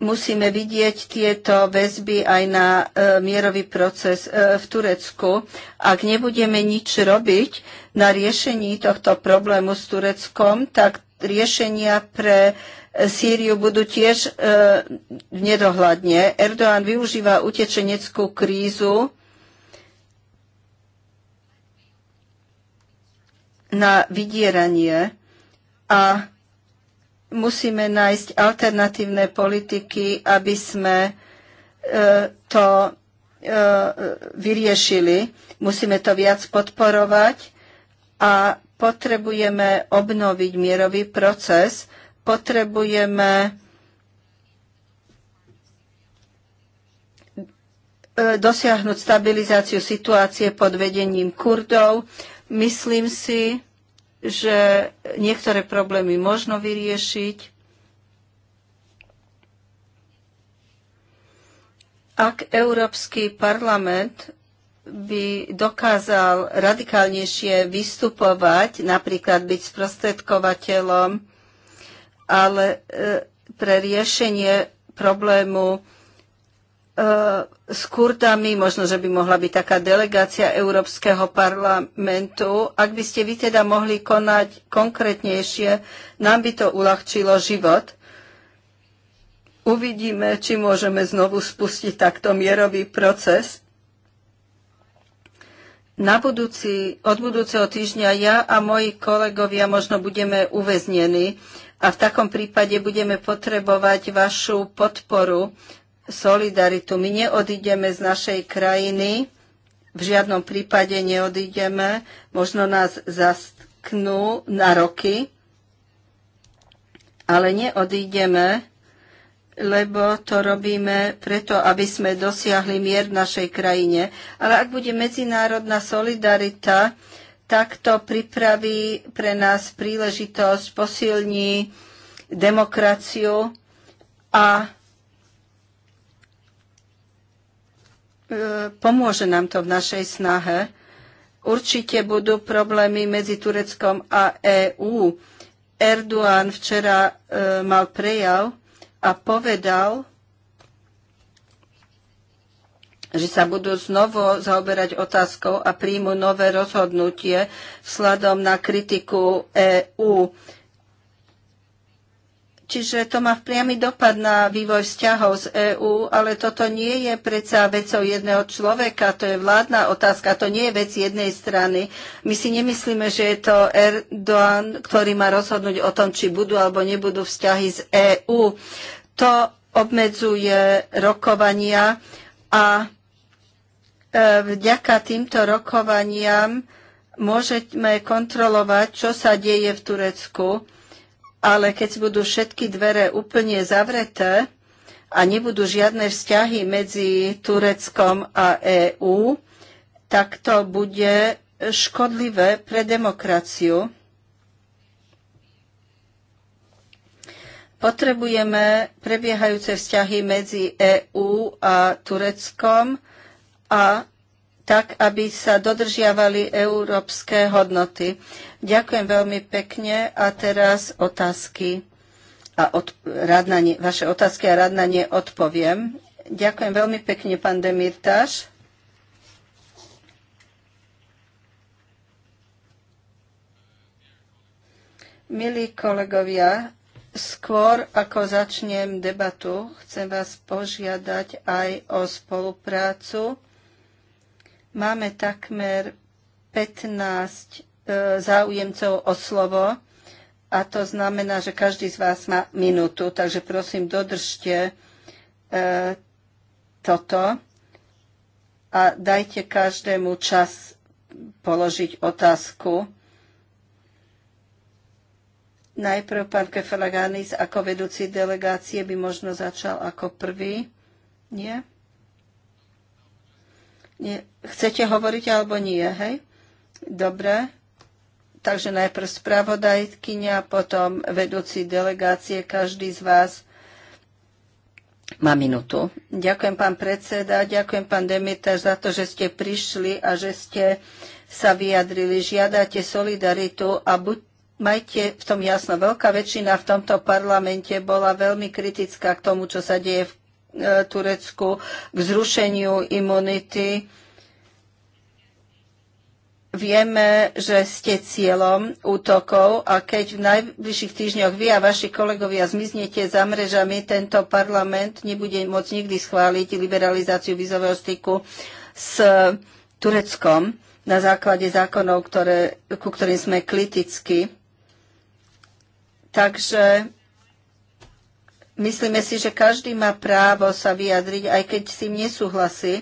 musíme vidieť tieto väzby aj na e, mierový proces e, v Turecku. Ak nebudeme nič robiť na riešení tohto problému s Tureckom, tak riešenia pre e, Sýriu budú tiež e, nedohľadne. Erdoğan využíva utečeneckú krízu na vydieranie a musíme nájsť alternatívne politiky, aby sme e, to e, vyriešili. Musíme to viac podporovať a potrebujeme obnoviť mierový proces, potrebujeme e, dosiahnuť stabilizáciu situácie pod vedením Kurdov, Myslím si, že niektoré problémy možno vyriešiť, ak Európsky parlament by dokázal radikálnejšie vystupovať, napríklad byť sprostredkovateľom, ale e, pre riešenie problému E, s Kurdami, možno, že by mohla byť taká delegácia Európskeho parlamentu. Ak by ste vy teda mohli konať konkrétnejšie, nám by to uľahčilo život. Uvidíme, či môžeme znovu spustiť takto mierový proces. Na budúci, od budúceho týždňa ja a moji kolegovia možno budeme uväznení a v takom prípade budeme potrebovať vašu podporu solidaritu. My neodídeme z našej krajiny, v žiadnom prípade neodídeme, možno nás zastknú na roky, ale neodídeme, lebo to robíme preto, aby sme dosiahli mier v našej krajine. Ale ak bude medzinárodná solidarita, tak to pripraví pre nás príležitosť, posilní demokraciu a E, pomôže nám to v našej snahe. Určite budú problémy medzi Tureckom a EÚ. Erdoğan včera e, mal prejav a povedal, že sa budú znovu zaoberať otázkou a príjmu nové rozhodnutie vzhľadom na kritiku EÚ. Čiže to má priamy dopad na vývoj vzťahov z EÚ, ale toto nie je predsa vecou jedného človeka, to je vládna otázka, to nie je vec jednej strany. My si nemyslíme, že je to Erdoğan, ktorý má rozhodnúť o tom, či budú alebo nebudú vzťahy z EÚ. To obmedzuje rokovania a e, vďaka týmto rokovaniam môžeme kontrolovať, čo sa deje v Turecku ale keď budú všetky dvere úplne zavreté a nebudú žiadne vzťahy medzi Tureckom a EÚ, tak to bude škodlivé pre demokraciu. Potrebujeme prebiehajúce vzťahy medzi EÚ a Tureckom a tak, aby sa dodržiavali európske hodnoty. Ďakujem veľmi pekne a teraz otázky a od, rád na ne, vaše otázky a rád na ne odpoviem. Ďakujem veľmi pekne, pán Demirtáš. Milí kolegovia, skôr ako začnem debatu, chcem vás požiadať aj o spoluprácu. Máme takmer 15 E, záujemcov o slovo a to znamená, že každý z vás má minútu, takže prosím, dodržte e, toto a dajte každému čas položiť otázku. Najprv pán Kefalaganis ako vedúci delegácie by možno začal ako prvý. Nie? nie? Chcete hovoriť alebo nie, hej? Dobre, Takže najprv spravodajkyňa, potom vedúci delegácie, každý z vás má minútu. Ďakujem pán predseda, ďakujem pán Demeter za to, že ste prišli a že ste sa vyjadrili. Žiadate solidaritu a buď majte v tom jasno. Veľká väčšina v tomto parlamente bola veľmi kritická k tomu, čo sa deje v e, Turecku, k zrušeniu imunity Vieme, že ste cieľom útokov a keď v najbližších týždňoch vy a vaši kolegovia zmiznete za mrežami, tento parlament nebude môcť nikdy schváliť liberalizáciu vizového styku s Tureckom na základe zákonov, ktoré, ku ktorým sme kriticky. Takže myslíme si, že každý má právo sa vyjadriť, aj keď s tým nesúhlasí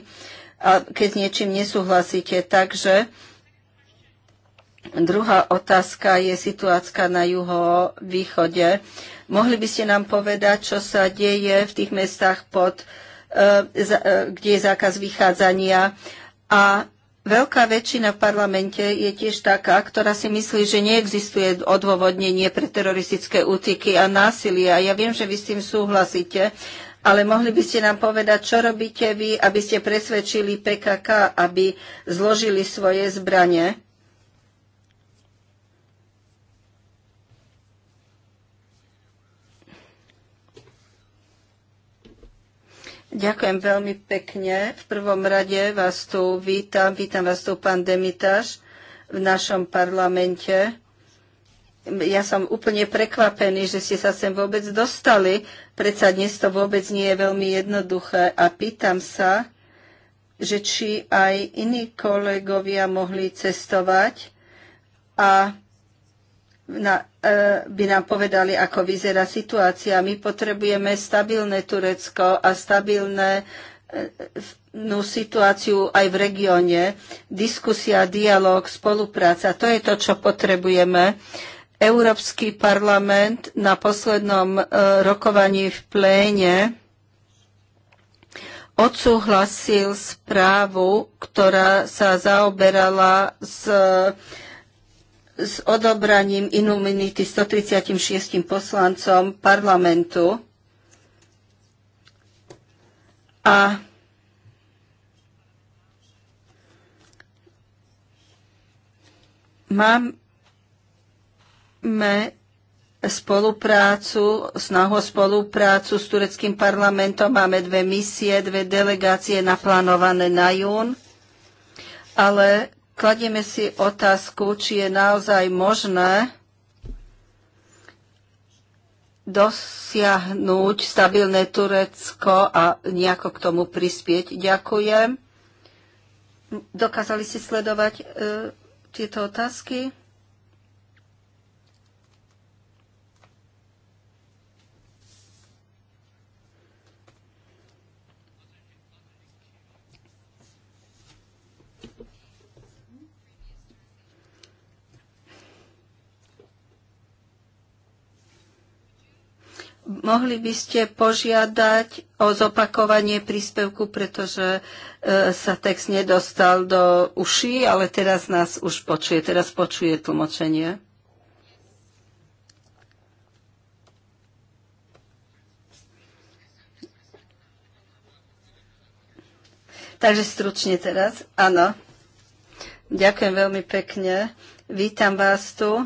a keď s niečím nesúhlasíte. Takže Druhá otázka je situácia na juhovýchode. Mohli by ste nám povedať, čo sa deje v tých mestách, pod, e, e, kde je zákaz vychádzania? A veľká väčšina v parlamente je tiež taká, ktorá si myslí, že neexistuje odôvodnenie pre teroristické útiky a násilie. A ja viem, že vy s tým súhlasíte, ale mohli by ste nám povedať, čo robíte vy, aby ste presvedčili PKK, aby zložili svoje zbranie? Ďakujem veľmi pekne. V prvom rade vás tu vítam. Vítam vás tu, pán Demitaš, v našom parlamente. Ja som úplne prekvapený, že ste sa sem vôbec dostali. Predsa dnes to vôbec nie je veľmi jednoduché. A pýtam sa, že či aj iní kolegovia mohli cestovať a na, e, by nám povedali, ako vyzerá situácia. My potrebujeme stabilné Turecko a stabilné e, situáciu aj v regióne. Diskusia, dialog, spolupráca, to je to, čo potrebujeme. Európsky parlament na poslednom e, rokovaní v pléne odsúhlasil správu, ktorá sa zaoberala s s odobraním inumunity 136 poslancom parlamentu a máme spoluprácu, snahu spoluprácu s tureckým parlamentom. Máme dve misie, dve delegácie naplánované na jún, ale kladieme si otázku, či je naozaj možné dosiahnuť stabilné Turecko a nejako k tomu prispieť. Ďakujem. Dokázali ste sledovať e, tieto otázky? Mohli by ste požiadať o zopakovanie príspevku, pretože e, sa text nedostal do uší, ale teraz nás už počuje, teraz počuje tlmočenie. Takže stručne teraz, áno. Ďakujem veľmi pekne. Vítam vás tu.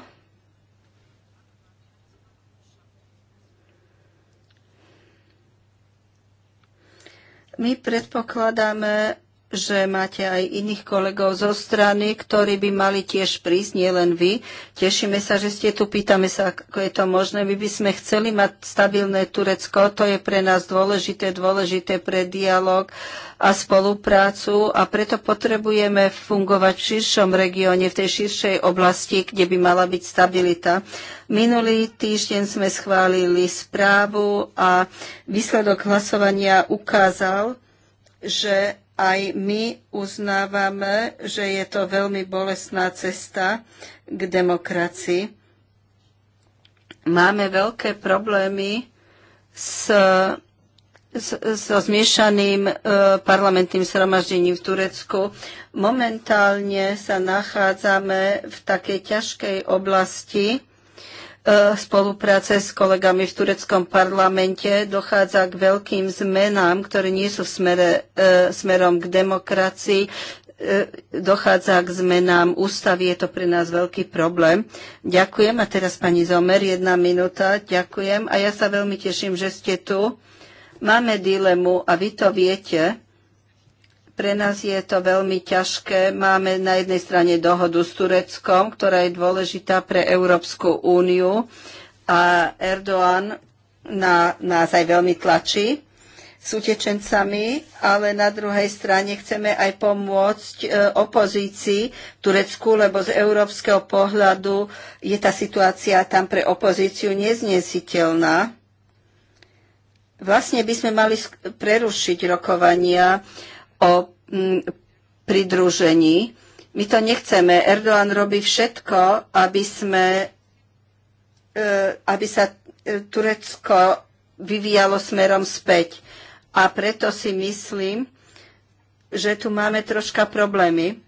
My predpokladáme že máte aj iných kolegov zo strany, ktorí by mali tiež prísť, nie len vy. Tešíme sa, že ste tu, pýtame sa, ako je to možné. My by sme chceli mať stabilné Turecko, to je pre nás dôležité, dôležité pre dialog a spoluprácu a preto potrebujeme fungovať v širšom regióne, v tej širšej oblasti, kde by mala byť stabilita. Minulý týždeň sme schválili správu a výsledok hlasovania ukázal, že aj my uznávame, že je to veľmi bolestná cesta k demokracii. Máme veľké problémy s so zmiešaným e, parlamentným sromaždením v Turecku. Momentálne sa nachádzame v takej ťažkej oblasti, E, spolupráce s kolegami v tureckom parlamente dochádza k veľkým zmenám, ktoré nie sú smere, e, smerom k demokracii. E, dochádza k zmenám ústavy, je to pre nás veľký problém. Ďakujem a teraz pani Zomer, jedna minúta. Ďakujem a ja sa veľmi teším, že ste tu. Máme dilemu a vy to viete. Pre nás je to veľmi ťažké. Máme na jednej strane dohodu s Tureckom, ktorá je dôležitá pre Európsku úniu a Erdoğan na, nás aj veľmi tlačí s utečencami, ale na druhej strane chceme aj pomôcť e, opozícii Turecku, lebo z európskeho pohľadu je tá situácia tam pre opozíciu neznesiteľná. Vlastne by sme mali prerušiť rokovania o mm, pridružení. My to nechceme. Erdogan robí všetko, aby, sme, e, aby sa e, Turecko vyvíjalo smerom späť. A preto si myslím, že tu máme troška problémy.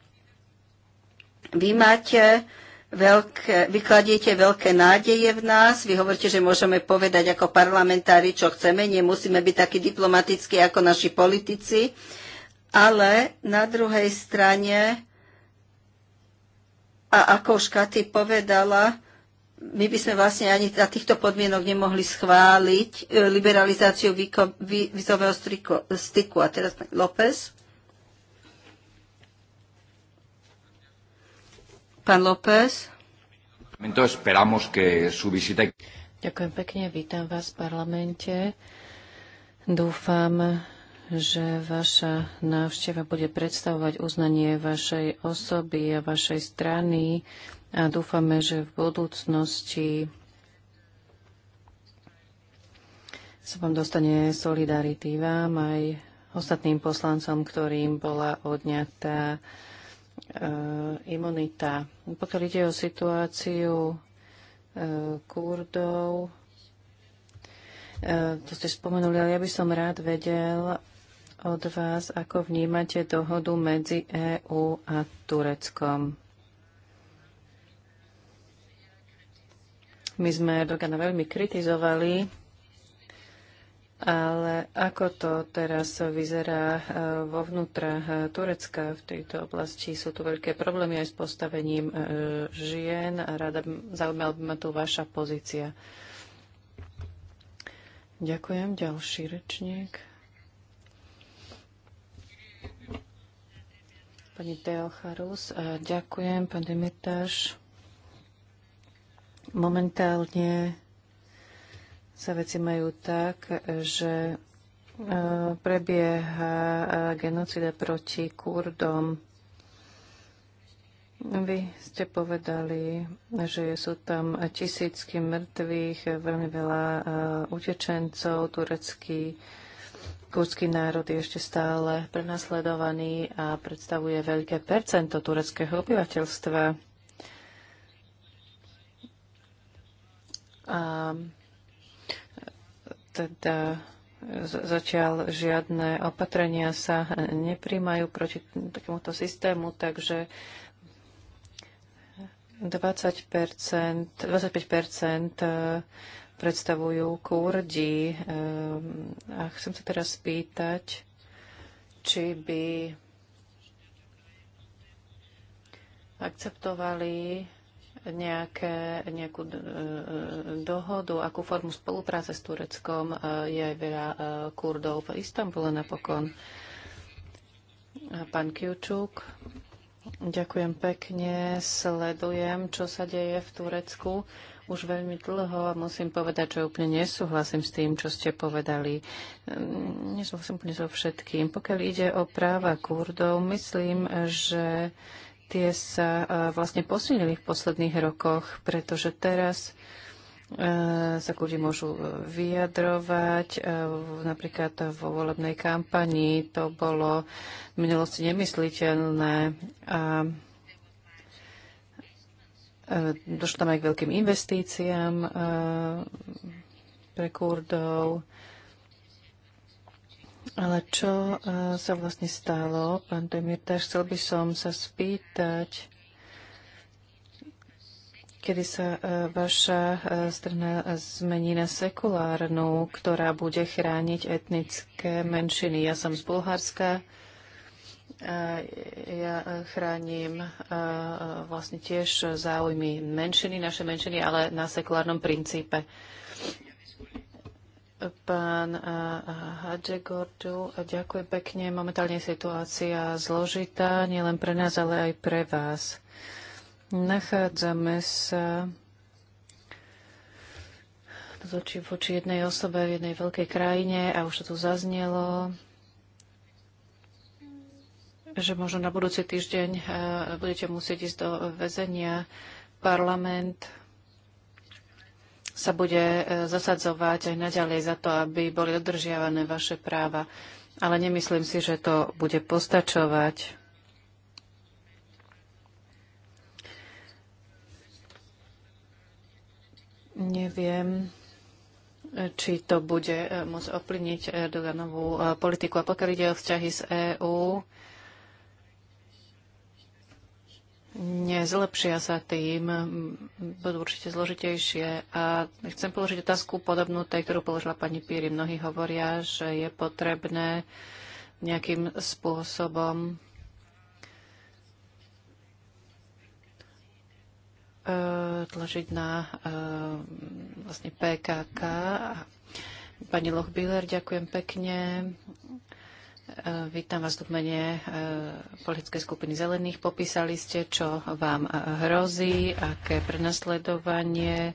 Vy máte veľké, vykladiete veľké nádeje v nás, vy hovoríte, že môžeme povedať ako parlamentári, čo chceme, nemusíme byť takí diplomatickí ako naši politici. Uh, ale na druhej strane, a ako už Katy povedala, my by sme vlastne ani za týchto podmienok nemohli schváliť e, liberalizáciu vizového styku. A teraz López. Pán López. Ďakujem pekne, vítam vás v parlamente. Dúfam, že vaša návšteva bude predstavovať uznanie vašej osoby a vašej strany a dúfame, že v budúcnosti sa vám dostane solidarity vám aj ostatným poslancom, ktorým bola odňatá e, imunita. Pokiaľ ide o situáciu e, Kurdov, eh, to ste spomenuli, ale ja by som rád vedel, od vás, ako vnímate dohodu medzi EÚ a Tureckom. My sme Erdogana veľmi kritizovali, ale ako to teraz vyzerá e, vo vnútra e, Turecka v tejto oblasti? Sú tu veľké problémy aj s postavením e, žien a rada zaujímala by ma tu vaša pozícia. Ďakujem. Ďalší rečník. Pani Teocharus, ďakujem, pán Dimitáš. Momentálne sa veci majú tak, že e, prebieha e, genocida proti Kurdom. Vy ste povedali, že sú tam tisícky mŕtvych, veľmi veľa e, utečencov, tureckých Kurdský národ je ešte stále prenasledovaný a predstavuje veľké percento tureckého obyvateľstva. A teda zatiaľ žiadne opatrenia sa nepríjmajú proti takémuto systému, takže 20 25 predstavujú Kurdi. Ehm, a chcem sa teraz spýtať, či by akceptovali nejaké, nejakú e, e, dohodu, akú formu spolupráce s Tureckom e, je aj veľa Kurdov v Istambule napokon. Pán Kiučuk, ďakujem pekne, sledujem, čo sa deje v Turecku už veľmi dlho a musím povedať, že úplne nesúhlasím s tým, čo ste povedali. Mm, nesúhlasím úplne so všetkým. Pokiaľ ide o práva Kurdov, myslím, že tie sa e, vlastne posunili v posledných rokoch, pretože teraz e, sa kurdi môžu vyjadrovať. E, napríklad vo volebnej kampanii to bolo v minulosti nemysliteľné. A E, došlo tam aj k veľkým investíciám e, pre Kurdov. Ale čo e, sa vlastne stalo, pán Demirtaš, chcel by som sa spýtať, kedy sa vaša strana zmení na sekulárnu, ktorá bude chrániť etnické menšiny. Ja som z Bulharska ja chránim vlastne tiež záujmy menšiny, naše menšiny, ale na sekulárnom princípe. Pán Hadžegordu, ďakujem pekne. Momentálne je situácia zložitá, nielen pre nás, ale aj pre vás. Nachádzame sa z voči, voči jednej osobe v jednej veľkej krajine a už to tu zaznelo že možno na budúci týždeň e, budete musieť ísť do väzenia. Parlament sa bude e, zasadzovať aj naďalej za to, aby boli dodržiavané vaše práva. Ale nemyslím si, že to bude postačovať. Neviem, či to bude e, môcť ovplyvniť Doganovú politiku. A pokiaľ ide o vzťahy z EÚ, nezlepšia sa tým, budú určite zložitejšie. A chcem položiť otázku podobnú tej, ktorú položila pani Píri. Mnohí hovoria, že je potrebné nejakým spôsobom e, tlačiť na e, vlastne PKK. Pani Lochbiller, ďakujem pekne. E, vítam vás v mene e, politickej skupiny Zelených. Popísali ste, čo vám hrozí, aké prenasledovanie, e,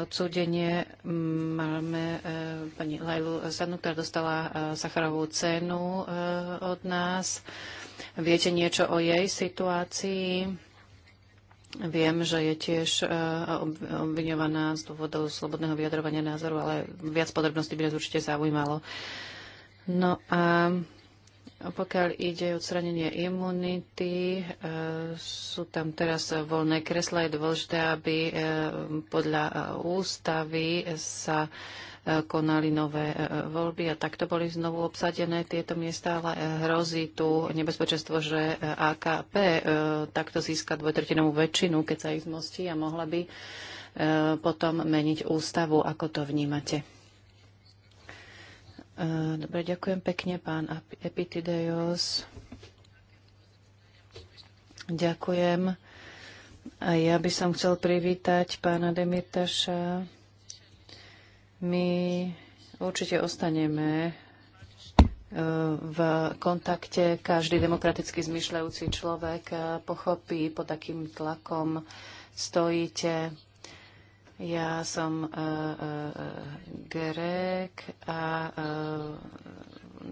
odsúdenie. Máme pani Lajlu Sadnu, ktorá dostala Sacharovú cenu od nás. Viete niečo o jej situácii? Viem, že je tiež obviňovaná z dôvodov slobodného vyjadrovania názoru, ale viac podrobností by nás určite zaujímalo. No a pokiaľ ide o odstranenie imunity, e, sú tam teraz voľné kresla. Je dôležité, aby e, podľa e, ústavy sa konali nové voľby a takto boli znovu obsadené tieto miesta, ale hrozí tu nebezpečenstvo, že AKP takto získa dvojtretinovú väčšinu, keď sa ich zmostí a mohla by potom meniť ústavu. Ako to vnímate? Dobre, ďakujem pekne, pán Epitideos. Ďakujem. A ja by som chcel privítať pána Demirtaša. My určite ostaneme e, v kontakte. Každý demokraticky zmyšľajúci človek e, pochopí, pod takým tlakom stojíte ja som uh, uh, Grek a uh,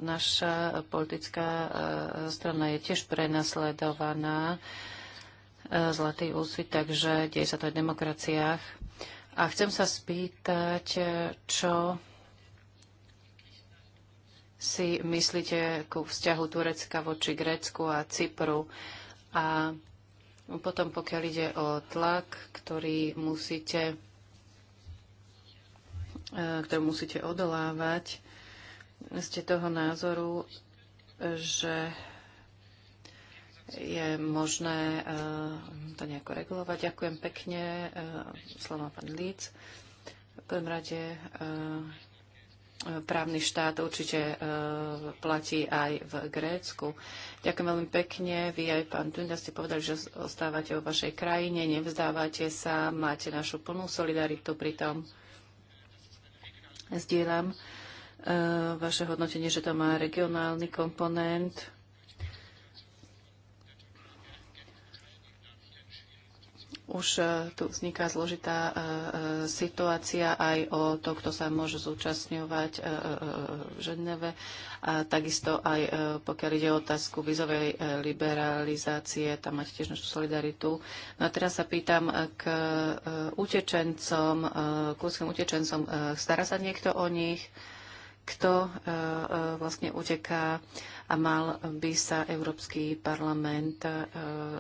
naša politická strana je tiež prenasledovaná Zlatý úsvit, takže deje sa to aj v demokraciách. A chcem sa spýtať, čo si myslíte ku vzťahu Turecka voči Grécku a Cypru. A potom, pokiaľ ide o tlak, ktorý musíte ktorú musíte odolávať, ste toho názoru, že je možné eh, to nejako regulovať. Ďakujem pekne. Eh, slovo pán Líc. V prvom rade eh, právny štát určite platí aj v Grécku. Ďakujem veľmi pekne. Vy aj pán Tunda ste povedali, že ostávate vo vašej krajine, nevzdávate sa, máte našu plnú solidaritu pri tom. Zdieľam eh, vaše hodnotenie, že to má regionálny komponent Už e, tu vzniká zložitá e, e, situácia aj o to, kto sa môže zúčastňovať v Ženeve a takisto aj pokiaľ ide o otázku vizovej liberalizácie, tam máte tiež našu solidaritu. No a teraz sa pýtam k utečencom, kľudským utečencom, stará sa niekto o nich? kto e, e, vlastne uteká a mal by sa Európsky parlament e,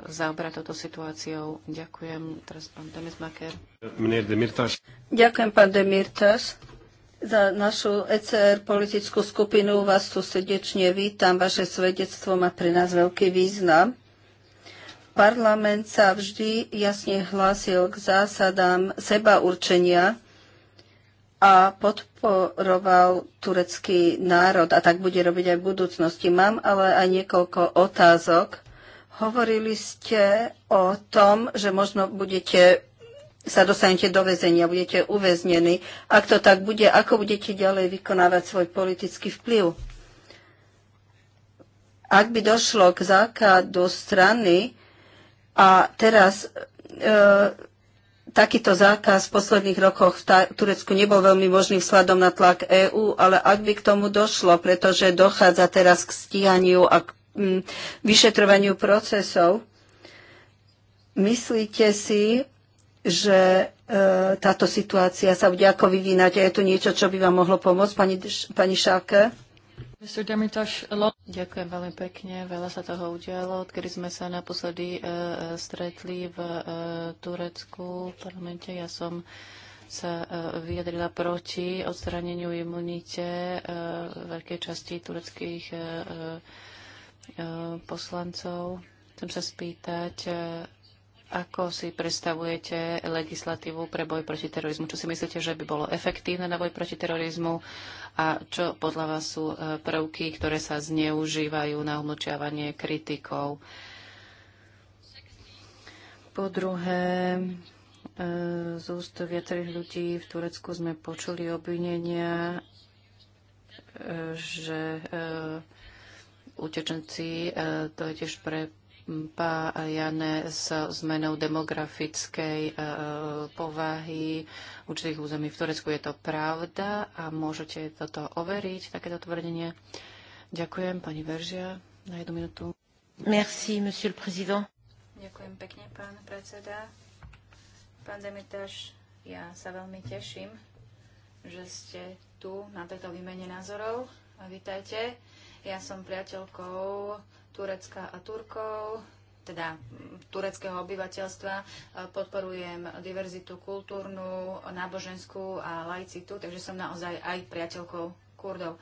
zaobrať touto situáciou. Ďakujem. Teraz pán Maker. Ďakujem, pán Demirtas. Za našu ECR politickú skupinu vás tu srdečne vítam. Vaše svedectvo má pre nás veľký význam. Parlament sa vždy jasne hlásil k zásadám seba určenia a podporoval turecký národ a tak bude robiť aj v budúcnosti. Mám ale aj niekoľko otázok. Hovorili ste o tom, že možno budete sa dostanete do väzenia, budete uväznení. Ak to tak bude, ako budete ďalej vykonávať svoj politický vplyv? Ak by došlo k základu strany a teraz e, takýto zákaz v posledných rokoch v Turecku nebol veľmi možný vzhľadom na tlak EÚ, ale ak by k tomu došlo, pretože dochádza teraz k stíhaniu a k mm, vyšetrovaniu procesov, myslíte si, že e, táto situácia sa bude ako vyvínať a je tu niečo, čo by vám mohlo pomôcť, pani, pani Šáke? Ďakujem veľmi pekne. Veľa sa toho udialo, odkedy sme sa naposledy e, e, stretli v e, Turecku v parlamente. Ja som sa e, vyjadrila proti odstraneniu imunite e, veľkej časti tureckých poslancov. Chcem sa spýtať, ako si predstavujete legislatívu pre boj proti terorizmu? Čo si myslíte, že by bolo efektívne na boj proti terorizmu? A čo podľa vás sú e, prvky, ktoré sa zneužívajú na umlčiavanie kritikov? Po druhé, e, z úst viacerých ľudí v Turecku sme počuli obvinenia, e, že utečenci, to je tiež pre spájané s zmenou demografickej e, e, povahy určitých území. V Turecku je to pravda a môžete toto overiť, takéto tvrdenie. Ďakujem, pani Veržia, na jednu minútu. Merci, monsieur le président. Ďakujem pekne, pán predseda. Pán Demitáš, ja sa veľmi teším, že ste tu na tejto výmene názorov. Vítajte. Ja som priateľkou Turecka a Turkov, teda tureckého obyvateľstva. E, podporujem diverzitu kultúrnu, náboženskú a laicitu, takže som naozaj aj priateľkou Kurdov.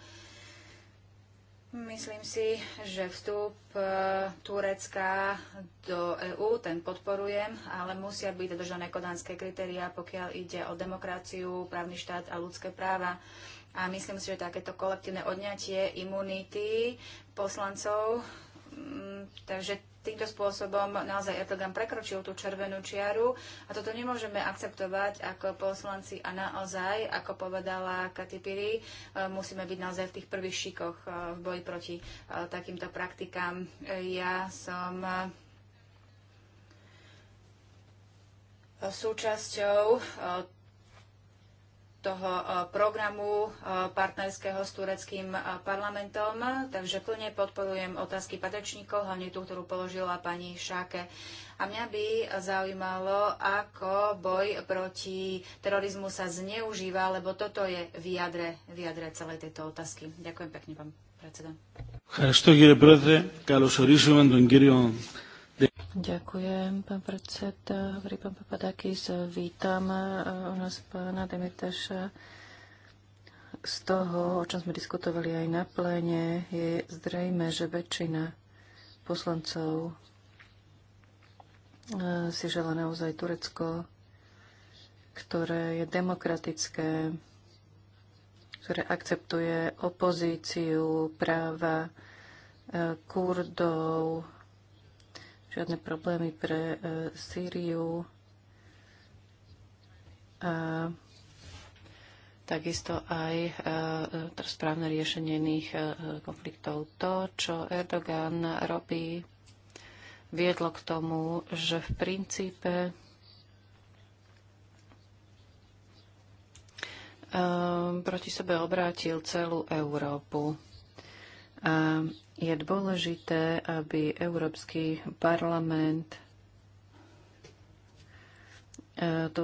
Myslím si, že vstup e, Turecka do EÚ, ten podporujem, ale musia byť dodržané kodanské kritériá, pokiaľ ide o demokraciu, právny štát a ľudské práva. A myslím si, že takéto kolektívne odňatie imunity poslancov Mm, takže týmto spôsobom naozaj Erdogan prekročil tú červenú čiaru a toto nemôžeme akceptovať ako poslanci a naozaj, ako povedala Katy Piri, e, musíme byť naozaj v tých prvých šikoch e, v boji proti e, takýmto praktikám. Ja som súčasťou toho eh, programu eh, partnerského s tureckým eh, parlamentom, takže plne podporujem otázky patečníkov, hlavne tú, ktorú položila pani Šáke. A mňa by zaujímalo, ako boj proti terorizmu sa zneužíva, lebo toto je vyjadre vyjadre celej tejto otázky. Ďakujem pekne, pán predseda. Ευχαριστώ κύριε Πρόεδρε. Ďakujem, pán predseda. Hovorí pán Papadakis. Vítam eh, u nás pána Demetaša. Z toho, o čom sme diskutovali aj na pléne, je zrejme, že väčšina poslancov eh, si žela naozaj Turecko, ktoré je demokratické, ktoré akceptuje opozíciu, práva eh, Kurdov, žiadne problémy pre e, Sýriu. A takisto aj e, správne riešenie iných e, konfliktov. To, čo Erdogan robí, viedlo k tomu, že v princípe e, proti sebe obrátil celú Európu. A je dôležité, aby Európsky parlament e, tu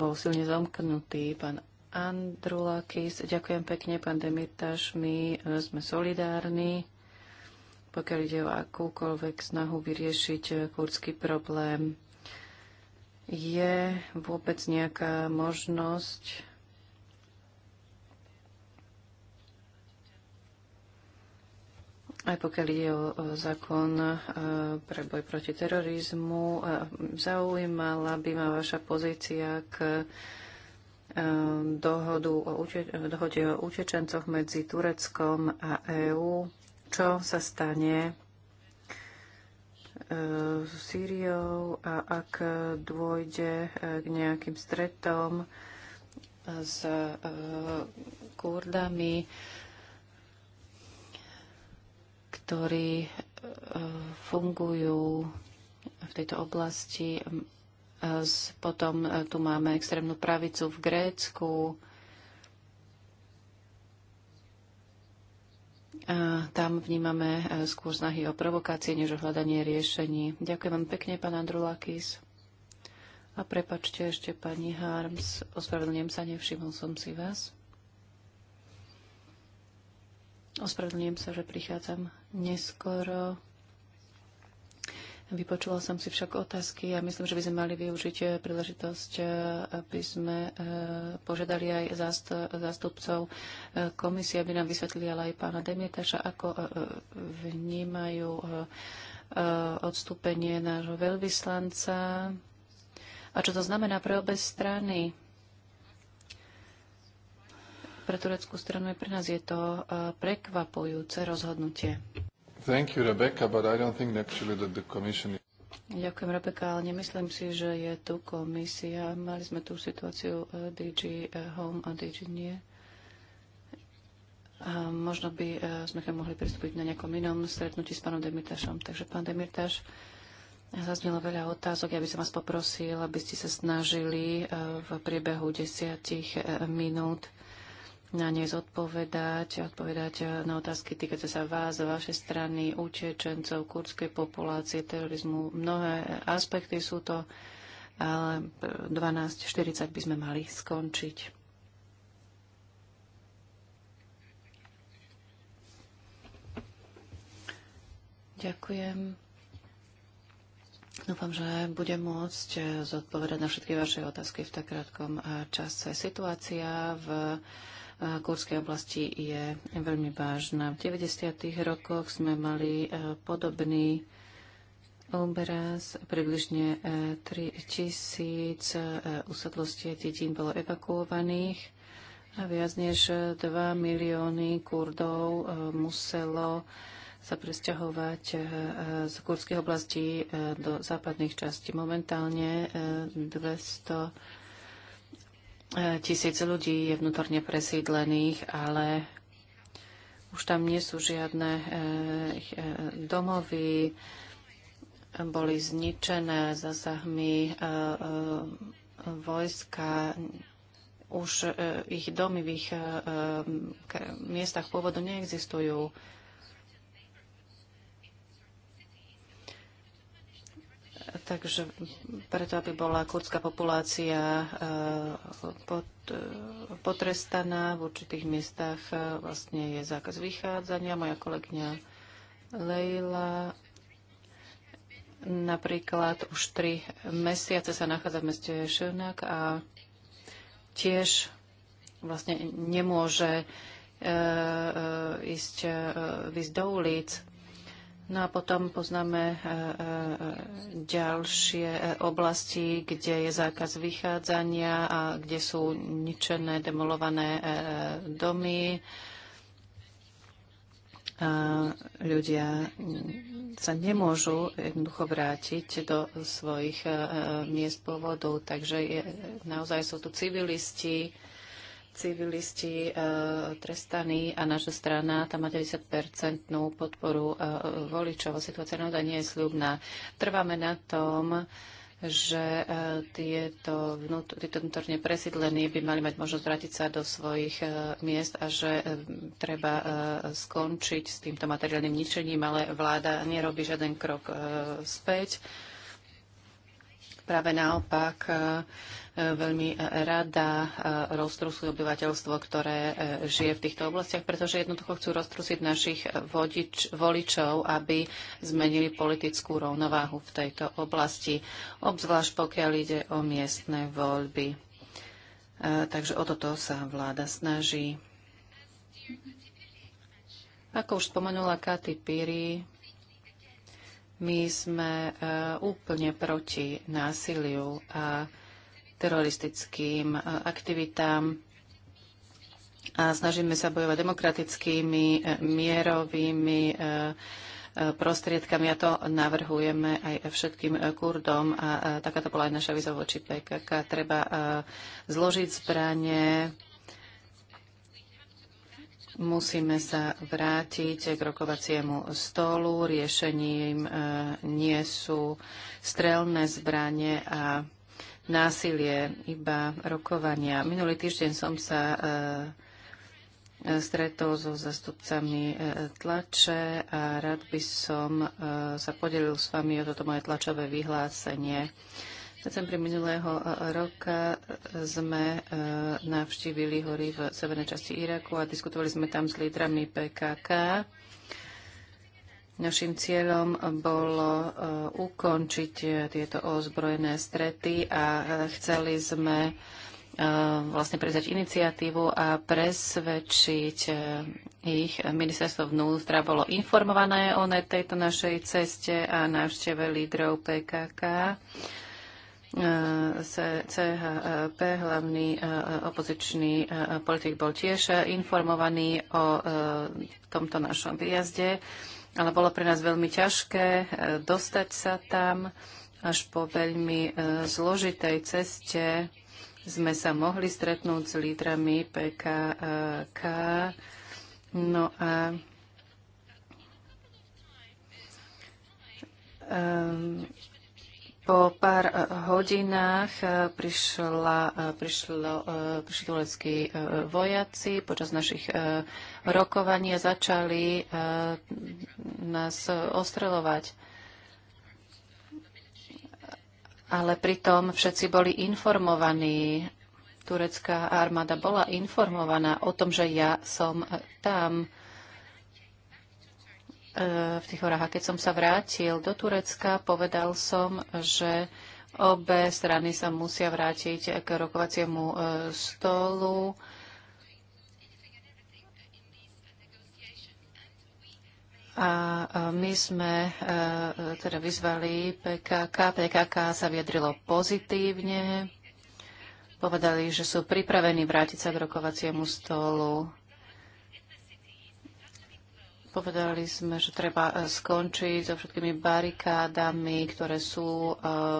bol silne zamknutý. Pán Andrulakis, ďakujem pekne, pán Demirtaš, my e, sme solidárni, pokiaľ ide o akúkoľvek snahu vyriešiť e, kurdský problém. Je vôbec nejaká možnosť aj pokiaľ ide o zákon e, pre boj proti terorizmu. E, zaujímala by ma vaša pozícia k e, dohodu o dohode o utečencoch medzi Tureckom a EÚ. Čo sa stane s Sýriou a ak dôjde k nejakým stretom s Kurdami? ktorí e, fungujú v tejto oblasti. E, potom e, tu máme extrémnu pravicu v Grécku. A tam vnímame skôr snahy o provokácie, než o hľadanie riešení. Ďakujem vám pekne, pán Andrulakis. A prepačte ešte, pani Harms, ospravedlňujem sa, nevšimol som si vás. Ospravedlňujem sa, že prichádzam neskoro. Vypočula som si však otázky a myslím, že by sme mali využiť príležitosť, aby sme eh, požiadali aj zástupcov eh, komisie, aby nám vysvetlili, ale aj pána Demietaša, ako eh, vnímajú odstúpenie nášho veľvyslanca a čo to znamená pre obe strany pre tureckú stranu je pre nás je to e, prekvapujúce rozhodnutie. Thank you, Rebecca, but I don't think actually that the commission Ďakujem, Rebeka, ale nemyslím si, že je tu komisia. Mali sme tú situáciu e, DG e, Home a DG nie. A možno by sme sa mohli pristúpiť na nejakom inom stretnutí s pánom Demirtašom. Takže, pán Demirtaš, zaznelo veľa otázok. Ja by som vás poprosil, aby ste sa snažili v priebehu desiatich minút na ne zodpovedať, odpovedať na otázky týkajúce sa vás, vašej strany, utečencov, kurdskej populácie, terorizmu. Mnohé aspekty sú to, ale 12.40 by sme mali skončiť. Ďakujem. Dúfam, že budem môcť zodpovedať na všetky vaše otázky v tak krátkom čase. Situácia v Kurskej oblasti je veľmi vážna. V 90. rokoch sme mali e, podobný obraz. Približne 3 e, tisíc e, usadlostí a dedín bolo evakuovaných a viac než 2 milióny Kurdov muselo sa presťahovať z kurdských oblastí do západných častí. Momentálne 200 Eh, tisíc ľudí je vnútorne presídlených, ale už tam nie sú žiadne eh, eh, domovy, boli zničené zásahmi vojska, už ich domy v ich miestach pôvodu neexistujú. Takže preto, aby bola kurdská populácia e, pod, e, potrestaná v určitých miestach, e, vlastne je zákaz vychádzania. Moja kolegyňa Leila napríklad už tri mesiace sa nachádza v meste Ševnak a tiež vlastne nemôže e, e, ísť, e, ísť do ulic No a potom poznáme e, e, ďalšie e, oblasti, kde je zákaz vychádzania a kde sú ničené, demolované domy. A ľudia sa nemôžu jednoducho vrátiť do svojich miest pôvodu, takže je, naozaj sú tu civilisti, civilisti e, trestaní a naša strana tam má 90-percentnú podporu e, voličov. Situácia naozaj nie je sľubná. Trváme na tom, že e, tieto, vnútor, tieto vnútorne presídlení by mali mať možnosť vrátiť sa do svojich miest a že treba skončiť s týmto materiálnym ničením, ale vláda nerobí žiaden krok späť. Práve naopak, e, veľmi rada e, roztrusuje obyvateľstvo, ktoré e, žije v týchto oblastiach, pretože jednoducho chcú roztrusiť našich vodič, voličov, aby zmenili politickú rovnováhu v tejto oblasti, obzvlášť pokiaľ ide o miestne voľby. Takže o toto sa vláda snaží. Ako už spomenula Katy Piri, my sme e, úplne proti násiliu a teroristickým e, aktivitám a snažíme sa bojovať demokratickými, e, mierovými prostriedkami a to navrhujeme aj všetkým Kurdom a takáto bola aj naša výzva voči PKK. Treba zložiť zbranie, Musíme sa vrátiť k rokovaciemu stolu. Riešením e, nie sú strelné zbranie a násilie, iba rokovania. Minulý týždeň som sa e, stretol so zastupcami e, tlače a rád by som sa podelil s vami o toto moje tlačové vyhlásenie. V decembri minulého e, roka e, sme e, navštívili hory v severnej časti Iraku a diskutovali sme tam s lídrami PKK. Našim cieľom bolo ukončiť tieto ozbrojené strety a chceli sme vlastne prezať iniciatívu a presvedčiť ich. Ministerstvo vnútra bolo informované o tejto našej ceste a návšteve lídrov PKK. Eh, CHP, hlavný eh, opozičný eh, politik, bol tiež informovaný o tomto našom výjazde, ale bolo pre nás veľmi ťažké dostať sa tam. Až po veľmi zložitej ceste sme sa mohli stretnúť s lídrami PKK. No a um, po pár eh, hodinách eh, prišla, eh, prišlo, prišli tureckí vojaci počas našich rokovaní a začali nás ostreľovať. Ale pritom všetci boli informovaní. Turecká armáda bola informovaná o tom, že ja som tam. E, v tých horách. A keď som sa vrátil do Turecka, povedal som, že obe strany sa musia vrátiť k rokovaciemu e, stolu. A e, my sme teda vyzvali PKK. PKK sa vyjadrilo pozitívne. Povedali, že sú pripravení vrátiť sa k rokovaciemu stolu. Povedali sme, že treba e, skončiť so všetkými barikádami, ktoré sú e,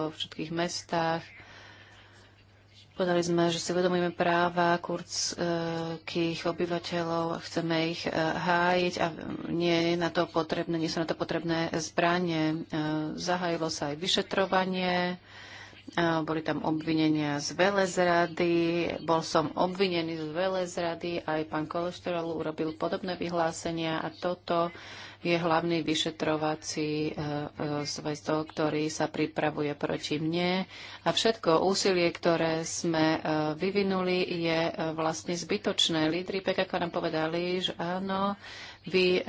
v všetkých mestách. Povedali sme, že si uvedomujeme práva kurdských obyvateľov a chceme ich e, hájiť a nie, je na to potrebné, nie sú na to potrebné zbranie. Zahájilo sa aj vyšetrovanie boli tam obvinenia z velezrady, bol som obvinený z velezrady, aj pán Kolesterol urobil podobné vyhlásenia a toto je hlavný vyšetrovací e, e, zväzok, ktorý sa pripravuje proti mne. A všetko úsilie, ktoré sme e, vyvinuli, je vlastne zbytočné. Lídry PKK nám povedali, že áno, vy eh,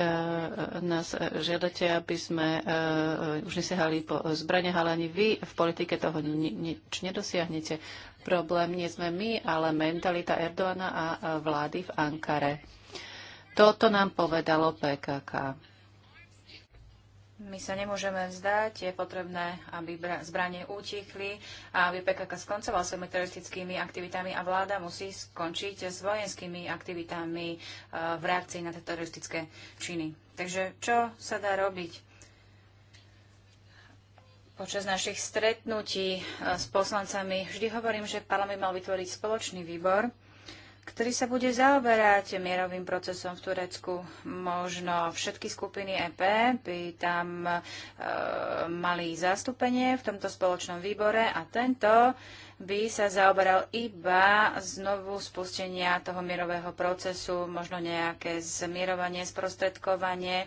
nás eh, žiadate, aby sme eh, už nesiahali po zbraniach, ale ani vy v politike toho nič nedosiahnete. Problém nie sme my, ale mentalita Erdoána a vlády v Ankare. Toto nám povedalo PKK. My sa nemôžeme vzdať, je potrebné, aby zbranie utichli a aby PKK skoncoval s teroristickými aktivitami a vláda musí skončiť s vojenskými aktivitami e, v reakcii na teroristické činy. Takže čo sa dá robiť? Počas našich stretnutí e, s poslancami vždy hovorím, že parlament mal vytvoriť spoločný výbor, ktorý sa bude zaoberať mierovým procesom v Turecku. Možno všetky skupiny EP by tam e, mali zastúpenie v tomto spoločnom výbore a tento by sa zaoberal iba znovu spustenia toho mierového procesu, možno nejaké zmierovanie, sprostredkovanie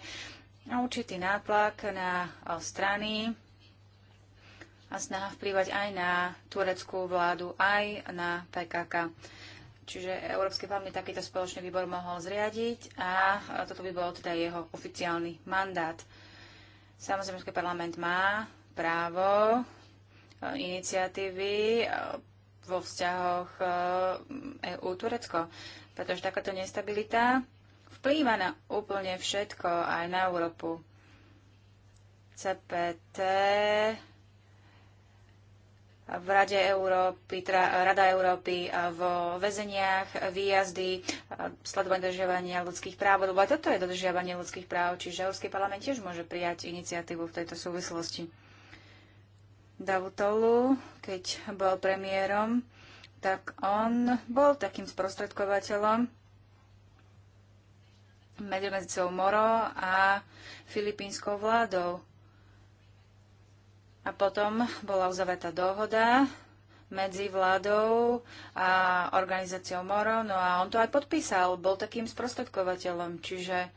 a určitý nátlak na e, strany a snaha vplývať aj na tureckú vládu, aj na PKK. Čiže Európsky parlament takýto spoločný výbor mohol zriadiť a toto by bol teda jeho oficiálny mandát. Samozrejme, Európsky parlament má právo eh, iniciatívy eh, vo vzťahoch EU-Turecko, eh, e pretože takáto nestabilita vplýva na úplne všetko, aj na Európu. CPT v Rade Európy, teda Rada Európy vo väzeniach, výjazdy, sledovanie dodržiavania ľudských práv, lebo aj toto je dodržiavanie ľudských práv, čiže Európsky parlament tiež môže prijať iniciatívu v tejto súvislosti. Davutolu, keď bol premiérom, tak on bol takým sprostredkovateľom medzi Moro a filipínskou vládou. A potom bola uzavetá dohoda medzi vládou a organizáciou Moro, no a on to aj podpísal, bol takým sprostredkovateľom, čiže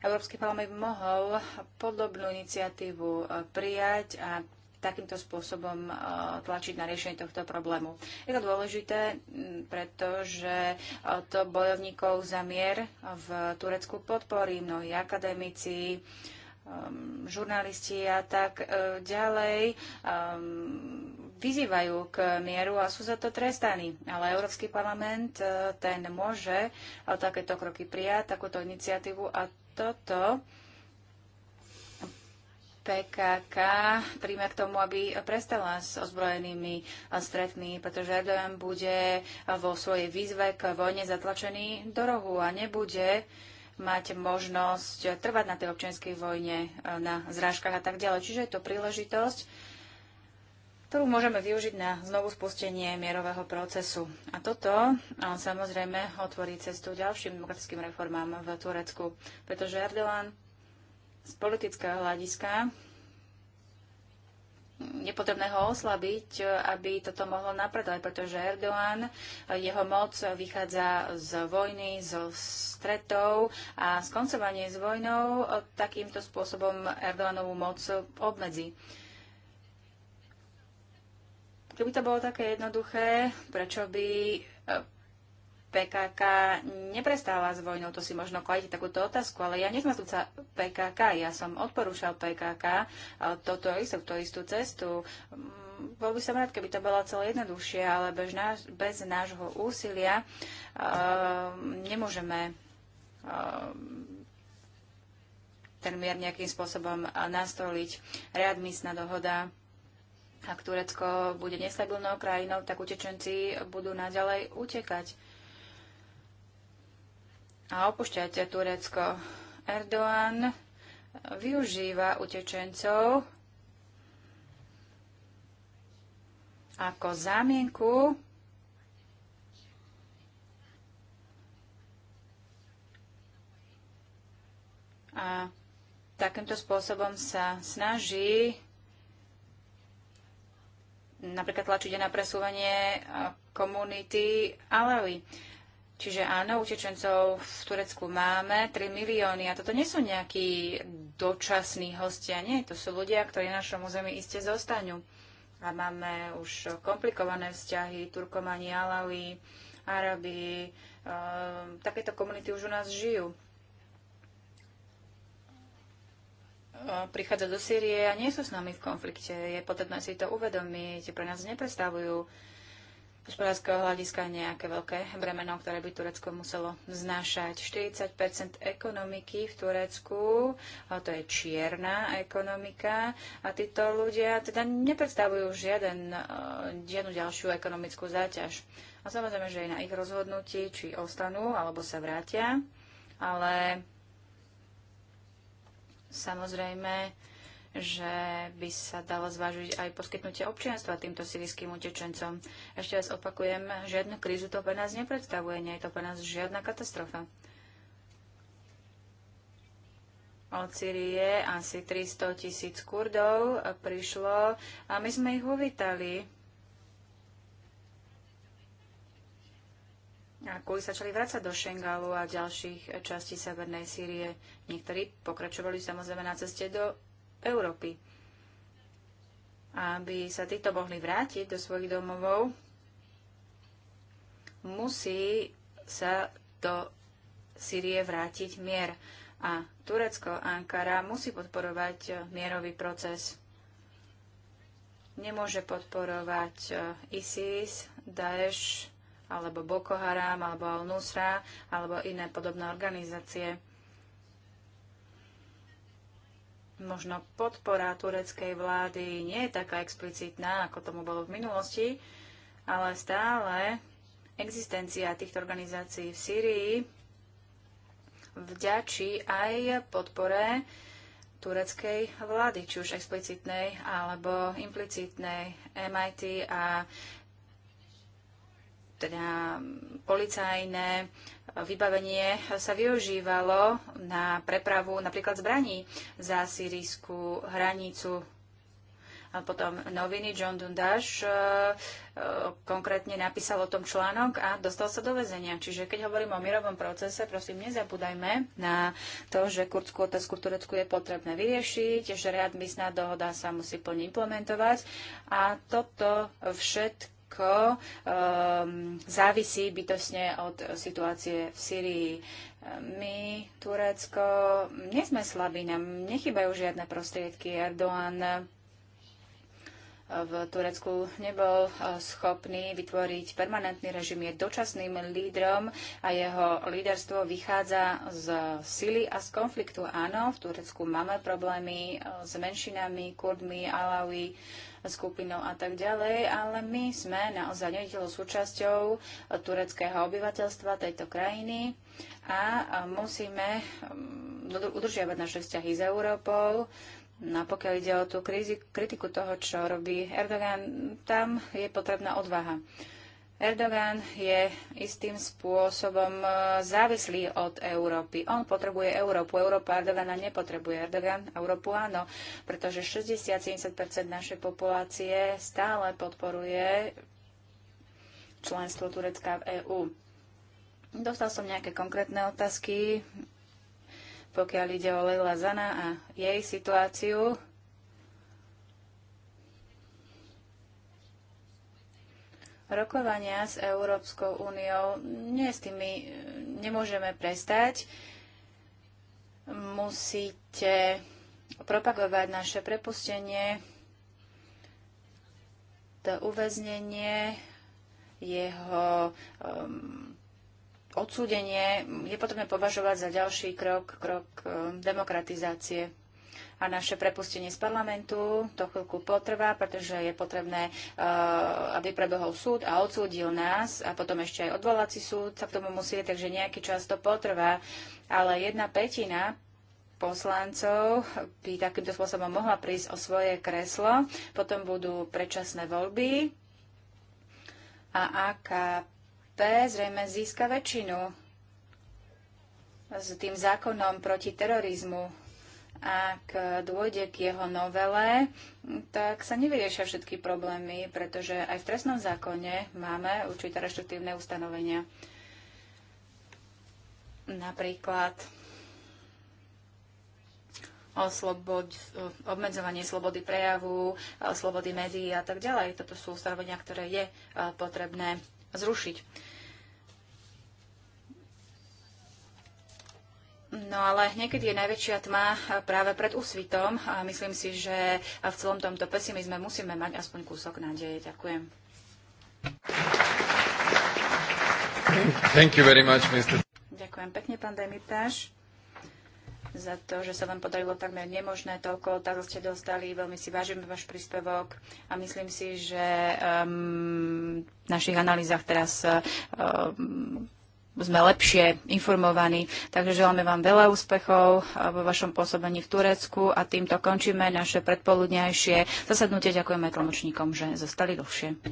Európsky parlament mohol podobnú iniciatívu e, prijať a takýmto spôsobom e, tlačiť na riešenie tohto problému. Je to dôležité, pretože e, to bojovníkov za mier v Turecku podporí mnohí akademici, um, žurnalisti a tak uh, ďalej um, vyzývajú k mieru a sú za to trestaní. Ale Európsky parlament uh, ten môže uh, takéto kroky prijať, takúto iniciatívu a toto PKK príjme k tomu, aby prestala s ozbrojenými stretmi, pretože Erdogan bude vo svojej výzve k vojne zatlačený do rohu a nebude uh, mať možnosť trvať na tej občianskej vojne, e, na zrážkach a tak ďalej. Čiže je to príležitosť, ktorú môžeme využiť na znovu spustenie mierového procesu. A toto samozrejme otvorí cestu ďalším demokratickým reformám v Turecku, pretože Erdogan z politického hľadiska Nepotrebné ho oslabiť, aby toto mohlo napredovať, pretože Erdoğan, jeho moc vychádza z vojny, zo stretov a skoncovanie s vojnou takýmto spôsobom Erdoğanovú moc obmedzi. Keby to bolo také jednoduché, prečo by PKK neprestáva s vojnou, to si možno kladíte takúto otázku, ale ja nie som PKK, ja som odporúčal PKK toto istú, tú istú cestu. Bol by som rád, keby to bolo celé jednoduchšie, ale bez, náš, bez nášho úsilia uh, nemôžeme uh, ten mier nejakým spôsobom nastoliť. Readmisná dohoda ak Turecko bude nestabilnou krajinou, tak utečenci budú naďalej utekať a opušťate Turecko. Erdoğan využíva utečencov ako zámienku a takýmto spôsobom sa snaží napríklad tlačiť na presúvanie komunity Alawi. Čiže áno, utečencov v Turecku máme 3 milióny a toto nie sú nejakí dočasní hostia, nie, to sú ľudia, ktorí na našom území iste zostanú. A máme už komplikované vzťahy, Turkomani, Alawi, Arabi, e, takéto komunity už u nás žijú. prichádza do Sýrie a nie sú s nami v konflikte. Je potrebné si to uvedomiť. Pre nás neprestavujú hospodárskeho hľadiska nejaké veľké bremeno, ktoré by Turecko muselo znášať. 40 ekonomiky v Turecku, to je čierna ekonomika a títo ľudia teda nepredstavujú žiaden, e, žiadnu ďalšiu ekonomickú záťaž. A samozrejme, že je na ich rozhodnutí, či ostanú alebo sa vrátia, ale samozrejme, že by sa dalo zvážiť aj poskytnutie občianstva týmto sírijským utečencom. Ešte raz opakujem, žiadnu krízu to pre nás nepredstavuje, nie je to pre nás žiadna katastrofa. Od Syrie asi 300 tisíc Kurdov prišlo a my sme ich uvítali. A kvôli sa čali vrácať do Šengalu a ďalších častí severnej Sýrie. Niektorí pokračovali samozrejme na ceste do Európy. Aby sa títo mohli vrátiť do svojich domovov, musí sa do Syrie vrátiť mier. A Turecko, Ankara musí podporovať eh, mierový proces. Nemôže podporovať eh, ISIS, Daesh, alebo Boko Haram, alebo Al-Nusra, alebo iné podobné organizácie. možno podpora tureckej vlády nie je taká explicitná, ako tomu bolo v minulosti, ale stále existencia týchto organizácií v Sýrii vďačí aj podpore tureckej vlády, či už explicitnej alebo implicitnej MIT a teda policajné vybavenie sa využívalo na prepravu napríklad zbraní za sírijskú hranicu. A potom noviny John Dundas, e, e, konkrétne napísal o tom článok a dostal sa do väzenia. Čiže keď hovorím o mirovom procese, prosím, nezabúdajme na to, že kurdskú otázku v Turecku je potrebné vyriešiť, že readmisná dohoda sa musí plne implementovať a toto všetko Turecko um, ehm, závisí bytosne od situácie v Syrii. My, Turecko, nie sme slabí, nám nechybajú žiadne prostriedky. Erdoğan eh, v Turecku nebol eh, schopný vytvoriť permanentný režim, je dočasným lídrom a jeho líderstvo vychádza z sily a z konfliktu. Áno, v Turecku máme problémy eh, s menšinami, kurdmi, alawi, skupinou a tak ďalej, ale my sme naozaj nedelou súčasťou tureckého obyvateľstva tejto krajiny a musíme um, udržiavať naše vzťahy s Európou. No pokiaľ ide o tú krízi, kritiku toho, čo robí Erdogan, tam je potrebná odvaha. Erdogan je istým spôsobom e, závislý od Európy. On potrebuje Európu. Európa Erdogana nepotrebuje. Erdogan Európu áno, pretože 60-70 našej populácie stále podporuje členstvo Turecka v EÚ. Dostal som nejaké konkrétne otázky, pokiaľ ide o Leila Zana a jej situáciu. rokovania s Európskou úniou nie s tými nemôžeme prestať. Musíte propagovať naše prepustenie, to uväznenie, jeho um, odsúdenie je potrebné považovať za ďalší krok, krok um, demokratizácie a naše prepustenie z parlamentu to chvíľku potrvá, pretože je potrebné, eh, aby prebehol súd a odsúdil nás a potom ešte aj odvolací súd sa k tomu musí, takže nejaký čas to potrvá. Ale jedna petina poslancov by takýmto spôsobom mohla prísť o svoje kreslo. Potom budú predčasné voľby a AKP zrejme získa väčšinu s tým zákonom proti terorizmu ak dôjde k jeho novele, tak sa nevyriešia všetky problémy, pretože aj v trestnom zákone máme určité reštriktívne ustanovenia. Napríklad Slobod, obmedzovanie slobody prejavu, slobody médií a tak ďalej. Toto sú ustanovenia, ktoré je potrebné zrušiť. No ale niekedy je najväčšia tma práve pred úsvitom a myslím si, že v celom tomto pesimizme musíme mať aspoň kúsok nádeje. Ďakujem. Thank you very much, Mr. Ďakujem pekne, pán Demitáš, za to, že sa vám podarilo takmer nemožné toľko tak ste dostali. Veľmi si vážime váš príspevok a myslím si, že um, v našich analýzach teraz um, sme lepšie informovaní. Takže želáme vám veľa úspechov eh, vo vašom pôsobení v Turecku a týmto končíme naše predpoludňajšie zasadnutie. Ďakujeme tlmočníkom, že zostali dlhšie.